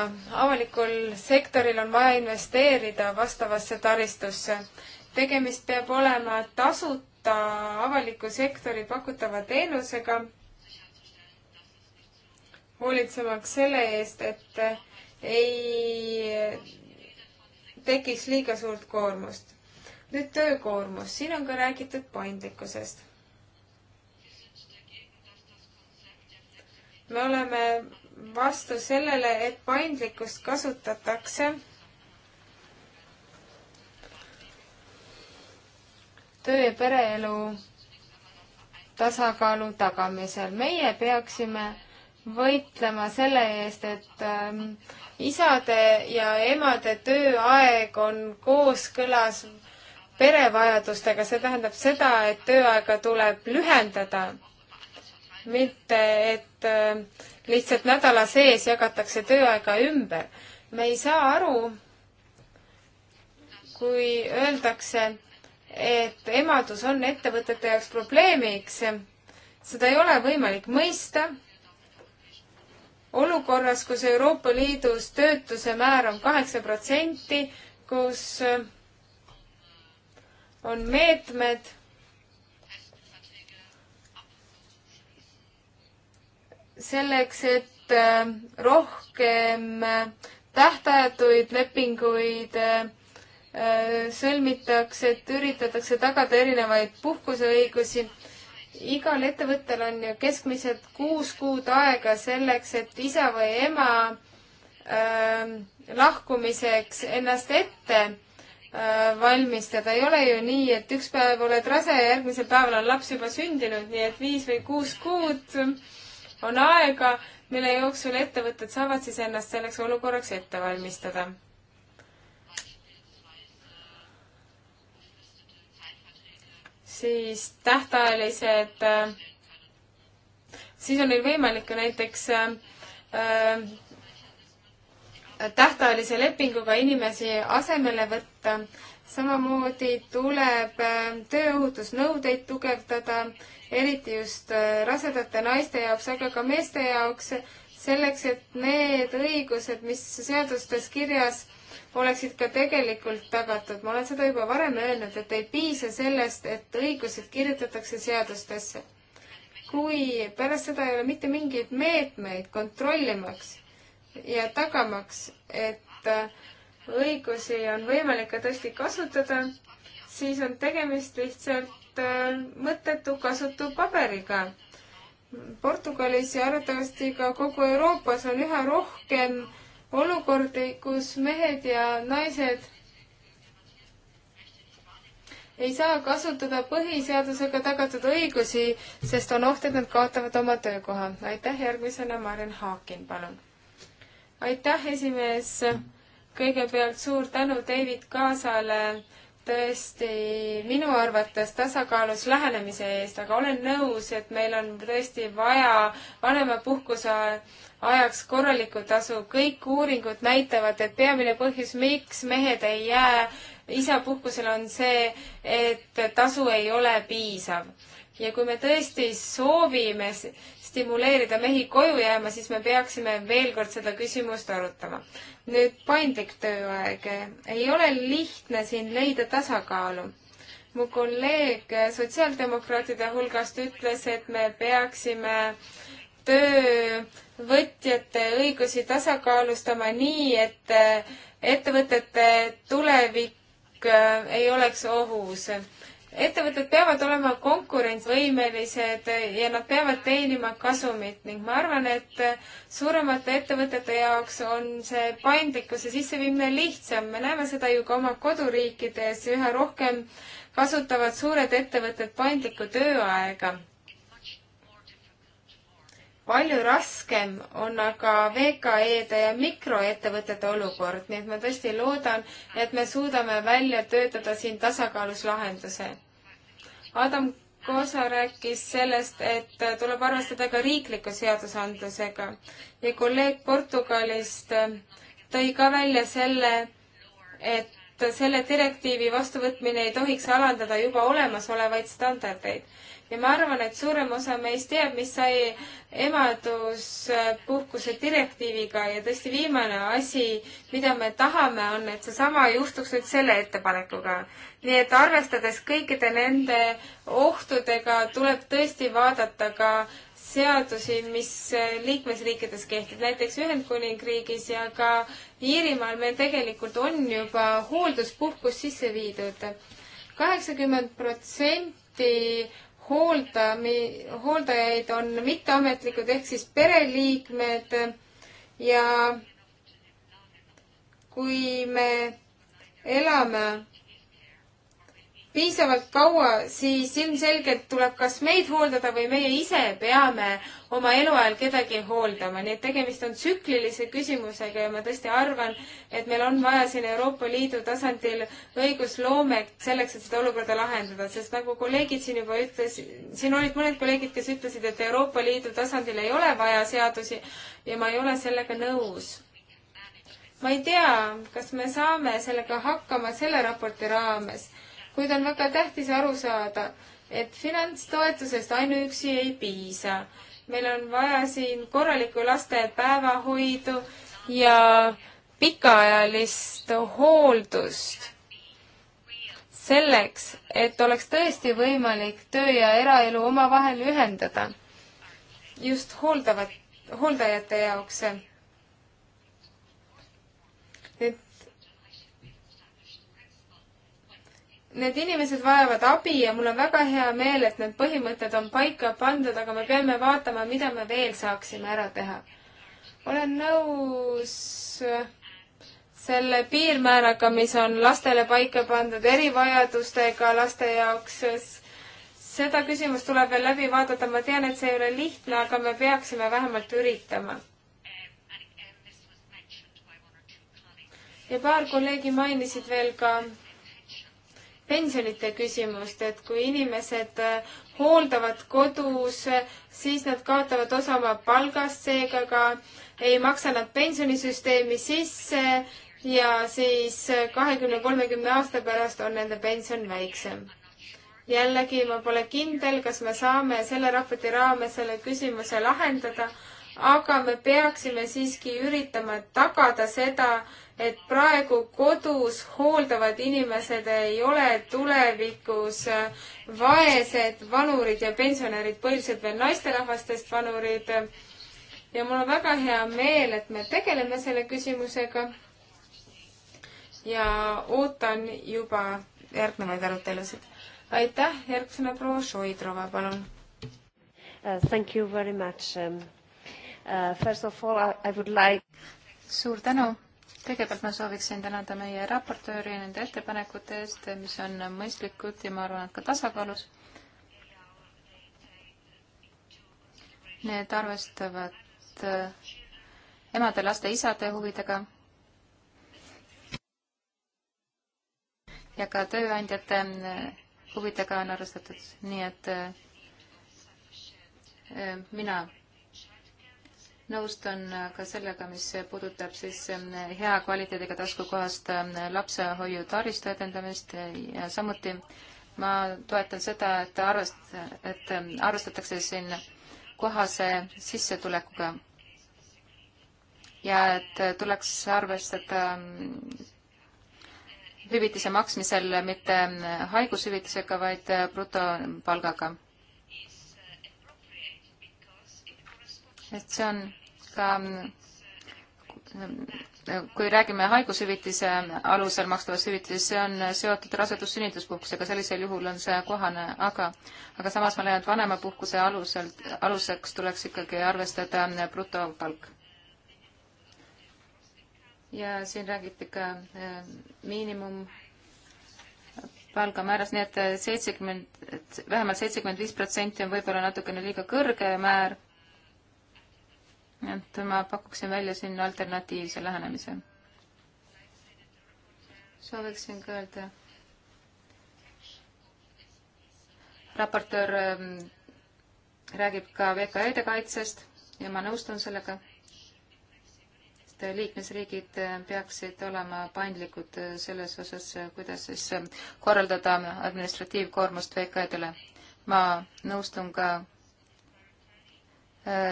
avalikul sektoril on vaja investeerida vastavasse taristusse tegemist peab olema tasuta avaliku sektori pakutava teenusega, hoolitsemaks selle eest, et ei tekiks liiga suurt koormust. nüüd töökoormus, siin on ka räägitud paindlikkusest. me oleme vastu sellele, et paindlikkust kasutatakse töö ja pereelu tasakaalu tagamisel. meie peaksime võitlema selle eest, et ähm, isade ja emade tööaeg on kooskõlas perevajadustega, see tähendab seda, et tööaega tuleb lühendada, mitte et äh, lihtsalt nädala sees jagatakse tööaega ümber. me ei saa aru, kui öeldakse, et emadus on ettevõtete jaoks probleemiks. seda ei ole võimalik mõista. olukorras, kus Euroopa Liidus töötuse määr on kaheksa protsenti, kus on meetmed selleks, et äh, rohkem äh, tähtajatuid lepinguid äh, Äh, sõlmitakse, et üritatakse tagada erinevaid puhkuseõigusi. igal ettevõttel on ju keskmiselt kuus kuud aega selleks, et isa või ema äh, lahkumiseks ennast ette äh, valmistada. ei ole ju nii, et üks päev oled rase ja järgmisel päeval on laps juba sündinud, nii et viis või kuus kuud on aega, mille jooksul ettevõtted saavad siis ennast selleks olukorraks ette valmistada siis tähtajalised, siis on neil võimalik ka näiteks äh, äh tähtajalise lepinguga inimesi asemele võtta. samamoodi tuleb äh, tööohutusnõudeid tugevdada, eriti just äh, rasedate naiste jaoks, aga ka meeste jaoks, selleks et need õigused, mis seadustes kirjas oleksid ka tegelikult tagatud. ma olen seda juba varem öelnud, et ei piisa sellest, et õigused kirjutatakse seadustesse. kui pärast seda ei ole mitte mingeid meetmeid kontrollimaks ja tagamaks, et äh, õigusi on võimalik ka tõesti kasutada, siis on tegemist lihtsalt äh, mõttetu kasutu paberiga Portugalis ja arvatavasti ka kogu Euroopas on üha rohkem olukordi, kus mehed ja naised ei saa kasutada põhiseadusega tagatud õigusi, sest on oht, et nad kaotavad oma töökoha. aitäh, järgmisena Maren Haakin, palun. aitäh, esimees. kõigepealt suur tänu David Kaasale tõesti minu arvates tasakaalus lähenemise eest, aga olen nõus, et meil on tõesti vaja vanemapuhkuse ajaks korralikku tasu. kõik uuringud näitavad, et peamine põhjus, miks mehed ei jää isapuhkusele, on see, et tasu ei ole piisav ja kui me tõesti soovime stimuleerida mehi koju jääma, siis me peaksime veel kord seda küsimust arutama. nüüd paindlik tööaeg. ei ole lihtne siin leida tasakaalu. mu kolleeg sotsiaaldemokraatide hulgast ütles, et me peaksime töövõtjate õigusi tasakaalustama nii, et ettevõtete tulevik äh, ei oleks ohus ettevõtted peavad olema konkurentsivõimelised ja nad peavad teenima kasumit ning ma arvan, et suuremate ettevõtete jaoks on see paindlikkuse sisseviimine lihtsam. me näeme seda ju ka oma koduriikides, üha rohkem kasutavad suured ettevõtted paindlikku tööaega palju raskem on aga VKE-de ja mikroettevõtete olukord, nii et ma tõesti loodan, et me suudame välja töötada siin tasakaalus lahenduse. Adam Koosa rääkis sellest, et tuleb arvestada ka riikliku seadusandlusega ja kolleeg Portugalist tõi ka välja selle, et selle direktiivi vastuvõtmine ei tohiks alandada juba olemasolevaid standardeid ja ma arvan, et suurem osa meist teab, mis sai emaduspuhkuse direktiiviga ja tõesti viimane asi, mida me tahame, on, et seesama juhtuks nüüd selle ettepanekuga. nii et arvestades kõikide nende ohtudega, tuleb tõesti vaadata ka seadusi, mis liikmesriikides kehtib, näiteks Ühendkuningriigis ja ka Iirimaal meil tegelikult on juba hoolduspuhkus sisse viidud. kaheksakümmend protsenti hooldami, hooldajaid on mitteametlikud ehk siis pereliikmed ja kui me elame piisavalt kaua, siis ilmselgelt tuleb kas meid hooldada või meie ise peame oma eluajal kedagi hooldama, nii et tegemist on tsüklilise küsimusega ja ma tõesti arvan, et meil on vaja siin Euroopa Liidu tasandil õigusloomet selleks, et seda olukorda lahendada, sest nagu kolleegid siin juba ütlesid, siin olid mõned kolleegid, kes ütlesid, et Euroopa Liidu tasandil ei ole vaja seadusi ja ma ei ole sellega nõus ma ei tea, kas me saame sellega hakkama selle raporti raames kuid on väga tähtis aru saada, et finantstoetusest ainuüksi ei piisa. meil on vaja siin korralikku laste päevahoidu ja pikaajalist hooldust selleks, et oleks tõesti võimalik töö ja eraelu omavahel ühendada just hooldavat, hooldajate jaoks. et Need inimesed vajavad abi ja mul on väga hea meel, et need põhimõtted on paika pandud, aga me peame vaatama, mida me veel saaksime ära teha. olen nõus selle piirmääraga, mis on lastele paika pandud erivajadustega laste jaoks. seda küsimust tuleb veel läbi vaadata, ma tean, et see ei ole lihtne, aga me peaksime vähemalt üritama. ja paar kolleegi mainisid veel ka pensionite küsimust, et kui inimesed äh, hooldavad kodus, äh, siis nad kaotavad osa oma palgast, seega ka ei maksa nad pensionisüsteemi sisse ja siis äh, kahekümne, kolmekümne aasta pärast on nende pension väiksem. jällegi, ma pole kindel, kas me saame selle raporti raames selle küsimuse lahendada aga me peaksime siiski üritama tagada seda, et praegu kodus hooldavad inimesed ei ole tulevikus äh, vaesed vanurid ja pensionärid, põhiliselt veel naisterahvastest vanurid. ja mul on väga hea meel, et me tegeleme selle küsimusega. ja ootan juba järgnevaid arutelusid. aitäh, järgmisena proua Šoidrova, palun uh,. Thank you very much um uh,. First of all I would like. suur tänu. kõigepealt ma sooviksin tänada meie raportööri nende ettepanekute eest, mis on mõistlikud ja ma arvan, et ka tasakaalus. Need arvestavad uh, emade, laste, isade huvidega ja ka tööandjate uh, huvidega on arvestatud, nii et uh, mina nõustun ka sellega, mis puudutab siis hea kvaliteediga taskukohast lapsehoiutaristu edendamist ja samuti ma toetan seda, et arvest-, et arvestatakse siin kohase sissetulekuga. ja et tuleks arvestada hüvitise maksmisel mitte haigushüvitisega, vaid eh, brutopalgaga et see on ka kui räägime haigushüvitise alusel makstavast hüvitisest, see on seotud rasedus-sünnituspuhkusega, sellisel juhul on see kohane, aga, aga samas ma leian, et vanemapuhkuse alusel, aluseks tuleks ikkagi arvestada brutopalk. ja siin räägiti ka e, miinimum palgamääras, nii et seitsekümmend, vähemalt seitsekümmend viis protsenti on võib-olla natukene liiga kõrge määr et ma pakuksin välja siin alternatiivse lähenemise. sooviksin ka öelda. raportöör ähm, räägib ka VKE-de kaitsest ja ma nõustun sellega, et liikmesriigid äh, peaksid olema paindlikud äh, selles osas, äh, kuidas siis korraldada administratiivkoormust VKE-dele. ma nõustun ka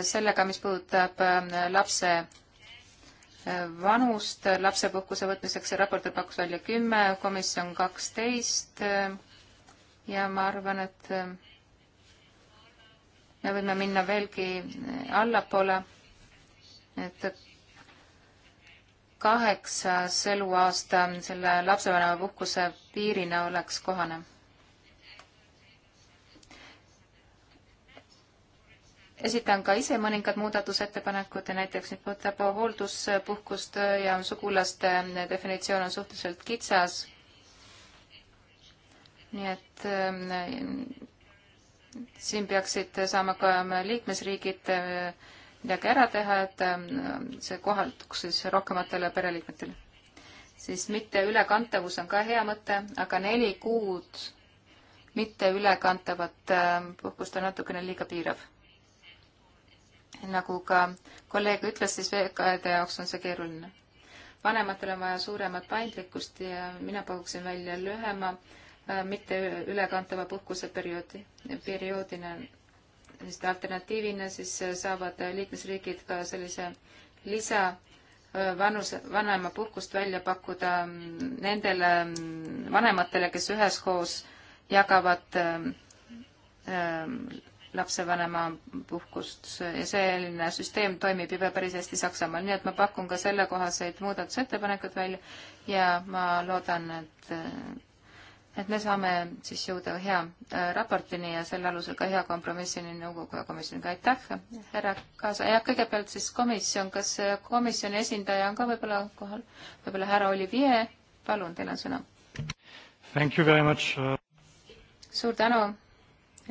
sellega, mis puudutab äh, lapse äh, vanust äh, lapsepuhkuse võtmiseks, see raportöör pakkus välja kümme, komisjon kaksteist ja ma arvan, et me võime minna veelgi allapoole, et kaheksas eluaasta selle lapsevanema puhkuse piirina oleks kohane esitan ka ise mõningad muudatusettepanekud ja näiteks, mis puudutab hoolduspuhkust ja sugulaste definitsioon on suhteliselt kitsas. nii et ähm, siin peaksid saama ka liikmesriigid äh, midagi ära teha, et ähm, see kohalduks siis rohkematele pereliikmetele. siis mitte ülekantavus on ka hea mõte, aga neli kuud mitte ülekantavat äh, puhkust on natukene liiga piirav nagu ka kolleeg ütles, siis VKD jaoks on see keeruline. vanematel on vaja suuremat paindlikkust ja mina pakuksin välja lühema, äh, mitte ülekantava puhkuseperioodi, perioodina, sest alternatiivina siis äh, saavad liikmesriigid ka sellise lisa äh, vanuse, vanemapuhkust välja pakkuda mm, nendele mm, vanematele, kes üheskoos jagavad ähm, lapsevanema puhkust ja selline süsteem toimib juba päris hästi Saksamaal, nii et ma pakun ka sellekohaseid muudatusettepanekuid välja ja ma loodan, et et me saame siis jõuda hea äh, raportini ja selle alusel ka hea kompromissini nõukogu ja komisjoniga, aitäh, härra Kaasa, ja kõigepealt siis komisjon, kas komisjoni esindaja on ka võib-olla kohal, võib-olla härra Olivier, palun, teil on sõna. Uh suur tänu,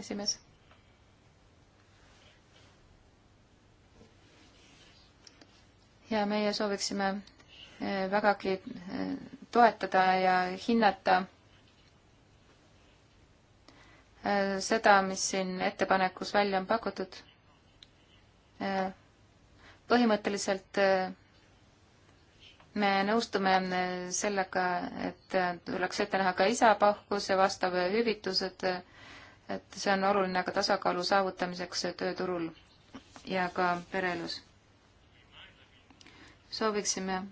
esimees ja meie sooviksime eh, vägagi eh, toetada ja hinnata eh, seda, mis siin ettepanekus välja on pakutud. põhimõtteliselt me nõustume sellega, et tuleks ette näha ka isapuhkus ja vastav hüvitus, et, et see on oluline ka tasakaalu saavutamiseks tööturul ja ka pereelus sooviksime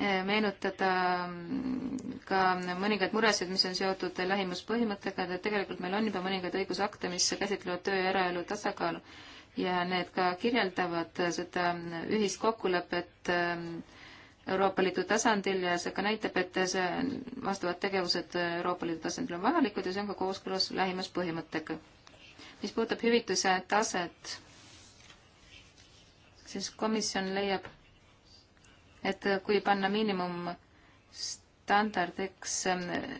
eh, meenutada mm, ka mõningaid muresid, mis on seotud lähimuspõhimõttega, et tegelikult meil on juba mõningaid õigusakte, mis käsitlevad töö ja eraelu tasakaalu ja need ka kirjeldavad seda ühist kokkulepet eh, Euroopa Liidu tasandil ja see ka näitab, et see, vastavad tegevused Euroopa Liidu tasandil on vajalikud ja see on ka kooskõlas lähimas põhimõttega. mis puudutab hüvituse taset, siis komisjon leiab, et kui panna miinimumstandardiks eh,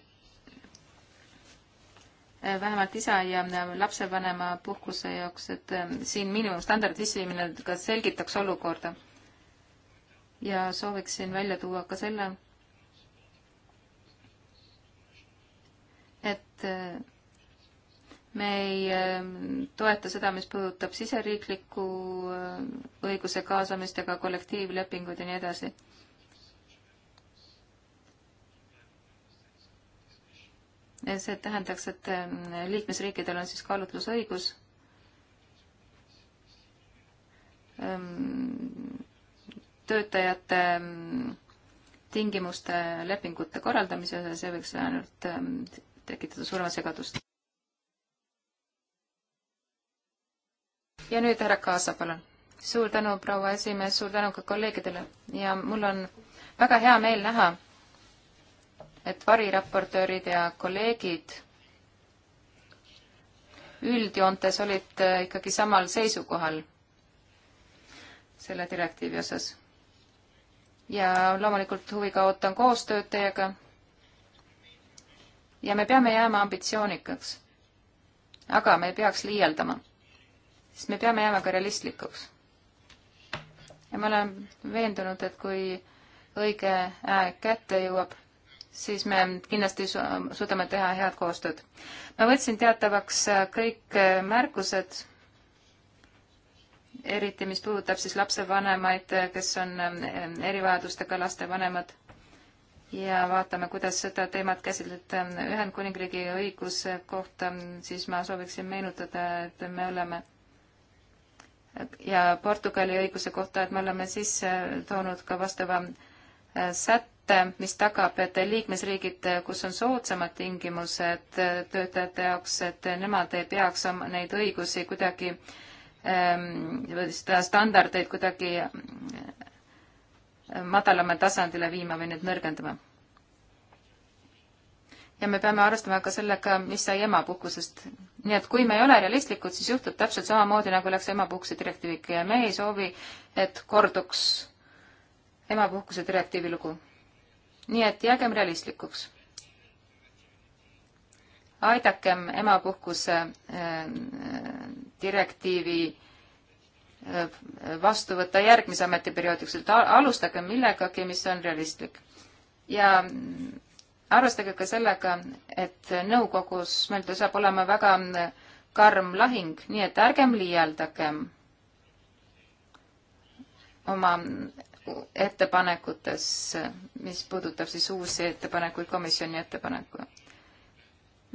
vähemalt isa ja lapsevanema puhkuse jaoks, et eh, siin miinimumstandard sisseviimine ka selgitaks olukorda. ja sooviksin välja tuua ka selle, et eh, me ei ähm, toeta seda, mis puudutab siseriikliku äh, õiguse kaasamist ega kollektiivlepinguid ja nii edasi. see tähendaks, et ähm, liikmesriikidel on siis kaalutlusõigus ähm, töötajate tingimuste lepingute korraldamise osas ja võiks ainult tekitada suurema segadust. ja nüüd härra Kaasa, palun. suur tänu, proua esimees, suur tänu ka kolleegidele ja mul on väga hea meel näha, et variraportöörid ja kolleegid üldjoontes olid äh, ikkagi samal seisukohal selle direktiivi osas. ja loomulikult huviga ootan koostööd teiega. ja me peame jääma ambitsioonikaks. aga me ei peaks liialdama siis me peame jääma ka realistlikuks. ja ma olen veendunud, et kui õige aeg kätte jõuab, siis me kindlasti su suudame teha head koostööd. ma võtsin teatavaks äh, kõik äh, märkused, eriti mis puudutab siis lapsevanemaid, äh, kes on erivajadustega laste vanemad ja vaatame, kuidas seda teemat käsitleda Ühendkuningriigi õiguse kohta, siis ma sooviksin meenutada, et me oleme ja Portugali õiguse kohta, et me oleme sisse toonud ka vastava äh, sätte, mis tagab, et liikmesriigid, äh, kus on soodsamad tingimused äh, töötajate jaoks, et nemad ei peaks neid õigusi kuidagi ähm, või seda standardeid kuidagi madalamale tasandile viima või need nõrgendama ja me peame arvestama ka sellega, mis sai emapuhkusest. nii et kui me ei ole realistlikud, siis juhtub täpselt samamoodi, nagu läks emapuhkuse direktiiviga ja me ei soovi, et korduks emapuhkuse direktiivi lugu. nii et jäägem realistlikuks. aidakem emapuhkuse äh, direktiivi äh, vastu võtta järgmise ametiperioodiks, et alustagem millegagi, mis on realistlik. ja arvestage ka sellega, et nõukogus meil ta saab olema väga karm lahing, nii et ärgem liialdagem oma ettepanekutes, mis puudutab siis uusi ettepanekuid, komisjoni ettepaneku.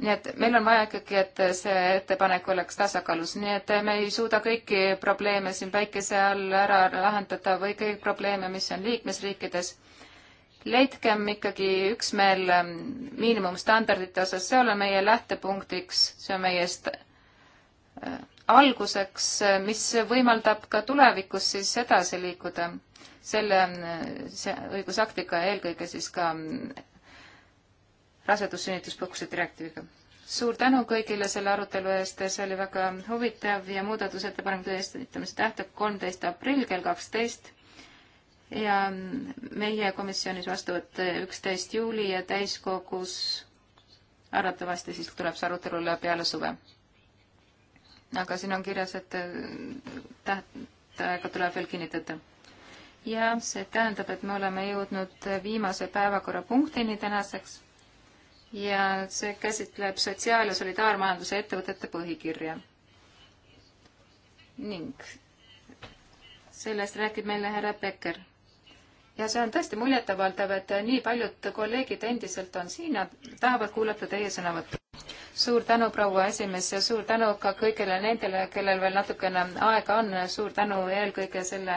nii et meil on vaja ikkagi, et see ettepanek oleks tasakaalus, nii et me ei suuda kõiki probleeme siin päikese all ära lahendada või kõik probleeme, mis on liikmesriikides leidkem ikkagi üksmeel ähm, miinimumstandardite osas, see ole meie lähtepunktiks, see on meie äh, alguseks, äh, mis võimaldab ka tulevikus siis edasi liikuda selle ähm, see õigusaktiga ja eelkõige siis ka ähm, rasedus-sünnituspuhkuse direktiiviga. suur tänu kõigile selle arutelu eest, see oli väga huvitav ja muudatusettepanekute esitamise tähtaeg kolmteist aprill kell kaksteist ja meie komisjonis vastuvõtt üksteist juuli ja täiskogus arvatavasti siis tuleb see arutelule peale suve. aga siin on kirjas, et äh, tähtaega tuleb veel kinnitada. ja see tähendab, et me oleme jõudnud viimase päevakorrapunktini tänaseks ja see käsitleb sotsiaal- ja solidaarmajanduse ettevõtete põhikirja. ning sellest räägib meile härra Becker ja see on tõesti muljetavaldav, et nii paljud kolleegid endiselt on siin ja tahavad kuulata teie sõnavõttu. suur tänu, proua esimees ja suur tänu ka kõigile nendele, kellel veel natukene aega on, suur tänu eelkõige selle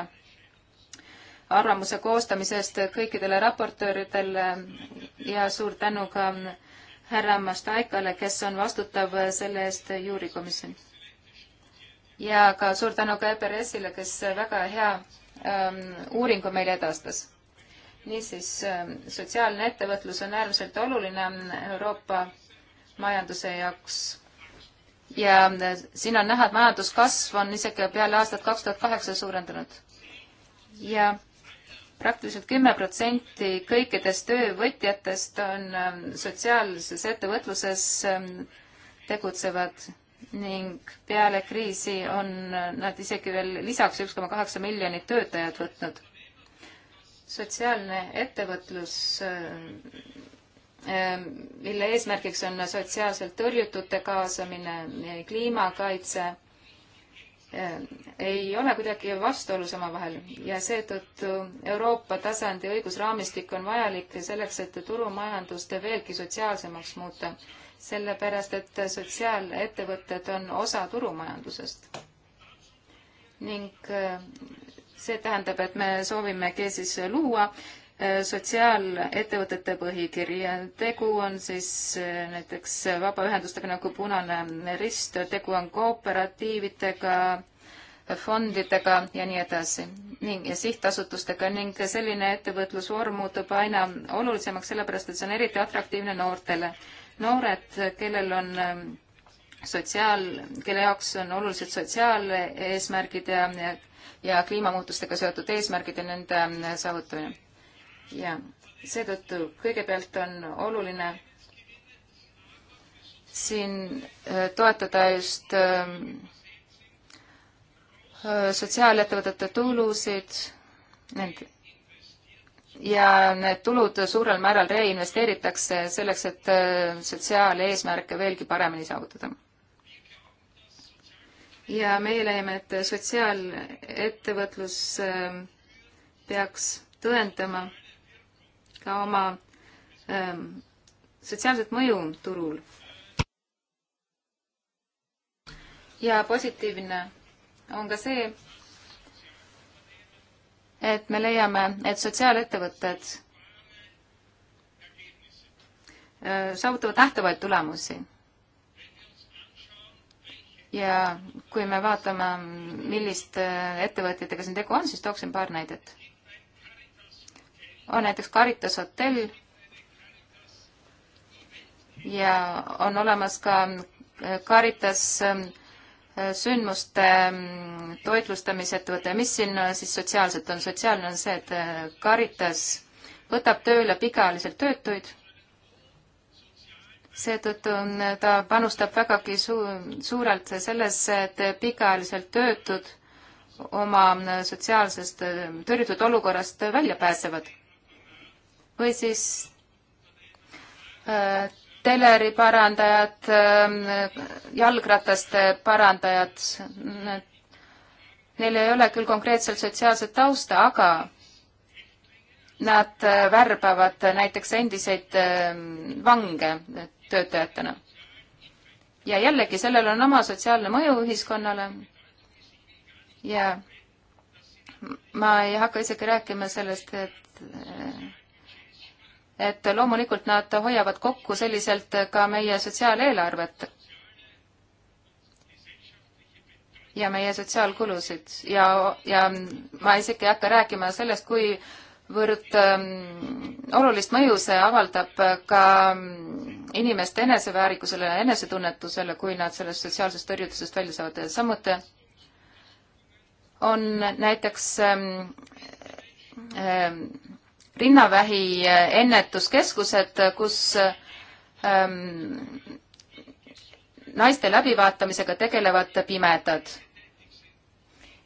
arvamuse koostamisest kõikidele raportööridele ja suur tänu ka härra Mastaikale, kes on vastutav selle eest juurikomisjonis. ja ka suur tänu ka EPRS-ile, kes väga hea ähm, uuringu meile edastas niisiis, ähm, sotsiaalne ettevõtlus on äärmiselt oluline Euroopa majanduse jaoks ja äh, siin on näha, et majanduskasv on isegi peale aastat kaks tuhat kaheksa suurendanud. ja praktiliselt kümme protsenti kõikidest töövõtjatest on ähm, sotsiaalses ettevõtluses ähm, tegutsevad ning peale kriisi on nad isegi veel lisaks üks koma kaheksa miljonit töötajat võtnud sotsiaalne ettevõtlus, ähm, mille eesmärgiks on sotsiaalselt tõrjutute kaasamine, kliimakaitse, ähm, ei ole kuidagi vastuolus omavahel ja seetõttu Euroopa tasandi õigusraamistik on vajalik selleks, et turumajandust veelgi sotsiaalsemaks muuta, sellepärast et sotsiaalettevõtted on osa turumajandusest. ning äh, see tähendab, et me soovimegi siis luua äh, sotsiaalettevõtete põhikiri ja tegu on siis äh, näiteks vabaühendustega nagu Punane Rist, tegu on kooperatiividega, fondidega ja nii edasi ning ja sihtasutustega ning selline ettevõtlusvorm muutub aina olulisemaks, sellepärast et see on eriti atraktiivne noortele. noored, kellel on ähm, sotsiaal, kelle jaoks on olulised sotsiaaleesmärgid ja, ja ja kliimamuutustega seotud eesmärgid ja nende ähm, saavutamine. ja seetõttu kõigepealt on oluline siin äh, toetada just ähm, äh, sotsiaalettevõtete tulusid, nende ja need tulud suurel määral reinvesteeritakse selleks, et äh, sotsiaaleesmärke veelgi paremini saavutada ja meie leiame, et sotsiaalettevõtlus ähm, peaks tõendama ka oma ähm, sotsiaalset mõju turul. ja positiivne on ka see, et me leiame, et sotsiaalettevõtted äh, saavutavad nähtavaid tulemusi ja kui me vaatame, milliste äh, ettevõtjatega siin tegu on, siis tooksin paar näidet. on näiteks Caritas hotell ja on olemas ka äh, Caritas ähm, äh, sündmuste ähm, toitlustamisettevõte ja mis siin siis sotsiaalselt on? sotsiaalne on see, et Caritas võtab tööle pikaajaliselt töötuid seetõttu ta panustab vägagi su-, suurelt sellesse, et pikaajaliselt töötud oma sotsiaalsest tõrjutud olukorrast välja pääsevad. või siis äh, teleri parandajad äh,, jalgrataste parandajad, neil ei ole küll konkreetselt sotsiaalset tausta, aga nad äh, värbavad näiteks endiseid äh, vange, et töötajatena. ja jällegi, sellel on oma sotsiaalne mõju ühiskonnale ja ma ei hakka isegi rääkima sellest, et et loomulikult nad hoiavad kokku selliselt ka meie sotsiaaleelarvet ja meie sotsiaalkulusid ja, ja ma isegi ei hakka rääkima sellest, kui kuivõrd ähm, olulist mõju see avaldab ka ähm, inimeste eneseväärikusele ja enesetunnetusele, kui nad sellest sotsiaalsest tõrjutusest välja saavad. samuti on näiteks ähm, rinnavähi äh, ennetuskeskused, kus naiste läbivaatamisega tegelevad pimedad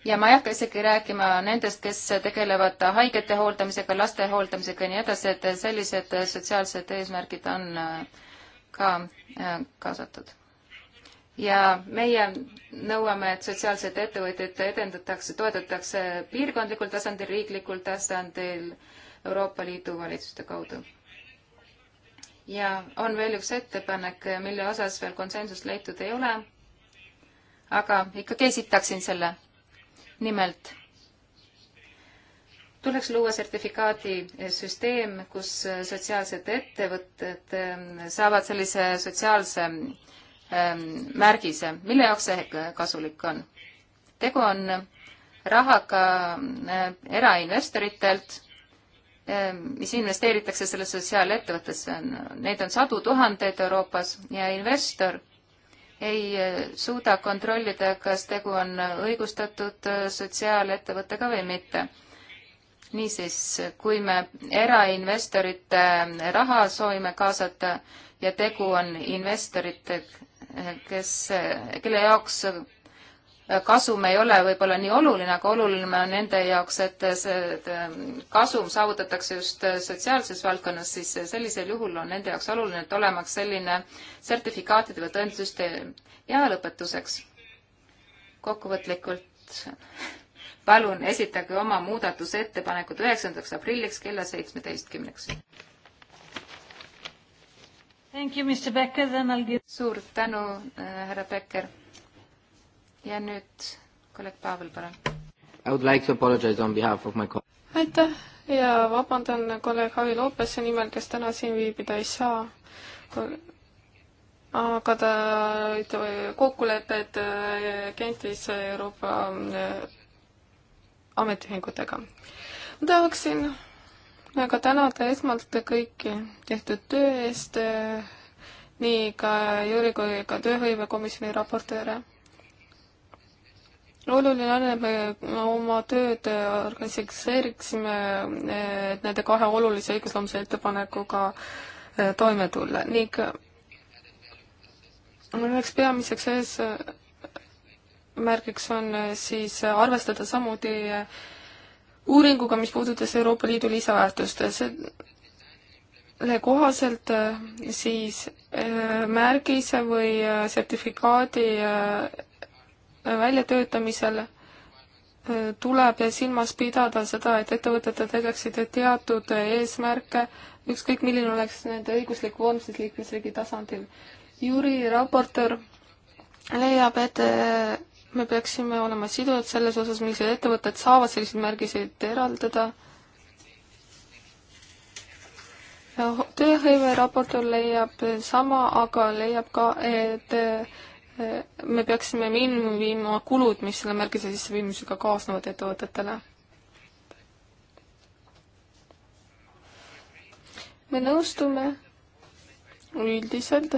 ja ma ei hakka isegi rääkima nendest, kes tegelevad haigete hooldamisega, laste hooldamisega ja nii edasi, et sellised sotsiaalsed eesmärgid on äh, ka äh, kaasatud. ja meie nõuame, et sotsiaalseid ettevõtteid edendatakse, toetatakse piirkondlikul tasandil, riiklikul tasandil, Euroopa Liidu valitsuste kaudu. ja on veel üks ettepanek, mille osas veel konsensust leitud ei ole, aga ikkagi esitaksin selle nimelt tuleks luua sertifikaadisüsteem, kus sotsiaalsed ettevõtted ähm, saavad sellise sotsiaalse ähm, märgise, mille jaoks see kasulik on. tegu on rahaga äh, erainvestoritelt, ähm, mis investeeritakse sellesse sotsiaalettevõttesse. Neid on sadu tuhandeid Euroopas ja investor ei eh, suuda kontrollida, kas tegu on eh, õigustatud eh, sotsiaalettevõttega või mitte. niisiis, kui me erainvestorite raha soovime kaasata ja tegu on investoritega, kes, kelle jaoks kasum ei ole võib-olla nii oluline, aga oluline on nende jaoks, et see ähm, kasum saavutatakse just äh, sotsiaalses valdkonnas, siis äh, sellisel juhul on nende jaoks oluline, et olemaks selline sertifikaatide või tõendussüsteem. ja lõpetuseks kokkuvõtlikult palun esitage oma muudatusettepanekud üheksandaks aprilliks kella seitsmeteistkümneks. Give... suur tänu äh,, härra Becker ja nüüd kolleeg Pavel, palun. I would like to apologize on behalf of my aitäh ja vabandan kolleeg Javi Loopese nimel, kes täna siin viibida ei saa. aga ta olid kokkulepped Gentis äh, Euroopa äh, ametiühingutega. ma tahaksin aga tänada esmalt kõiki tehtud töö eest, äh, nii ka Jüri kui ka tööhõivekomisjoni raportööre oluline on, et me oma tööd organiseeriksime, et nende kahe olulise õigusloomse ettepanekuga eh, toime tulla ning üheks peamiseks eesmärgiks eh, on eh, siis arvestada samuti uuringuga, mis puudutas Euroopa Liidu lisaväärtust. selle kohaselt siis märgise või sertifikaadi väljatöötamisel äh, tuleb silmas pidada seda, et ettevõtted tegeleksid teatud eesmärke, ükskõik milline oleks nende õiguslik vorm siis liikmesriigi tasandil. Jüri raportöör leiab, et äh, me peaksime olema siduvad selles osas, millised ettevõtted saavad selliseid märgiseid eraldada. tööhõive raportöör leiab sama, aga leiab ka, et äh, me peaksime miinimumi viima kulud, mis selle märgise sisseviimisega kaasnevad ettevõtetele. me nõustume üldiselt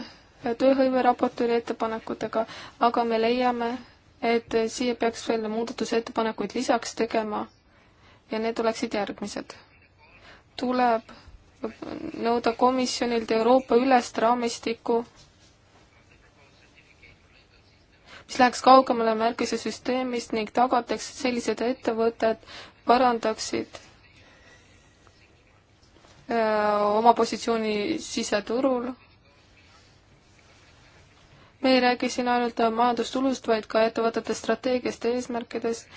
tööhõive raportööri ettepanekutega, aga me leiame, et siia peaks veel muudatusettepanekuid lisaks tegema ja need oleksid järgmised. tuleb nõuda komisjonilt Euroopa ülest raamistikku mis läheks kaugemale märgise süsteemist ning tagataks, et sellised ettevõtted parandaksid äh, oma positsiooni siseturul. me ei räägi siin ainult majandustulust, vaid ka ettevõtete strateegiast ja eesmärkidest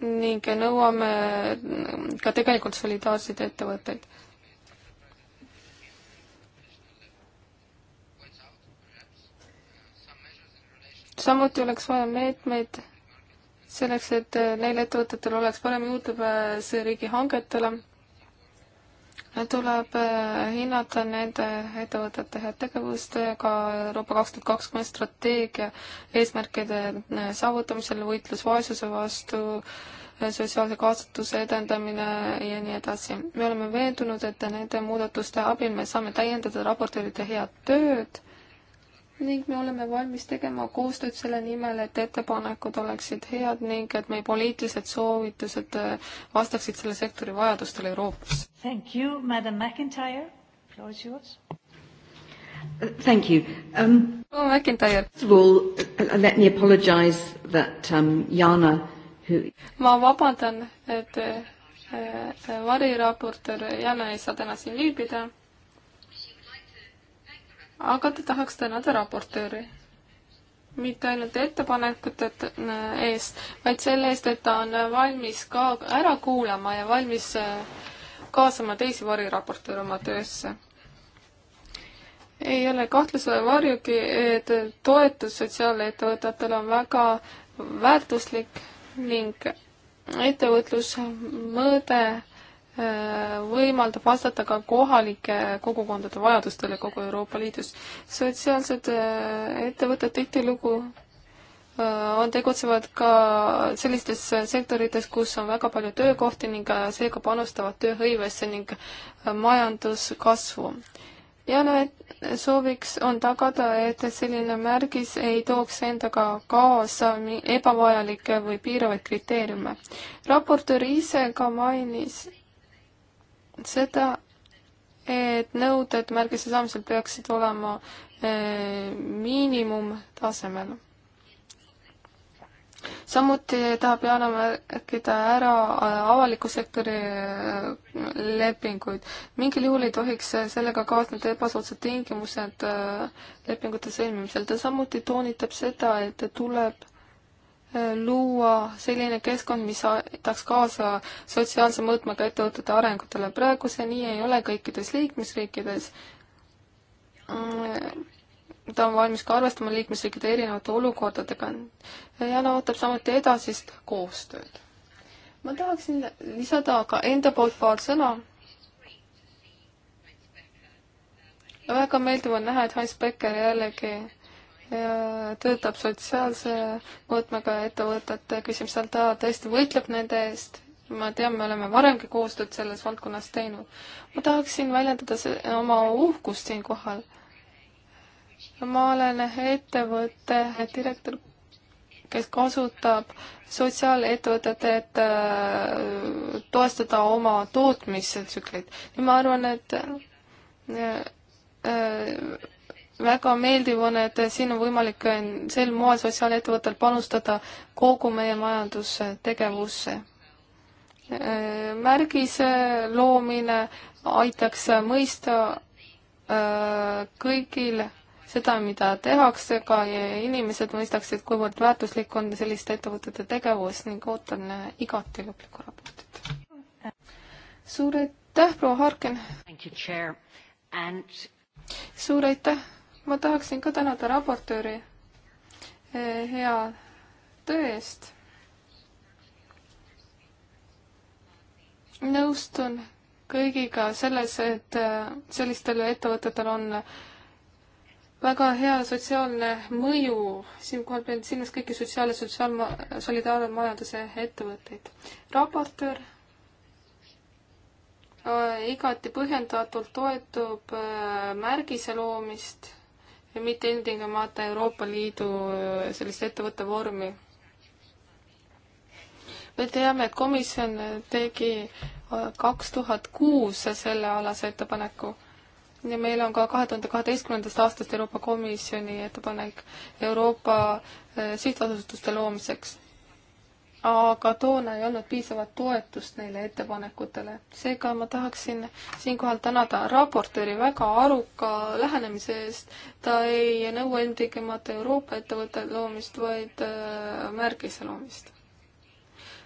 ning nõuame ka tegelikult solidaarseid ettevõtteid. samuti oleks vaja meetmeid selleks, et äh, neil ettevõtetel oleks parem juurdepääs riigihangetele, tuleb äh, hinnata nende ettevõtete head tegevust äh, ka Euroopa kaks tuhat kakskümmend strateegia eesmärkide saavutamisel, võitlus vaesuse vastu, sotsiaalse kaasatuse edendamine ja nii edasi. me oleme veendunud, et nende muudatuste abil me saame täiendada raportööride head tööd ning me oleme valmis tegema koostööd selle nimel, et ettepanekud oleksid head ning et meie poliitilised soovitused äh, vastaksid selle sektori vajadustele Euroopas. Thank you, madam McIntyre, floor is yours. Thank you. Um, oh, McIntyre. First of all, uh, let me apologise that um, Jana, who... ma vabandan, et äh, äh variraportöör Jana ei saa täna siin viibida aga ta tahaks tänada raportööri. mitte ainult ettepanekute äh, eest, vaid selle eest, et ta on valmis ka ära kuulama ja valmis äh, kaasama teisi variraportööre oma töösse. ei ole kahtluse varjugi, et toetus sotsiaalettevõtetele on väga väärtuslik ning ettevõtlusmõõde Äh, võimaldab vastata ka kohalike kogukondade vajadustele kogu Euroopa Liidus. sotsiaalsed äh, ettevõtted tihtilugu äh, on tegutsevad ka sellistes sektorites, kus on väga palju töökohti ning seega panustavad tööhõivesse ning majanduskasvu. ja no et sooviks on tagada, et selline märgis ei tooks endaga kaasa ebavajalikke või piiravaid kriteeriume. raportöör ise ka mainis, seda, et nõuded märgise saamisel peaksid olema eh, miinimumtasemel. samuti tahab Jana märkida ära eh, avaliku sektori eh, lepinguid. mingil juhul ei tohiks sellega kaasneda ebasoodsad tingimused lepingute sõlmimisel. ta samuti toonitab seda, et tuleb luua selline keskkond, mis aitaks kaasa sotsiaalse mõõtmega ettevõtete arengutele. praegu see nii ei ole kõikides liikmesriikides. Mm, ta on valmis ka arvestama liikmesriikide erinevate olukordadega. Jana ootab samuti edasist koostööd. ma tahaksin lisada ka enda poolt paar sõna. väga meeldiv on näha, et Hans Becker jällegi töötab sotsiaalse mõõtmega ettevõtete küsimuste all, ta tõesti võitleb nende eest, ma tean, me oleme varemgi koostööd selles valdkonnas teinud. ma tahaksin väljendada oma uhkust siinkohal. ma olen ettevõtte direktor, kes kasutab sotsiaalettevõtet, et äh, toestada oma tootmistsüklit ja ma arvan, et äh, äh, väga meeldiv on, et siin on võimalik sel moel sotsiaalettevõttel panustada kogu meie majandustegevusse. märgise loomine aitaks mõista äh, kõigil seda, mida tehakse, ka inimesed mõistaksid, kuivõrd väärtuslik on selliste ettevõtete tegevus ning ootan äh, igati lõplikku raportit. suur aitäh, proua Harkin! suur aitäh! ma tahaksin ka tänada raportööri eh, hea töö eest. nõustun kõigiga selles, et eh, sellistel ettevõtetel on väga hea sotsiaalne mõju, siinkohal pean silmas kõiki sotsiaal- ja sotsiaal-, solidaarmajanduse ettevõtteid. raportöör eh, igati põhjendatult toetub märgise loomist mitte ilmtingimata Euroopa Liidu äh, sellist ettevõtte vormi. me teame, et komisjon tegi äh, kaks tuhat kuus sellealase ettepaneku ja meil on ka kahe tuhande kaheteistkümnendast aastast Euroopa Komisjoni ettepanek Euroopa äh, sihtasutuste loomiseks aga toona ei olnud piisavat toetust neile ettepanekutele. seega ma tahaksin siinkohal tänada raportööri väga aruka lähenemise eest. ta ei nõua ilmtingimata Euroopa ettevõtte loomist, vaid äh, märgise loomist.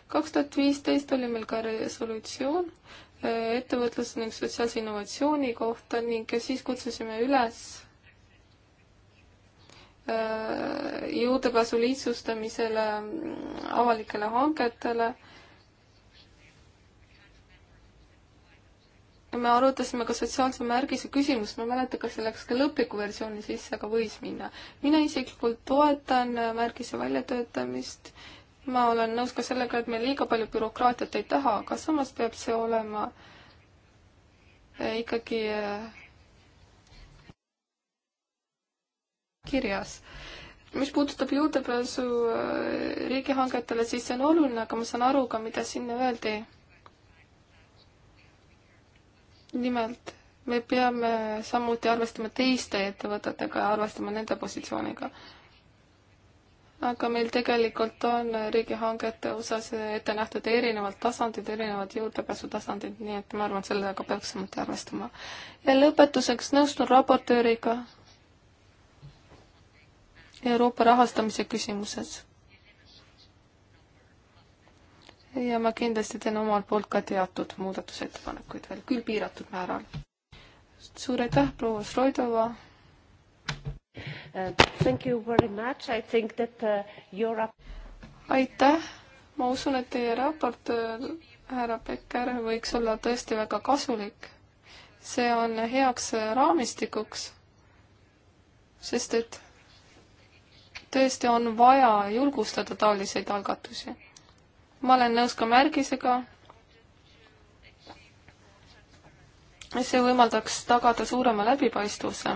kaks tuhat viisteist oli meil ka resolutsioon äh, ettevõtluse ning sotsiaalse innovatsiooni kohta ning siis kutsusime üles Äh, juurdepääsu lihtsustamisele mm, avalikele hangetele. me arutasime ka sotsiaalse märgise küsimust, ma ei mäleta, kas see läks ka lõpliku versiooni sisse, aga võis minna. mina isiklikult toetan äh, märgise väljatöötamist. ma olen nõus ka sellega, et me liiga palju bürokraatiat ei taha, aga samas peab see olema äh, ikkagi äh, kirjas. mis puudutab juurdepääsu äh, riigihangetele, siis see on oluline, aga ma saan aru ka, mida sinna öeldi. nimelt, me peame samuti arvestama teiste ettevõtetega ja arvestama nende positsiooniga. aga meil tegelikult on riigihangete osas ette nähtud erinevad tasandid, erinevad juurdepääsutasandid, nii et ma arvan, sellega peaks samuti arvestama. ja lõpetuseks nõustun raportööriga Euroopa rahastamise küsimuses. ja ma kindlasti teen omalt poolt ka teatud muudatusettepanekuid veel, küll piiratud määral. suur aitäh, proua Šroidova! Thank you very much, I think that uh, your aitäh, ma usun, et teie raport, äh, härra Becker, võiks olla tõesti väga kasulik. see on heaks raamistikuks, sest et tõesti on vaja julgustada taoliseid algatusi. ma olen nõus ka märgisega, see võimaldaks tagada suurema läbipaistvuse.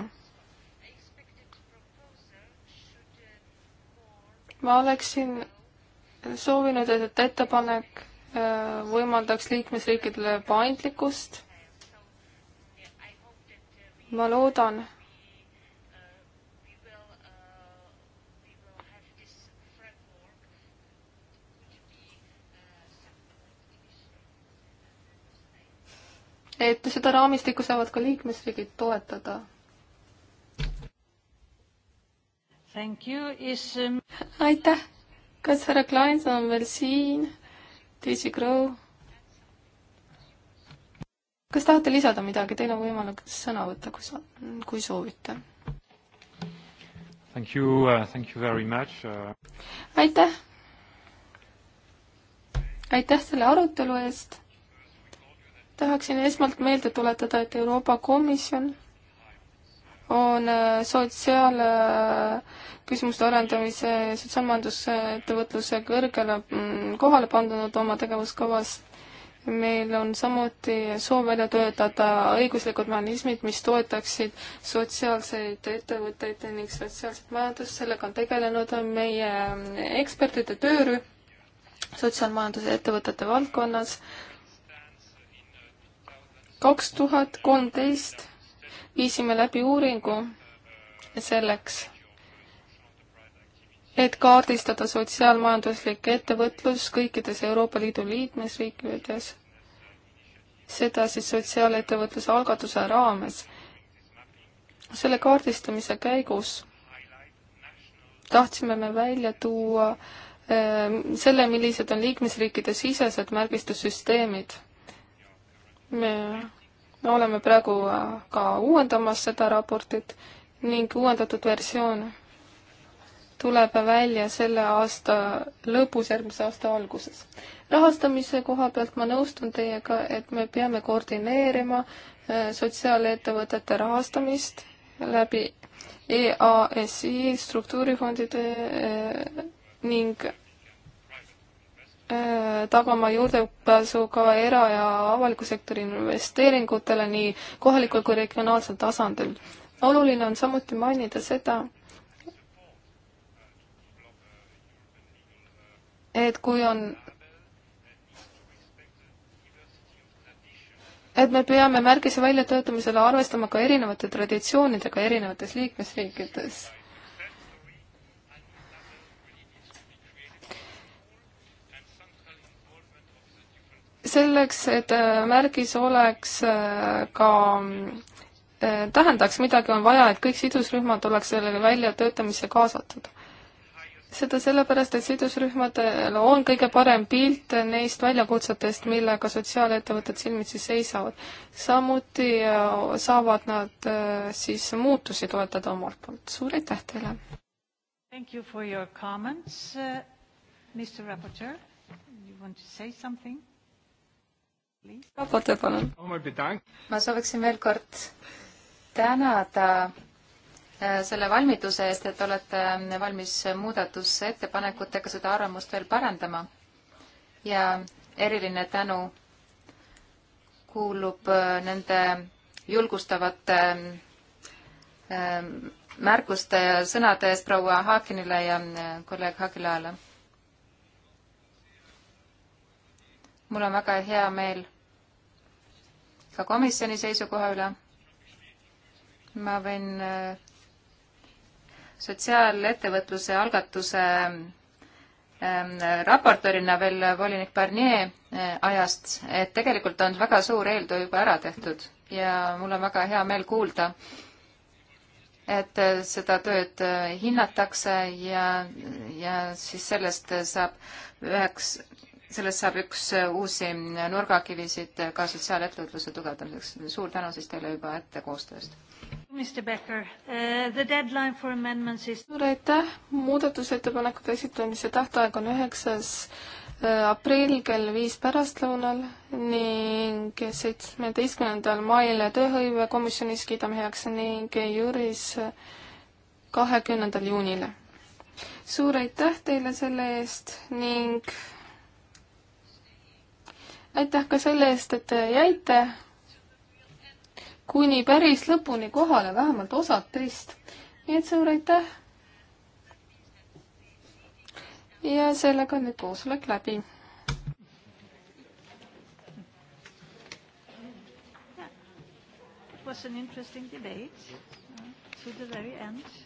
ma oleksin soovinud, et ettepanek äh, võimaldaks liikmesriikidele paindlikkust. ma loodan, et seda raamistikku saavad ka liikmesriigid toetada. Is... Um, aitäh, kas härra Kleins on veel siin? Dizzy Crow? kas tahate lisada midagi, teil on võimalik sõna võtta, kui sa, kui soovite. Thank you uh,, thank you very much uh.... aitäh. aitäh selle arutelu eest tahaksin esmalt meelde tuletada, et Euroopa Komisjon on äh, sotsiaalküsimuste äh, arendamise ja sotsiaalmajandusettevõtluse kõrgele mm, kohale pandud oma tegevuskavas. meil on samuti soov välja töötada õiguslikud mehhanismid, mis toetaksid sotsiaalseid ettevõtteid ning sotsiaalset majandust, sellega on tegelenud meie mm, ekspertide töörühm sotsiaalmajanduse ettevõtete valdkonnas kaks tuhat kolmteist viisime läbi uuringu selleks, et kaardistada sotsiaalmajanduslik ettevõtlus kõikides Euroopa Liidu liikmesriikides, seda siis sotsiaalettevõtluse algatuse raames. selle kaardistamise käigus tahtsime me välja tuua ehm, selle, millised on liikmesriikide sisesed märgistussüsteemid me me oleme praegu äh, ka uuendamas seda raportit ning uuendatud versioon tuleb välja selle aasta lõpus, järgmise aasta alguses. rahastamise koha pealt ma nõustun teiega, et me peame koordineerima äh, sotsiaalettevõtete rahastamist läbi EASI struktuurifondide äh, ning Äh, tagama juurdepääsu ka era- ja avaliku sektori investeeringutele nii kohalikul kui regionaalsel tasandil. oluline on samuti mainida seda, et kui on, et me peame märgise väljatöötamisele arvestama ka erinevate traditsioonidega erinevates liikmesriikides selleks, et äh, märgis oleks äh, ka äh, tähendaks midagi, on vaja, et kõik sidusrühmad oleks sellele väljatöötamisse kaasatud. seda sellepärast, et sidusrühmadel on kõige parem pilt neist väljakutsetest, millega sotsiaalettevõtted silmitsi seisavad. samuti saavad nad siis muutusi toetada omalt poolt. suur aitäh teile! Thank you for your comments uh,, Mr Raportöör, you want to say something? raportöö, palun. ma sooviksin veel kord tänada äh, selle valmiduse eest, et olete äh, valmis muudatusettepanekutega seda arvamust veel parandama. ja eriline tänu kuulub äh, nende julgustavate märkuste ja sõnade eest proua Haakinile ja kolleeg Hagilale. mul on väga hea meel ka komisjoni seisukoha üle. ma võin äh, sotsiaalettevõtluse algatuse ähm, raportorina veel volinik Barnier äh, ajast, et tegelikult on väga suur eeltöö juba ära tehtud ja mul on väga hea meel kuulda, et äh, seda tööd hinnatakse ja, ja siis sellest saab üheks sellest saab üks äh, uusi nurgakivisid ka sotsiaalettevõtluse tugevdamiseks. suur tänu siis teile juba ette koostööst. Äh, suur aitäh, muudatusettepanekute esitamise tähtaeg on üheksas äh, aprill kell viis pärastlõunal ning seitsmeteistkümnendal mail tööhõivekomisjonis kiidame heaks ning Jüris kahekümnendal juunil. suur aitäh teile selle eest ning aitäh ka selle eest, et te jäite kuni päris lõpuni kohale, vähemalt osad teist. nii et suur aitäh. ja sellega on nüüd koosolek läbi. was an interesting debate uh, to the very end.